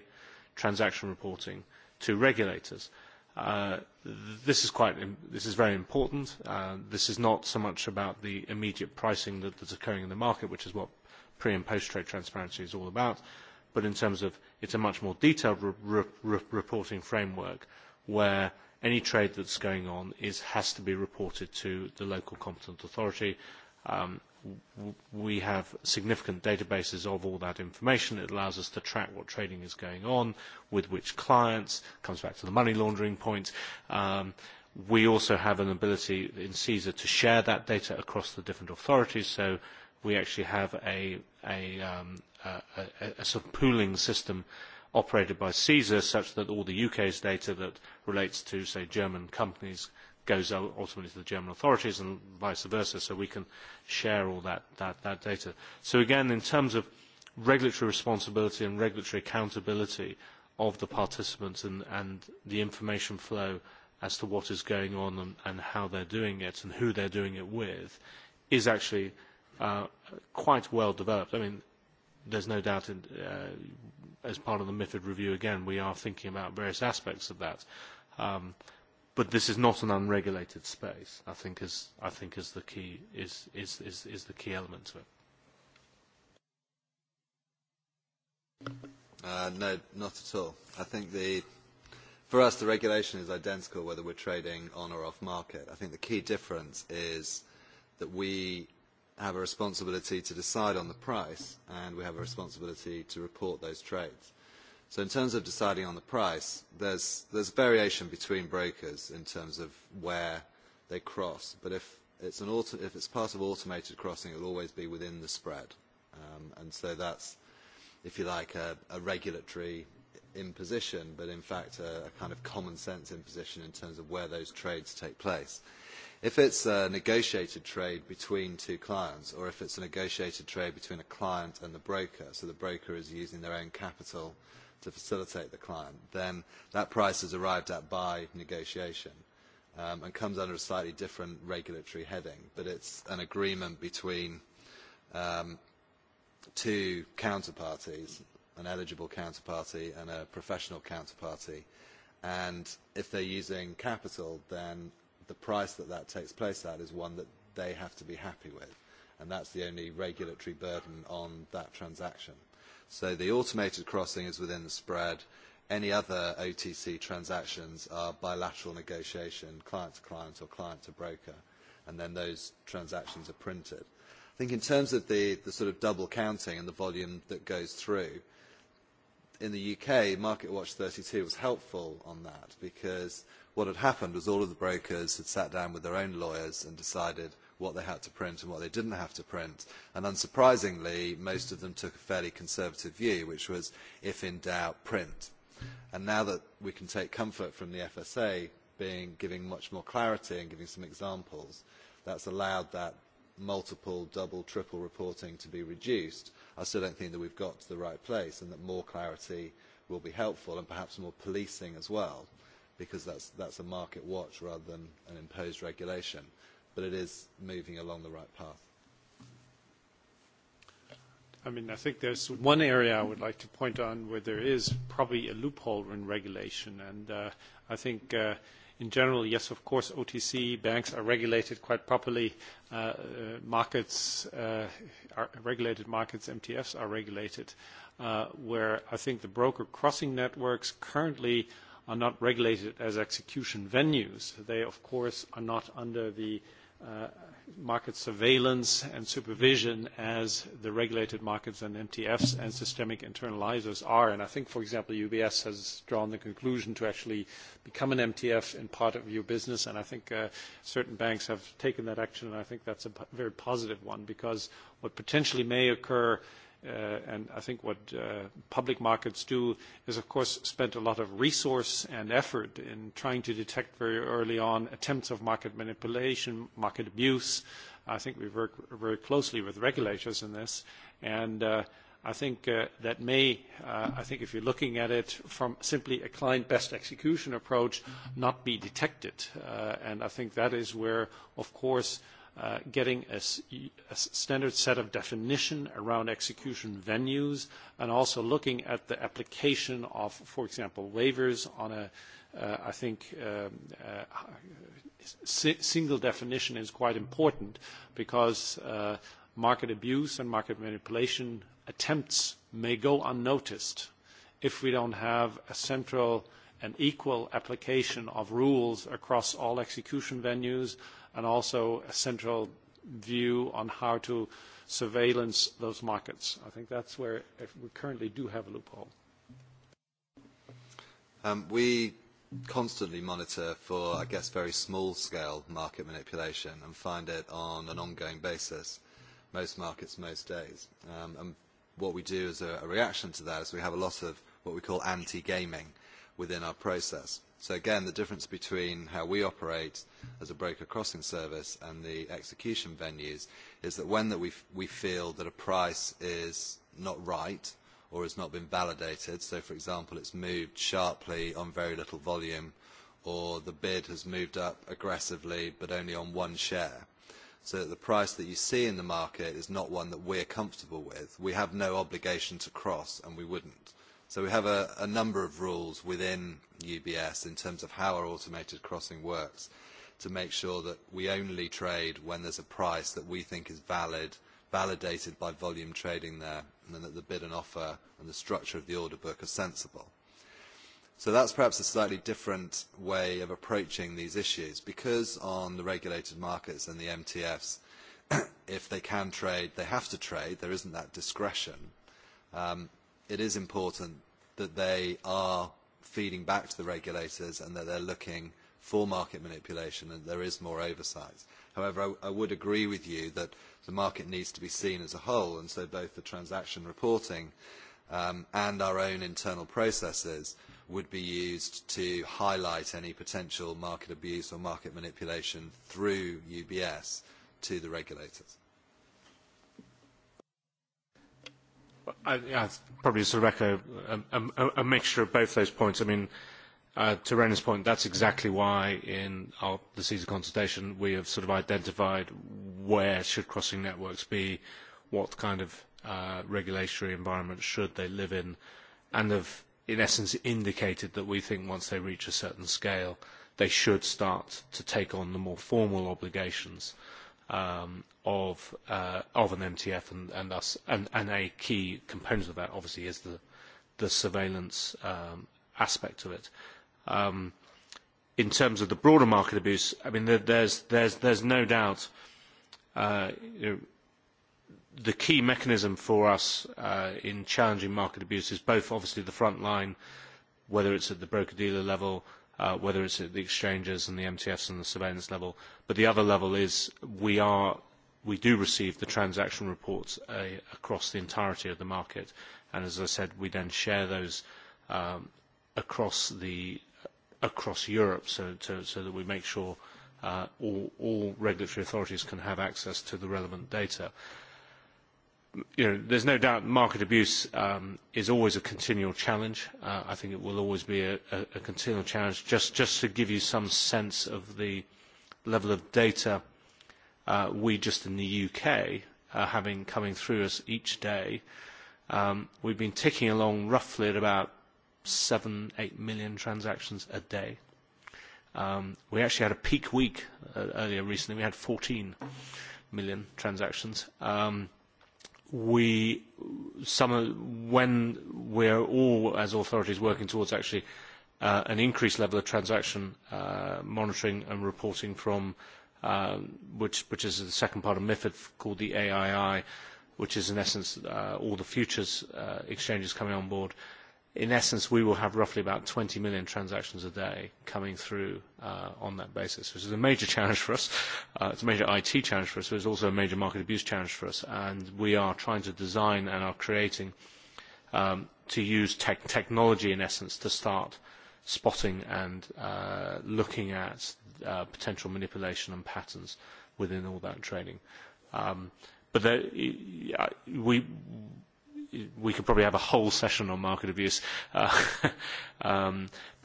transaction reporting to regulators. Uh, this is quite this is very important. Uh, this is not so much about the immediate pricing that, that's occurring in the market, which is what pre and post trade transparency is all about, but in terms of it's a much more detailed re- re- reporting framework where any trade that's going on is, has to be reported to the local competent authority. we have significant databases of all that information. It allows us to track what trading is going on, with which clients, comes back to the money laundering point. we also have an ability in CISA to share that data across the different authorities, so we actually have a, a, um, a, a, a sort of pooling system uh, operated by CSER such that all the UK's data that relates to, say, German companies goes ultimately to the German authorities and vice versa, so we can share all that, that, that data. So again, in terms of regulatory responsibility and regulatory accountability of the participants and, and the information flow as to what is going on and, and how they're doing it and who they're doing it with is actually uh, quite well developed. I mean, there's no doubt in, uh, as part of the MIFID review, again, we are thinking about various aspects of that. Um, but this is not an unregulated space, I think is, I think is, the, key, is, is, is, is the key element to it. Uh, no, not at all. I think the, for us, the regulation is identical whether we're trading on or off market. I think the key difference is that we have a responsibility to decide on the price and we have a responsibility to report those trades. So in terms of deciding on the price, there's, there's variation between brokers in terms of where they cross. But if it's, an auto, if it's part of automated crossing, it will always be within the spread. Um, and so that's, if you like, a, a regulatory imposition, but in fact a, a kind of common sense imposition in terms of where those trades take place. If it's a negotiated trade between two clients, or if it's a negotiated trade between a client and the broker, so the broker is using their own capital to facilitate the client, then that price is arrived at by negotiation um, and comes under a slightly different regulatory heading, but it's an agreement between um, two counterparties, an eligible counterparty and a professional counterparty. And if they're using capital, then the price that that takes place at is one that they have to be happy with. And that's the only regulatory burden on that transaction. So the automated crossing is within the spread. Any other OTC transactions are bilateral negotiation, client to client or client to broker. And then those transactions are printed. I think in terms of the, the sort of double counting and the volume that goes through, in the UK, MarketWatch 32 was helpful on that because what had happened was all of the brokers had sat down with their own lawyers and decided what they had to print and what they didn't have to print. And unsurprisingly, most of them took a fairly conservative view, which was, if in doubt, print. And now that we can take comfort from the FSA being, giving much more clarity and giving some examples, that's allowed that multiple, double, triple reporting to be reduced I still don't think that we've got to the right place and that more clarity will be helpful and perhaps more policing as well because that's, that's a market watch rather than an imposed regulation. But it is moving along the right path. I mean, I think there's one area I would like to point on where there is probably a loophole in regulation, and uh, I think uh, in general, yes, of course, OTC banks are regulated quite properly. Markets are regulated markets, MTFs are regulated, where I think the broker crossing networks currently are not regulated as execution venues. They, of course, are not under the market surveillance and supervision as the regulated markets and MTFs and systemic internalizers are. And I think, for example, UBS has drawn the conclusion to actually become an MTF in part of your business. And I think uh, certain banks have taken that action. And I think that's a very positive one because what potentially may occur – and I think what public markets do is, of course, spend a lot of resource and effort in trying to detect very early on attempts of market manipulation, market abuse. I think we work very closely with regulators in this, and I think that may, I think if you're looking at it from simply a client best execution approach, not be detected. And I think that is where, of course, getting a, standard set of definition around execution venues and also looking at the application of, for example, waivers on a, I think si single definition is quite important because market abuse and market manipulation attempts may go unnoticed if we don't have a central and equal application of rules across all execution venues and also a central view on how to surveillance those markets. I think that's where we currently do have a loophole. We constantly monitor for, I guess, very small-scale market manipulation and find it on an ongoing basis, most markets, most days. And what we do as a reaction to that is we have a lot of what we call anti-gaming within our process So again, the difference between how we operate as a broker crossing service and the execution venues is that when that we, we feel that a price is not right or has not been validated, so for example it's moved sharply on very little volume or the bid has moved up aggressively but only on one share, so that the price that you see in the market is not one that we're comfortable with, we have no obligation to cross and we wouldn't So we have a, a number of rules within UBS in terms of how our automated crossing works to make sure that we only trade when there's a price that we think is valid, validated by volume trading there, and that the bid and offer and the structure of the order book are sensible. So that's perhaps a slightly different way of approaching these issues because on the regulated markets and the MTFs, if they can trade, they have to trade. There isn't that discretion. Um, it is important that they are feeding back to the regulators and that they are looking for market manipulation and there is more oversight. However, I, I would agree with you that the market needs to be seen as a whole, and so both the transaction reporting and our own internal processes would be used to highlight any potential market abuse or market manipulation through UBS to the regulators. I probably sort of echo a mixture of both those points. I mean, to Rena's point, that's exactly why in our the CESA consultation, we have sort of identified where should crossing networks be, what kind of regulatory environment should they live in, and have, in essence, indicated that we think once they reach a certain scale, they should start to take on the more formal obligations um, of, uh, of an MTF and, and, us, and, and a key component of that obviously is the, the surveillance um, aspect of it. Um, in terms of the broader market abuse, I mean, there, there's, there's, there's no doubt uh, you know, the key mechanism for us uh, in challenging market abuse is both obviously the front line, whether it's at the broker-dealer level, whether it's at the exchanges and the MTFs and the surveillance level. But the other level is we are we do receive the transaction reports across the entirety of the market. And as I said, we then share those across the across Europe so so that we make sure all regulatory authorities can have access to the relevant data there is there's no doubt market abuse um, is always a continual challenge. I think it will always be a, a, continual challenge. Just, to give you some sense of the level of data uh, we just in the UK are having coming through us each day, um, we've been ticking along roughly at about seven, eight million transactions a day. Um, we actually had a peak week uh, earlier recently. We had fourteen million transactions. Um, we some when we're all as authorities working towards actually uh, an increased level of transaction uh, monitoring and reporting from which which is the second part of MIFID called the AII, which is in essence uh, all the futures uh, exchanges coming on board. Uh, in essence, we will have roughly about 20 million transactions a day coming through uh, on that basis, which is a major challenge for us. Uh, it's a major IT challenge for us, but it's also a major market abuse challenge for us. And we are trying to design and are creating um, to use tech technology, in essence, to start spotting and uh, looking at uh, potential manipulation and patterns within all that trading. Um, but there, we we could probably have a whole session on market abuse. but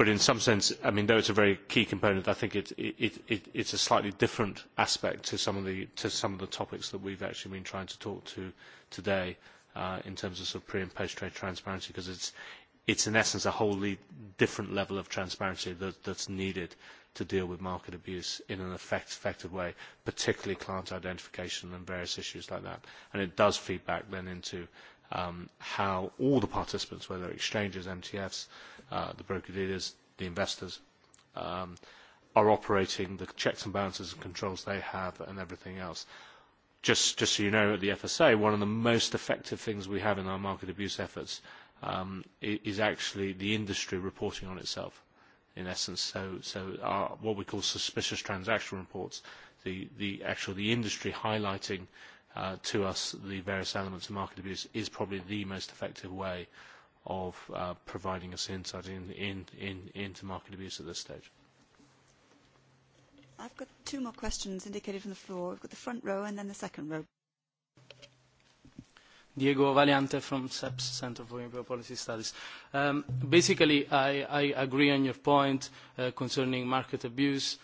in some sense, I mean, though it's a very key component, I think it, it, it, it's a slightly different aspect to some of the to some of the topics that we've actually been trying to talk to today uh, in terms of, sort of pre and post trade transparency, because it's it's in essence a wholly different level of transparency that, that's needed to deal with market abuse in an effect, effective way, particularly client identification and various issues like that. And it does feed back then into um, how all the participants, whether exchanges, MTFs, uh, the broker dealers, the investors, um, are operating the checks and balances and controls they have and everything else. Just, just so you know, at the FSA, one of the most effective things we have in our market abuse efforts um, is actually the industry reporting on itself, in essence. So, so our, what we call suspicious transaction reports, the, the actual the industry highlighting to us the various elements of market abuse is probably the most effective way of uh providing us insight in, in, in, into market abuse at this stage. I've got two more questions indicated from the floor. We've got the front row and then the second row. Diego Valiante from SEPS, Center for European Policy Studies. Um, basically, I, I agree on your point uh, concerning market abuse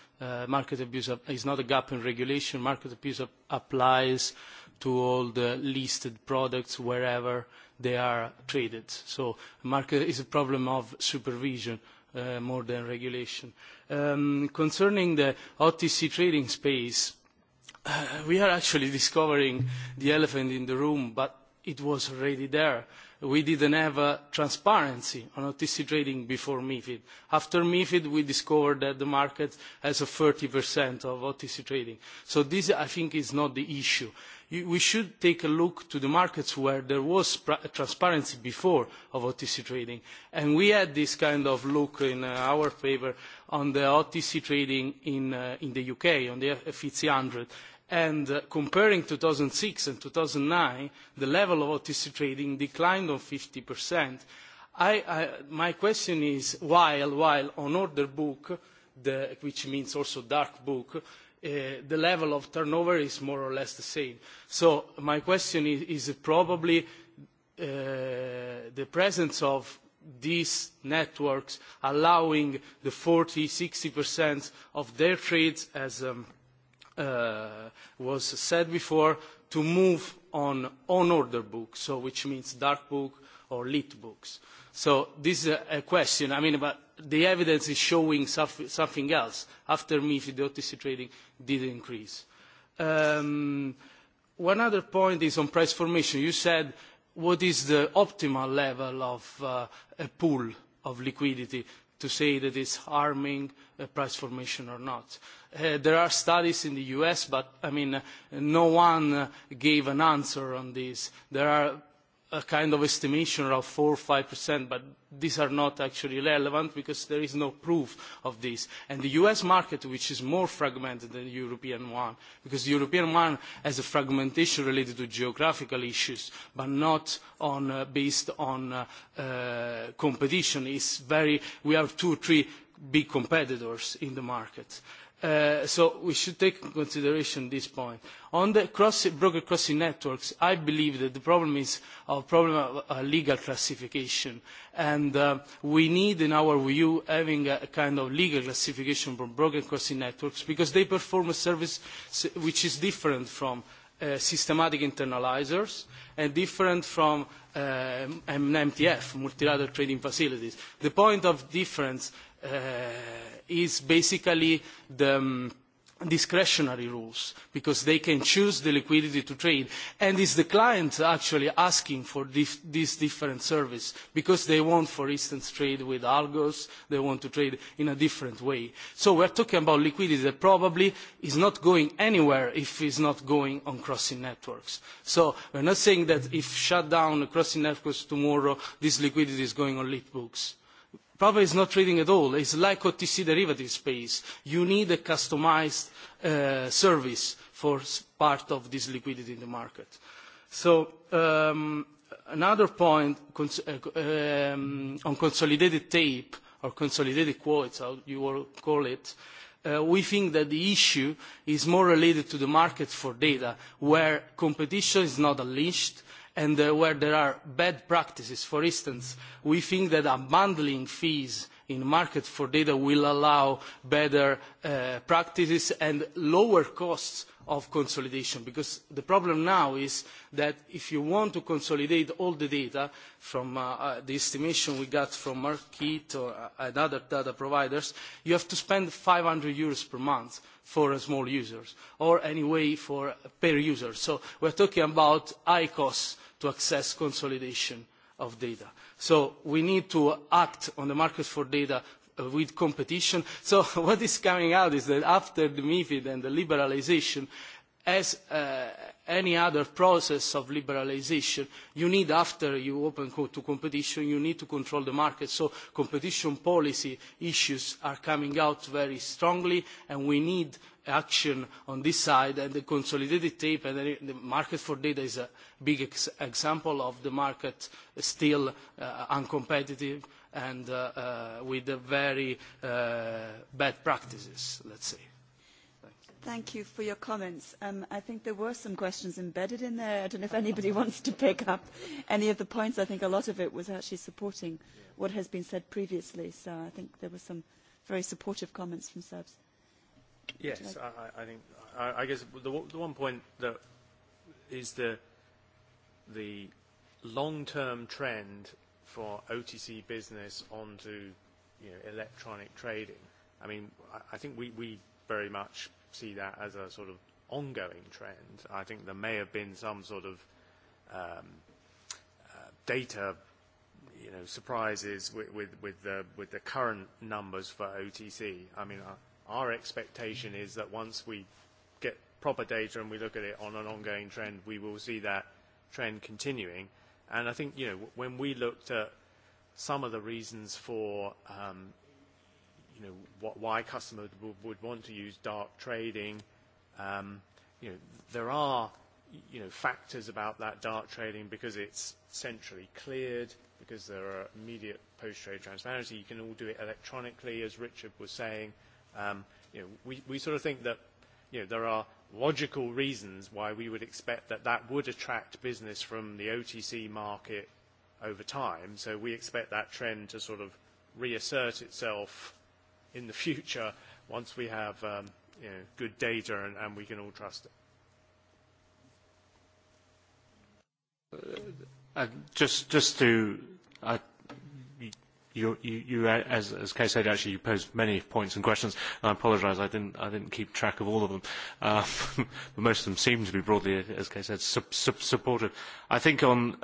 market abuse is not a gap in regulation. Market abuse applies to all the listed products wherever they are traded. So market is a problem of supervision more than regulation. concerning the OTC trading space, we are actually discovering the elephant in the room, but it was already there we didn't have a transparency on OTC trading before MIFID. After MIFID, we discovered that the market has a 30% of OTC trading. So this, I think, is not the issue. We should take a look to the markets where there was transparency before of OTC trading. And we had this kind of look in our favor on the OTC trading in, the UK, on the FTSE 100 and comparing two thousand and six and two thousand and nine, the level of OTC trading declined on 50%. I, my question is, while, while on order book, the, which means also dark book, the level of turnover is more or less the same. So my question is, is probably the presence of these networks allowing the 40, 60% of their trades as was said before, to move on on-order books, so which means dark book or lit books. So this is a question. I mean, but the evidence is showing something else. After MIFID, the OTC trading did increase. Um, one other point is on price formation. You said what is the optimal level of a pool of liquidity to say that it's harming price formation or not. there are studies in the US, but I mean, no one gave an answer on this. There are a kind of estimation around 4 or 5%, but these are not actually relevant because there is no proof of this. And the US market, which is more fragmented than the European one, because the European one has a fragmentation related to geographical issues, but not on, uh, based on uh, uh, competition. It's very, we have two or three big competitors in the market. Uh, so we should take into consideration this point. On the broker crossing networks, I believe that the problem is a problem of legal classification. And we need, in our view, having a kind of legal classification for broker crossing networks because they perform a service which is different from systematic internalisers and different from an MTF, multilateral trading facilities. The point of difference is basically the discretionary rules because they can choose the liquidity to trade and is the client actually asking for this different service because they want for instance trade with algos they want to trade in a different way so we're talking about liquidity that probably is not going anywhere if it's not going on crossing networks so we're not saying that if shut down crossing networks tomorrow this liquidity is going on lit books problem is not trading at all. It's like OTC derivative space. You need a customized service for part of this liquidity in the market. So another point on consolidated tape or consolidated quotes, how you will call it, we think that the issue is more related to the market for data, where competition is not unleashed, and where there are bad practices. For instance, we think that unbundling fees in the market for data will allow better practices and lower costs of consolidation because the problem now is that if you want to consolidate all the data from the estimation we got from Markit or other data providers, you have to spend 500 euros per month for small users or anyway for per user. So we're talking about high costs to access consolidation of data. So we need to act on the market for data with competition. So what is coming out is that after the MIFID and the liberalisation, as any other process of liberalisation, you need, after you open to competition, you need to control the market. So competition policy issues are coming out very strongly, and we need action on this side and the consolidated tape and the market for data is a big ex example of the market still uh, uncompetitive and uh, uh, with very uh, bad practices, let's say. Thank you for your comments. Um, I think there were some questions embedded in there. I don't know if anybody wants to pick up any of the points. I think a lot of it was actually supporting what has been said previously. So I think there were some very supportive comments from Serbs. Yes, I, I think I, I guess the, the one point that is the long-term trend for OTC business onto you know, electronic trading. I mean, I, I think we, we very much see that as a sort of ongoing trend. I think there may have been some sort of um, uh, data you know, surprises with, with, with, the, with the current numbers for OTC. I mean, Our expectation is that once we get proper data and we look at it on an ongoing trend, we will see that trend continuing. And I think, you know, when we looked at some of the reasons for, um, you know, what, why customers would, would want to use dark trading, um, you know, there are, you know, factors about that dark trading because it's centrally cleared, because there are immediate post-trade transparency. You can all do it electronically, as Richard was saying. Um, you know, we, we sort of think that you know, there are logical reasons why we would expect that that would attract business from the OTC market over time. So we expect that trend to sort of reassert itself in the future once we have um, you know, good data and, and we can all trust it. Just just to you, you, you as, as Kay said, actually, you posed many points and questions. And I apologise, I didn't, I didn't keep track of all of them. Uh, but most of them seem to be broadly, as Kay said, supportive. I think on,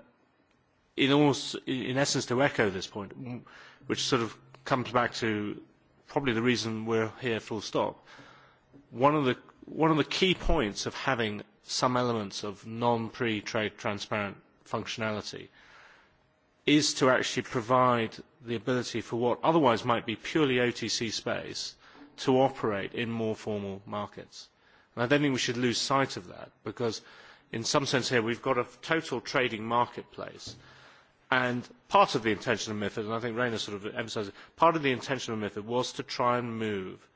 in, almost in essence, to echo this point, which sort of comes back to probably the reason we're here full stop, one of the, one of the key points of having some elements of non-pre-trade transparent functionality – is to actually provide the ability for what otherwise might be purely OTC space to operate in more formal markets. And I don't think we should lose sight of that because in some sense here we've got a total trading marketplace and part of the intention of MIFID, and I think Rainer sort of emphasised, part of the intention of MIFID was to try and move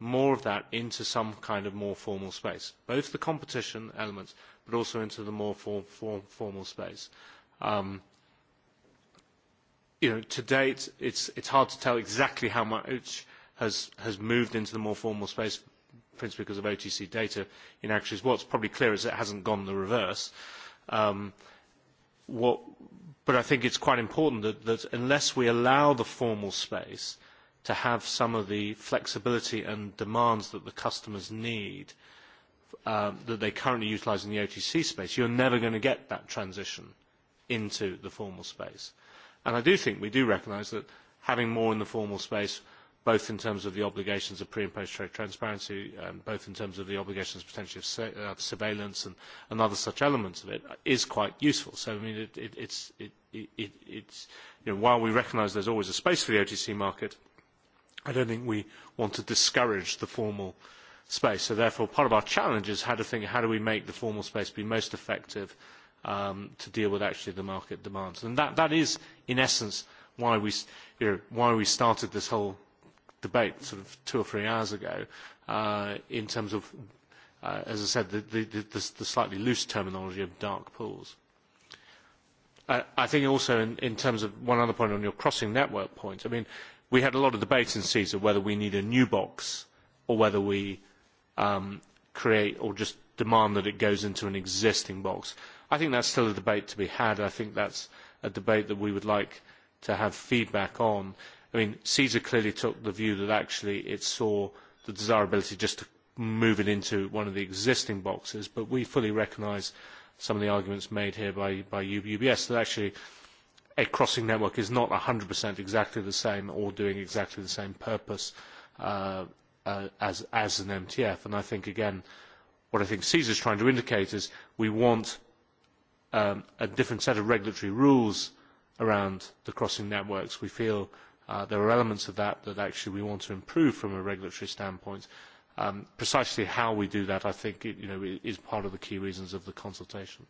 more of that into some kind of more formal space, both the competition elements, but also into the more formal space. Um, to date, it's, is hard to tell exactly how much has, has moved into the more formal space, principally because of OTC data in what What's probably clear is it hasn't gone the reverse. but I think it's quite important that, unless we allow the formal space to have some of the flexibility and demands that the customers need, that they currently utilise in the OTC space, you're never going to get that transition into the formal space And I do think we do recognise that having more in the formal space, both in terms of the obligations of pre and post trade transparency, um, both in terms of the obligations potentially of, surveillance and, and other such elements of it, is quite useful. So I mean, it, it, it's, it, it, it's you know, while we recognise there's always a space for the OTC market, I don't think we want to discourage the formal space. So therefore, part of our challenge is how to think how do we make the formal space be most effective to deal with actually the market demands. that, is, in essence, why we, why we started this whole debate sort of two or three hours ago in terms of, as I said, the, the, slightly loose terminology of dark pools. I, think also in, terms of one other point on your crossing network point, I mean, we had a lot of debate in CESAR whether we need a new box or whether we um, create or just demand that it goes into an existing box. I think that's still a debate to be had. I think that's a debate that we would like to have feedback on. I mean, CESA clearly took the view that actually it saw the desirability just to move it into one of the existing boxes, but we fully recognise some of the arguments made here by, by UBS that actually a crossing network is not one 100% exactly the same or doing exactly the same purpose as, as an MTF. And I think, again, what I think CESA is trying to indicate is we want a different set of regulatory rules around the crossing networks. We feel there are elements of that that actually we want to improve from a regulatory standpoint. precisely how we do that, I think, you know, is part of the key reasons of the consultation.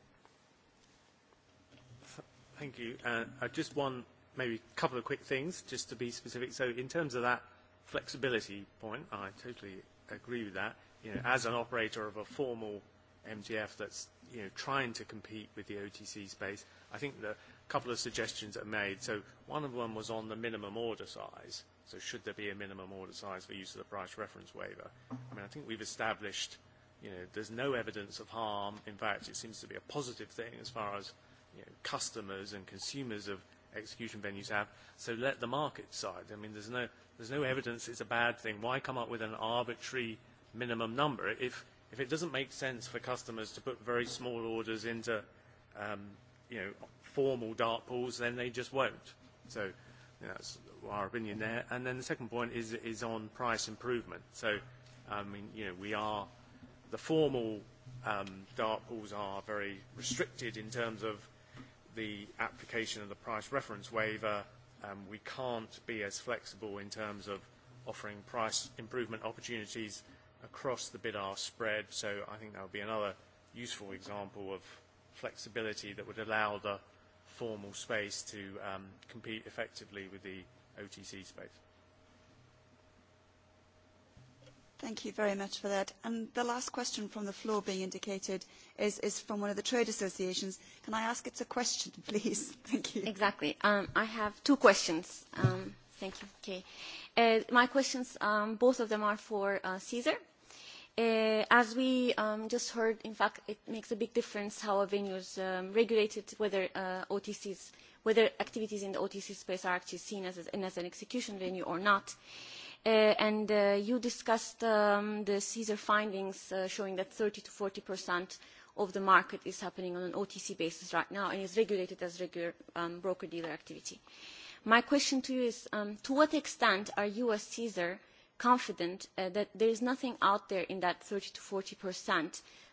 Thank you. Uh, just one, maybe a couple of quick things, just to be specific. So in terms of that flexibility point, I totally agree with that. You know, as an operator of a formal MGF that's you know, trying to compete with the OTC space. I think the couple of suggestions are made. So one of them was on the minimum order size. So should there be a minimum order size for use of the price reference waiver? I mean, I think we've established, you know, there's no evidence of harm. In fact, it seems to be a positive thing as far as you know, customers and consumers of execution venues have. So let the market decide. I mean, there's no, there's no evidence it's a bad thing. Why come up with an arbitrary minimum number if if it doesn't make sense for customers to put very small orders into um, you know, formal dart pools, then they just won't. So you know, that's our opinion there. And then the second point is, is on price improvement. So, I mean, you know, we are, the formal um, dart pools are very restricted in terms of the application of the price reference waiver. Um, we can't be as flexible in terms of offering price improvement opportunities across the bid-ask spread. So I think that would be another useful example of flexibility that would allow the formal space to um, compete effectively with the OTC space. Thank you very much for that. And the last question from the floor being indicated is, is from one of the trade associations. Can I ask it's a question, please? Thank you. Exactly. I have two questions. thank you. Okay. my questions, um, both of them are for uh, Caesar as we um, just heard, in fact, it makes a big difference how a venue is um, regulated, whether uh, OTCs, whether activities in the OTC space are actually seen as, a, as an execution venue or not. Uh, and uh, you discussed um, the CSER findings uh, showing that 30 to 40 percent of the market is happening on an OTC basis right now and is regulated as regular um, broker-dealer activity. My question to you is, um, to what extent are you as CSER confident that there is nothing out there in that 30 to 40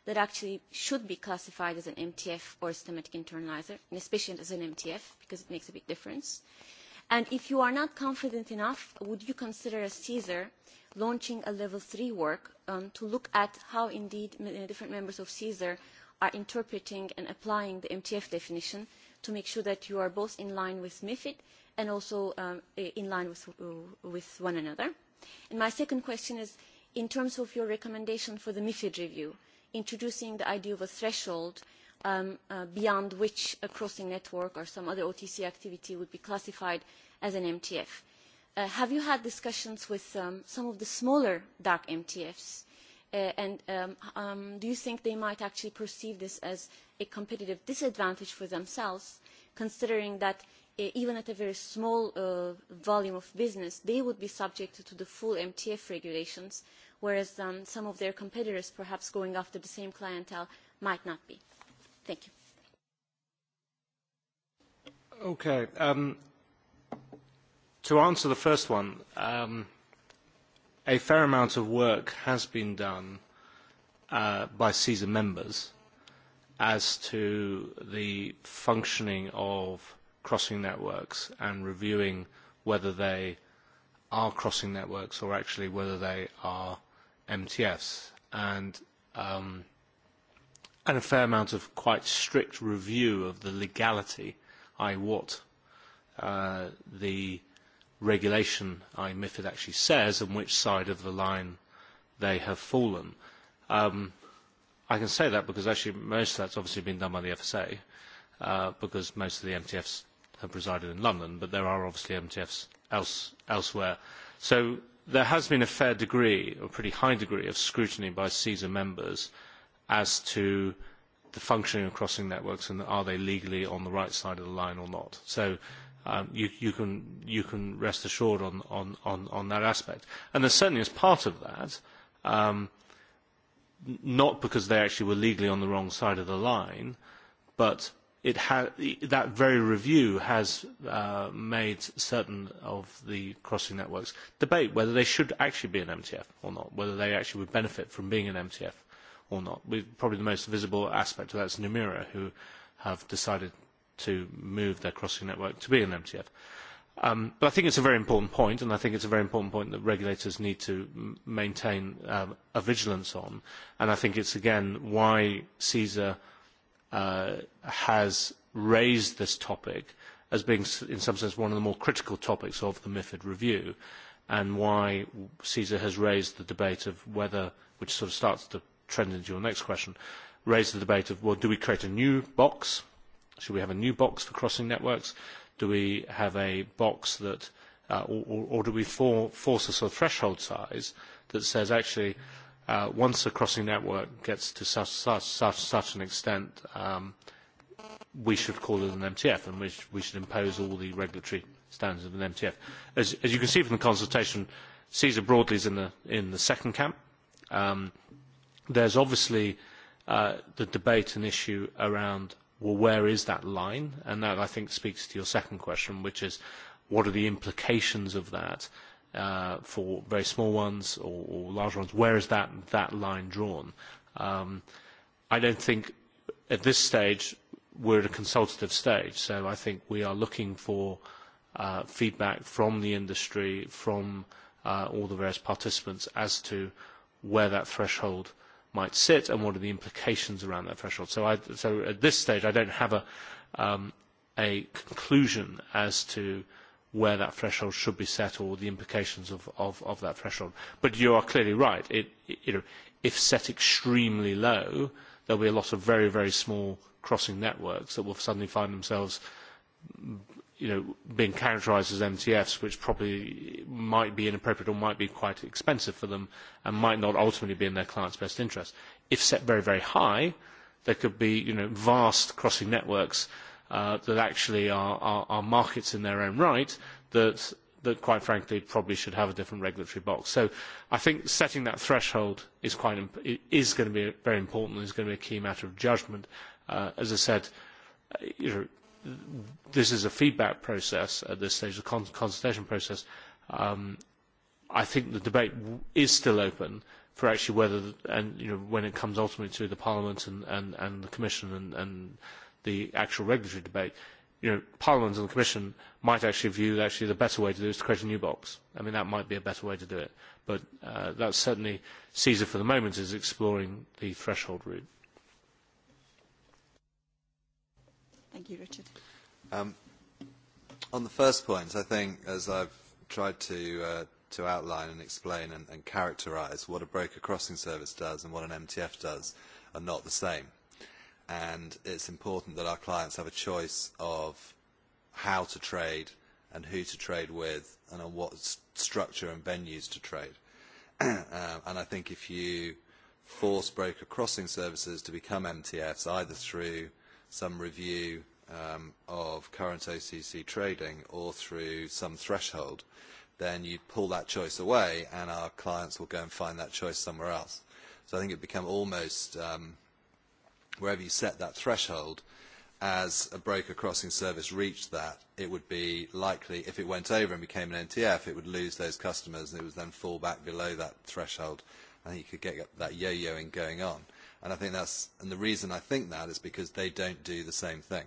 that actually should be classified as an MTF or a systematic internalizer, and especially as an MTF, because it makes a big difference. And if you are not confident enough, would you consider a CSER launching a level three work um, to look at how indeed different members of CSER are interpreting and applying the MTF definition to make sure that you are both in line with MIFID and also um, in line with, uh, with one another? And my second question is, in terms of your recommendation for the MIFID review, introducing the idea of a threshold beyond which a crossing network or some other OTC activity would be classified as an MTF. have you had discussions with some of the smaller dark MTFs? and do you think they might actually perceive this as a competitive disadvantage for themselves, considering that even at a very small volume of business, they would be subject to the full MTF regulations, whereas some of their competitors, perhaps going after the same clientele, might not be. Thank you. Okay. to answer the first one, a fair amount of work has been done by CESA members as to the functioning of crossing networks and reviewing whether they are crossing networks or actually whether they are MTFs. And, um, and a fair amount of quite strict review of the legality, i.e. what uh, the regulation, i.e. MIFID, actually says and which side of the line they have fallen. Um, I can say that because actually most of that's obviously been done by the FSA uh, because most of the MTFs have presided in London, but there are obviously MTFs else, elsewhere. So there has been a fair degree, a pretty high degree, of scrutiny by CESA members as to the functioning of crossing networks and are they legally on the right side of the line or not. So um, you, you, can, you can rest assured on, on, on, on that aspect. And there certainly is part of that, um, not because they actually were legally on the wrong side of the line, but that very review has made certain of the crossing networks debate whether they should actually be an MTF or not, whether they actually would benefit from being an MTF or not. Probably the most visible aspect of that is Numira, who have decided to move their crossing network to be an MTF. Um, but I think it's a very important point, and I think it's a very important point that regulators need to maintain um, a vigilance on. And I think it's, again, why CSER has raised this topic as being, in some sense, one of the more critical topics of the MIFID review, and why CESA has raised the debate of whether, which sort of starts to trend into your next question, raised the debate of, well, do we create a new box? Should we have a new box for crossing networks? Do we have a box that, or, or do we force a sort of threshold size that says actually uh, once the crossing network gets to such, such, such, such an extent, um, we should call it an MTF and we, sh- we should impose all the regulatory standards of an MTF. As, as you can see from the consultation, CESA broadly is in the, in the second camp. Um, there's obviously uh, the debate and issue around, well, where is that line? And that, I think, speaks to your second question, which is what are the implications of that? Uh, uh, for very small ones or, or large ones? Where is that, that line drawn? Um, I don't think at this stage we're at a consultative stage, so I think we are looking for uh, feedback from the industry, from uh, all the various participants as to where that threshold might sit and what are the implications around that threshold. So, I, so at this stage, I don't have a, um, a conclusion as to uh, where that threshold should be set or the implications of, of, of that threshold. But you are clearly right. It, you know, if set extremely low, there will be a lot of very, very small crossing networks that will suddenly find themselves you know, being characterised as MTFs, which probably might be inappropriate or might be quite expensive for them and might not ultimately be in their client's best interest. If set very, very high, there could be you know, vast crossing networks that actually are, are, are markets in their own right that, that quite frankly probably should have a different regulatory box. So I think setting that threshold is, quite imp- is going to be very important and is going to be a key matter of judgment. Uh, as I said, you know, this is a feedback process at this stage, a con- consultation process. Um, I think the debate is still open for actually whether, and you know, when it comes ultimately to the Parliament and, and, and the Commission and, and the actual regulatory debate, you know, Parliament and the Commission might actually view that actually the better way to do it is to create a new box. I mean, that might be a better way to do it. But uh, that's certainly CESA for the moment is exploring the threshold route. Thank you, Richard. Um, on the first point, I think, as I've tried to, uh, to outline and explain and, and characterise, what a broker crossing service does and what an MTF does are not the same and it's important that our clients have a choice of how to trade and who to trade with and on what structure and venues to trade. and I think if you force broker crossing services to become MTFs, either through some review um, of current OCC trading or through some threshold, then you pull that choice away and our clients will go and find that choice somewhere else. So I think it become almost um, – wherever you set that threshold, as a broker crossing service reached that, it would be likely, if it went over and became an NTF, it would lose those customers and it would then fall back below that threshold. and you could get that yo-yoing going on. And I think that's, and the reason I think that is because they don't do the same thing.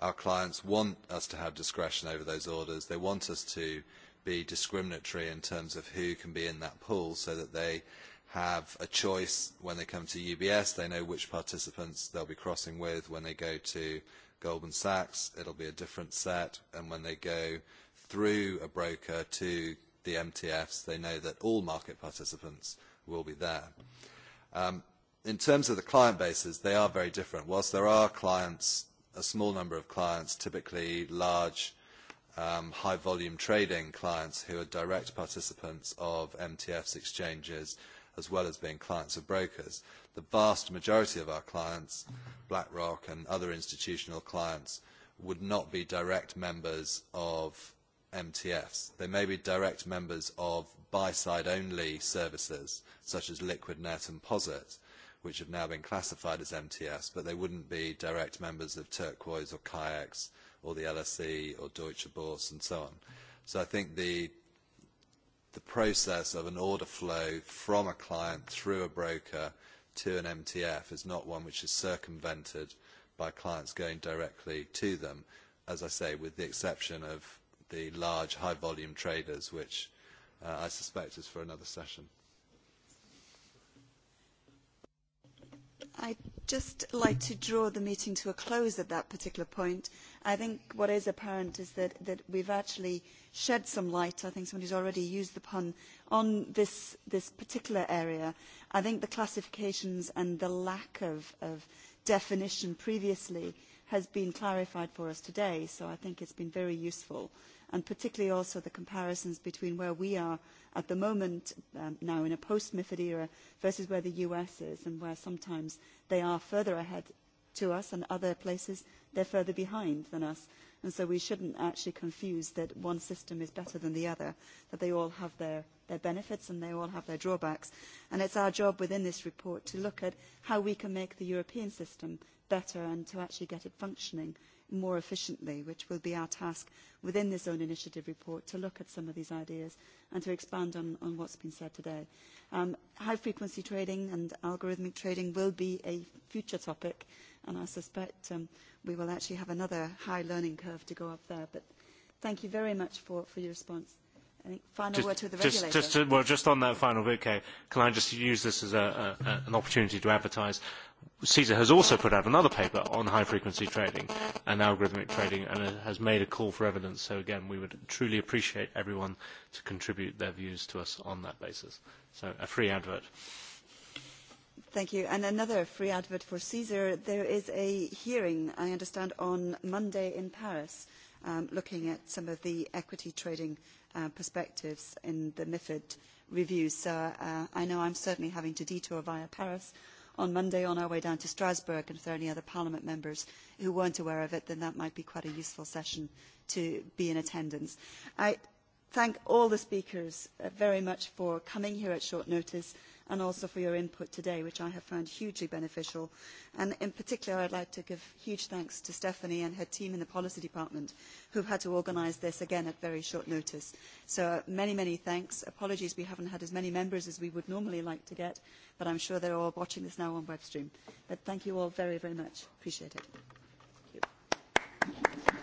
Our clients want us to have discretion over those orders. They want us to be discriminatory in terms of who can be in that pool so that they have a choice when they come to UBS. They know which participants they'll be crossing with. When they go to Goldman Sachs, it'll be a different set. And when they go through a broker to the MTFs, they know that all market participants will be there. Um, in terms of the client bases, they are very different. Whilst there are clients, a small number of clients, typically large um, high volume trading clients who are direct participants of MTFs exchanges, as well as being clients of brokers. The vast majority of our clients, BlackRock and other institutional clients, would not be direct members of MTFs. They may be direct members of buy-side only services, such as LiquidNet and POSIT, which have now been classified as MTFs, but they wouldn't be direct members of Turquoise or Kayaks or the LSE or Deutsche Börse and so on. So I think the the process of an order flow from a client through a broker to an MTF is not one which is circumvented by clients going directly to them, as I say, with the exception of the large high-volume traders, which uh, I suspect is for another session. I'd just like to draw the meeting to a close at that particular point I think what is apparent is that, that we've actually shed some light, I think somebody's already used the pun, on this, this particular area. I think the classifications and the lack of, of definition previously has been clarified for us today, so I think it's been very useful. And particularly also the comparisons between where we are at the moment um, now in a post-MIFID era versus where the US is and where sometimes they are further ahead to us and other places, they're further behind than us. And so we shouldn't actually confuse that one system is better than the other, that they all have their, their benefits and they all have their drawbacks. And it's our job within this report to look at how we can make the European system better and to actually get it functioning more efficiently, which will be our task within this own initiative report to look at some of these ideas and to expand on, on what's been said today. Um, high frequency trading and algorithmic trading will be a future topic and I suspect um, we will actually have another high learning curve to go up there. But thank you very much for, for your response. Any final just, word to the regulator. Just, just, well, just on that final bit, Kay, can I just use this as a, a, an opportunity to advertise? CESA has also put out another paper on high-frequency trading and algorithmic trading and has made a call for evidence. So again, we would truly appreciate everyone to contribute their views to us on that basis. So a free advert. Thank you. And another free advert for Caesar. There is a hearing, I understand, on Monday in Paris, um, looking at some of the equity trading uh, perspectives in the MIFID review. So uh, I know I'm certainly having to detour via Paris on Monday on our way down to Strasbourg, and if there are any other Parliament members who weren't aware of it, then that might be quite a useful session to be in attendance. I thank all the speakers very much for coming here at short notice and also for your input today, which I have found hugely beneficial. And in particular, I would like to give huge thanks to Stephanie and her team in the Policy Department, who have had to organise this again at very short notice. So many, many thanks. Apologies we haven't had as many members as we would normally like to get, but I am sure they are all watching this now on web stream. But thank you all very, very much. Appreciate it.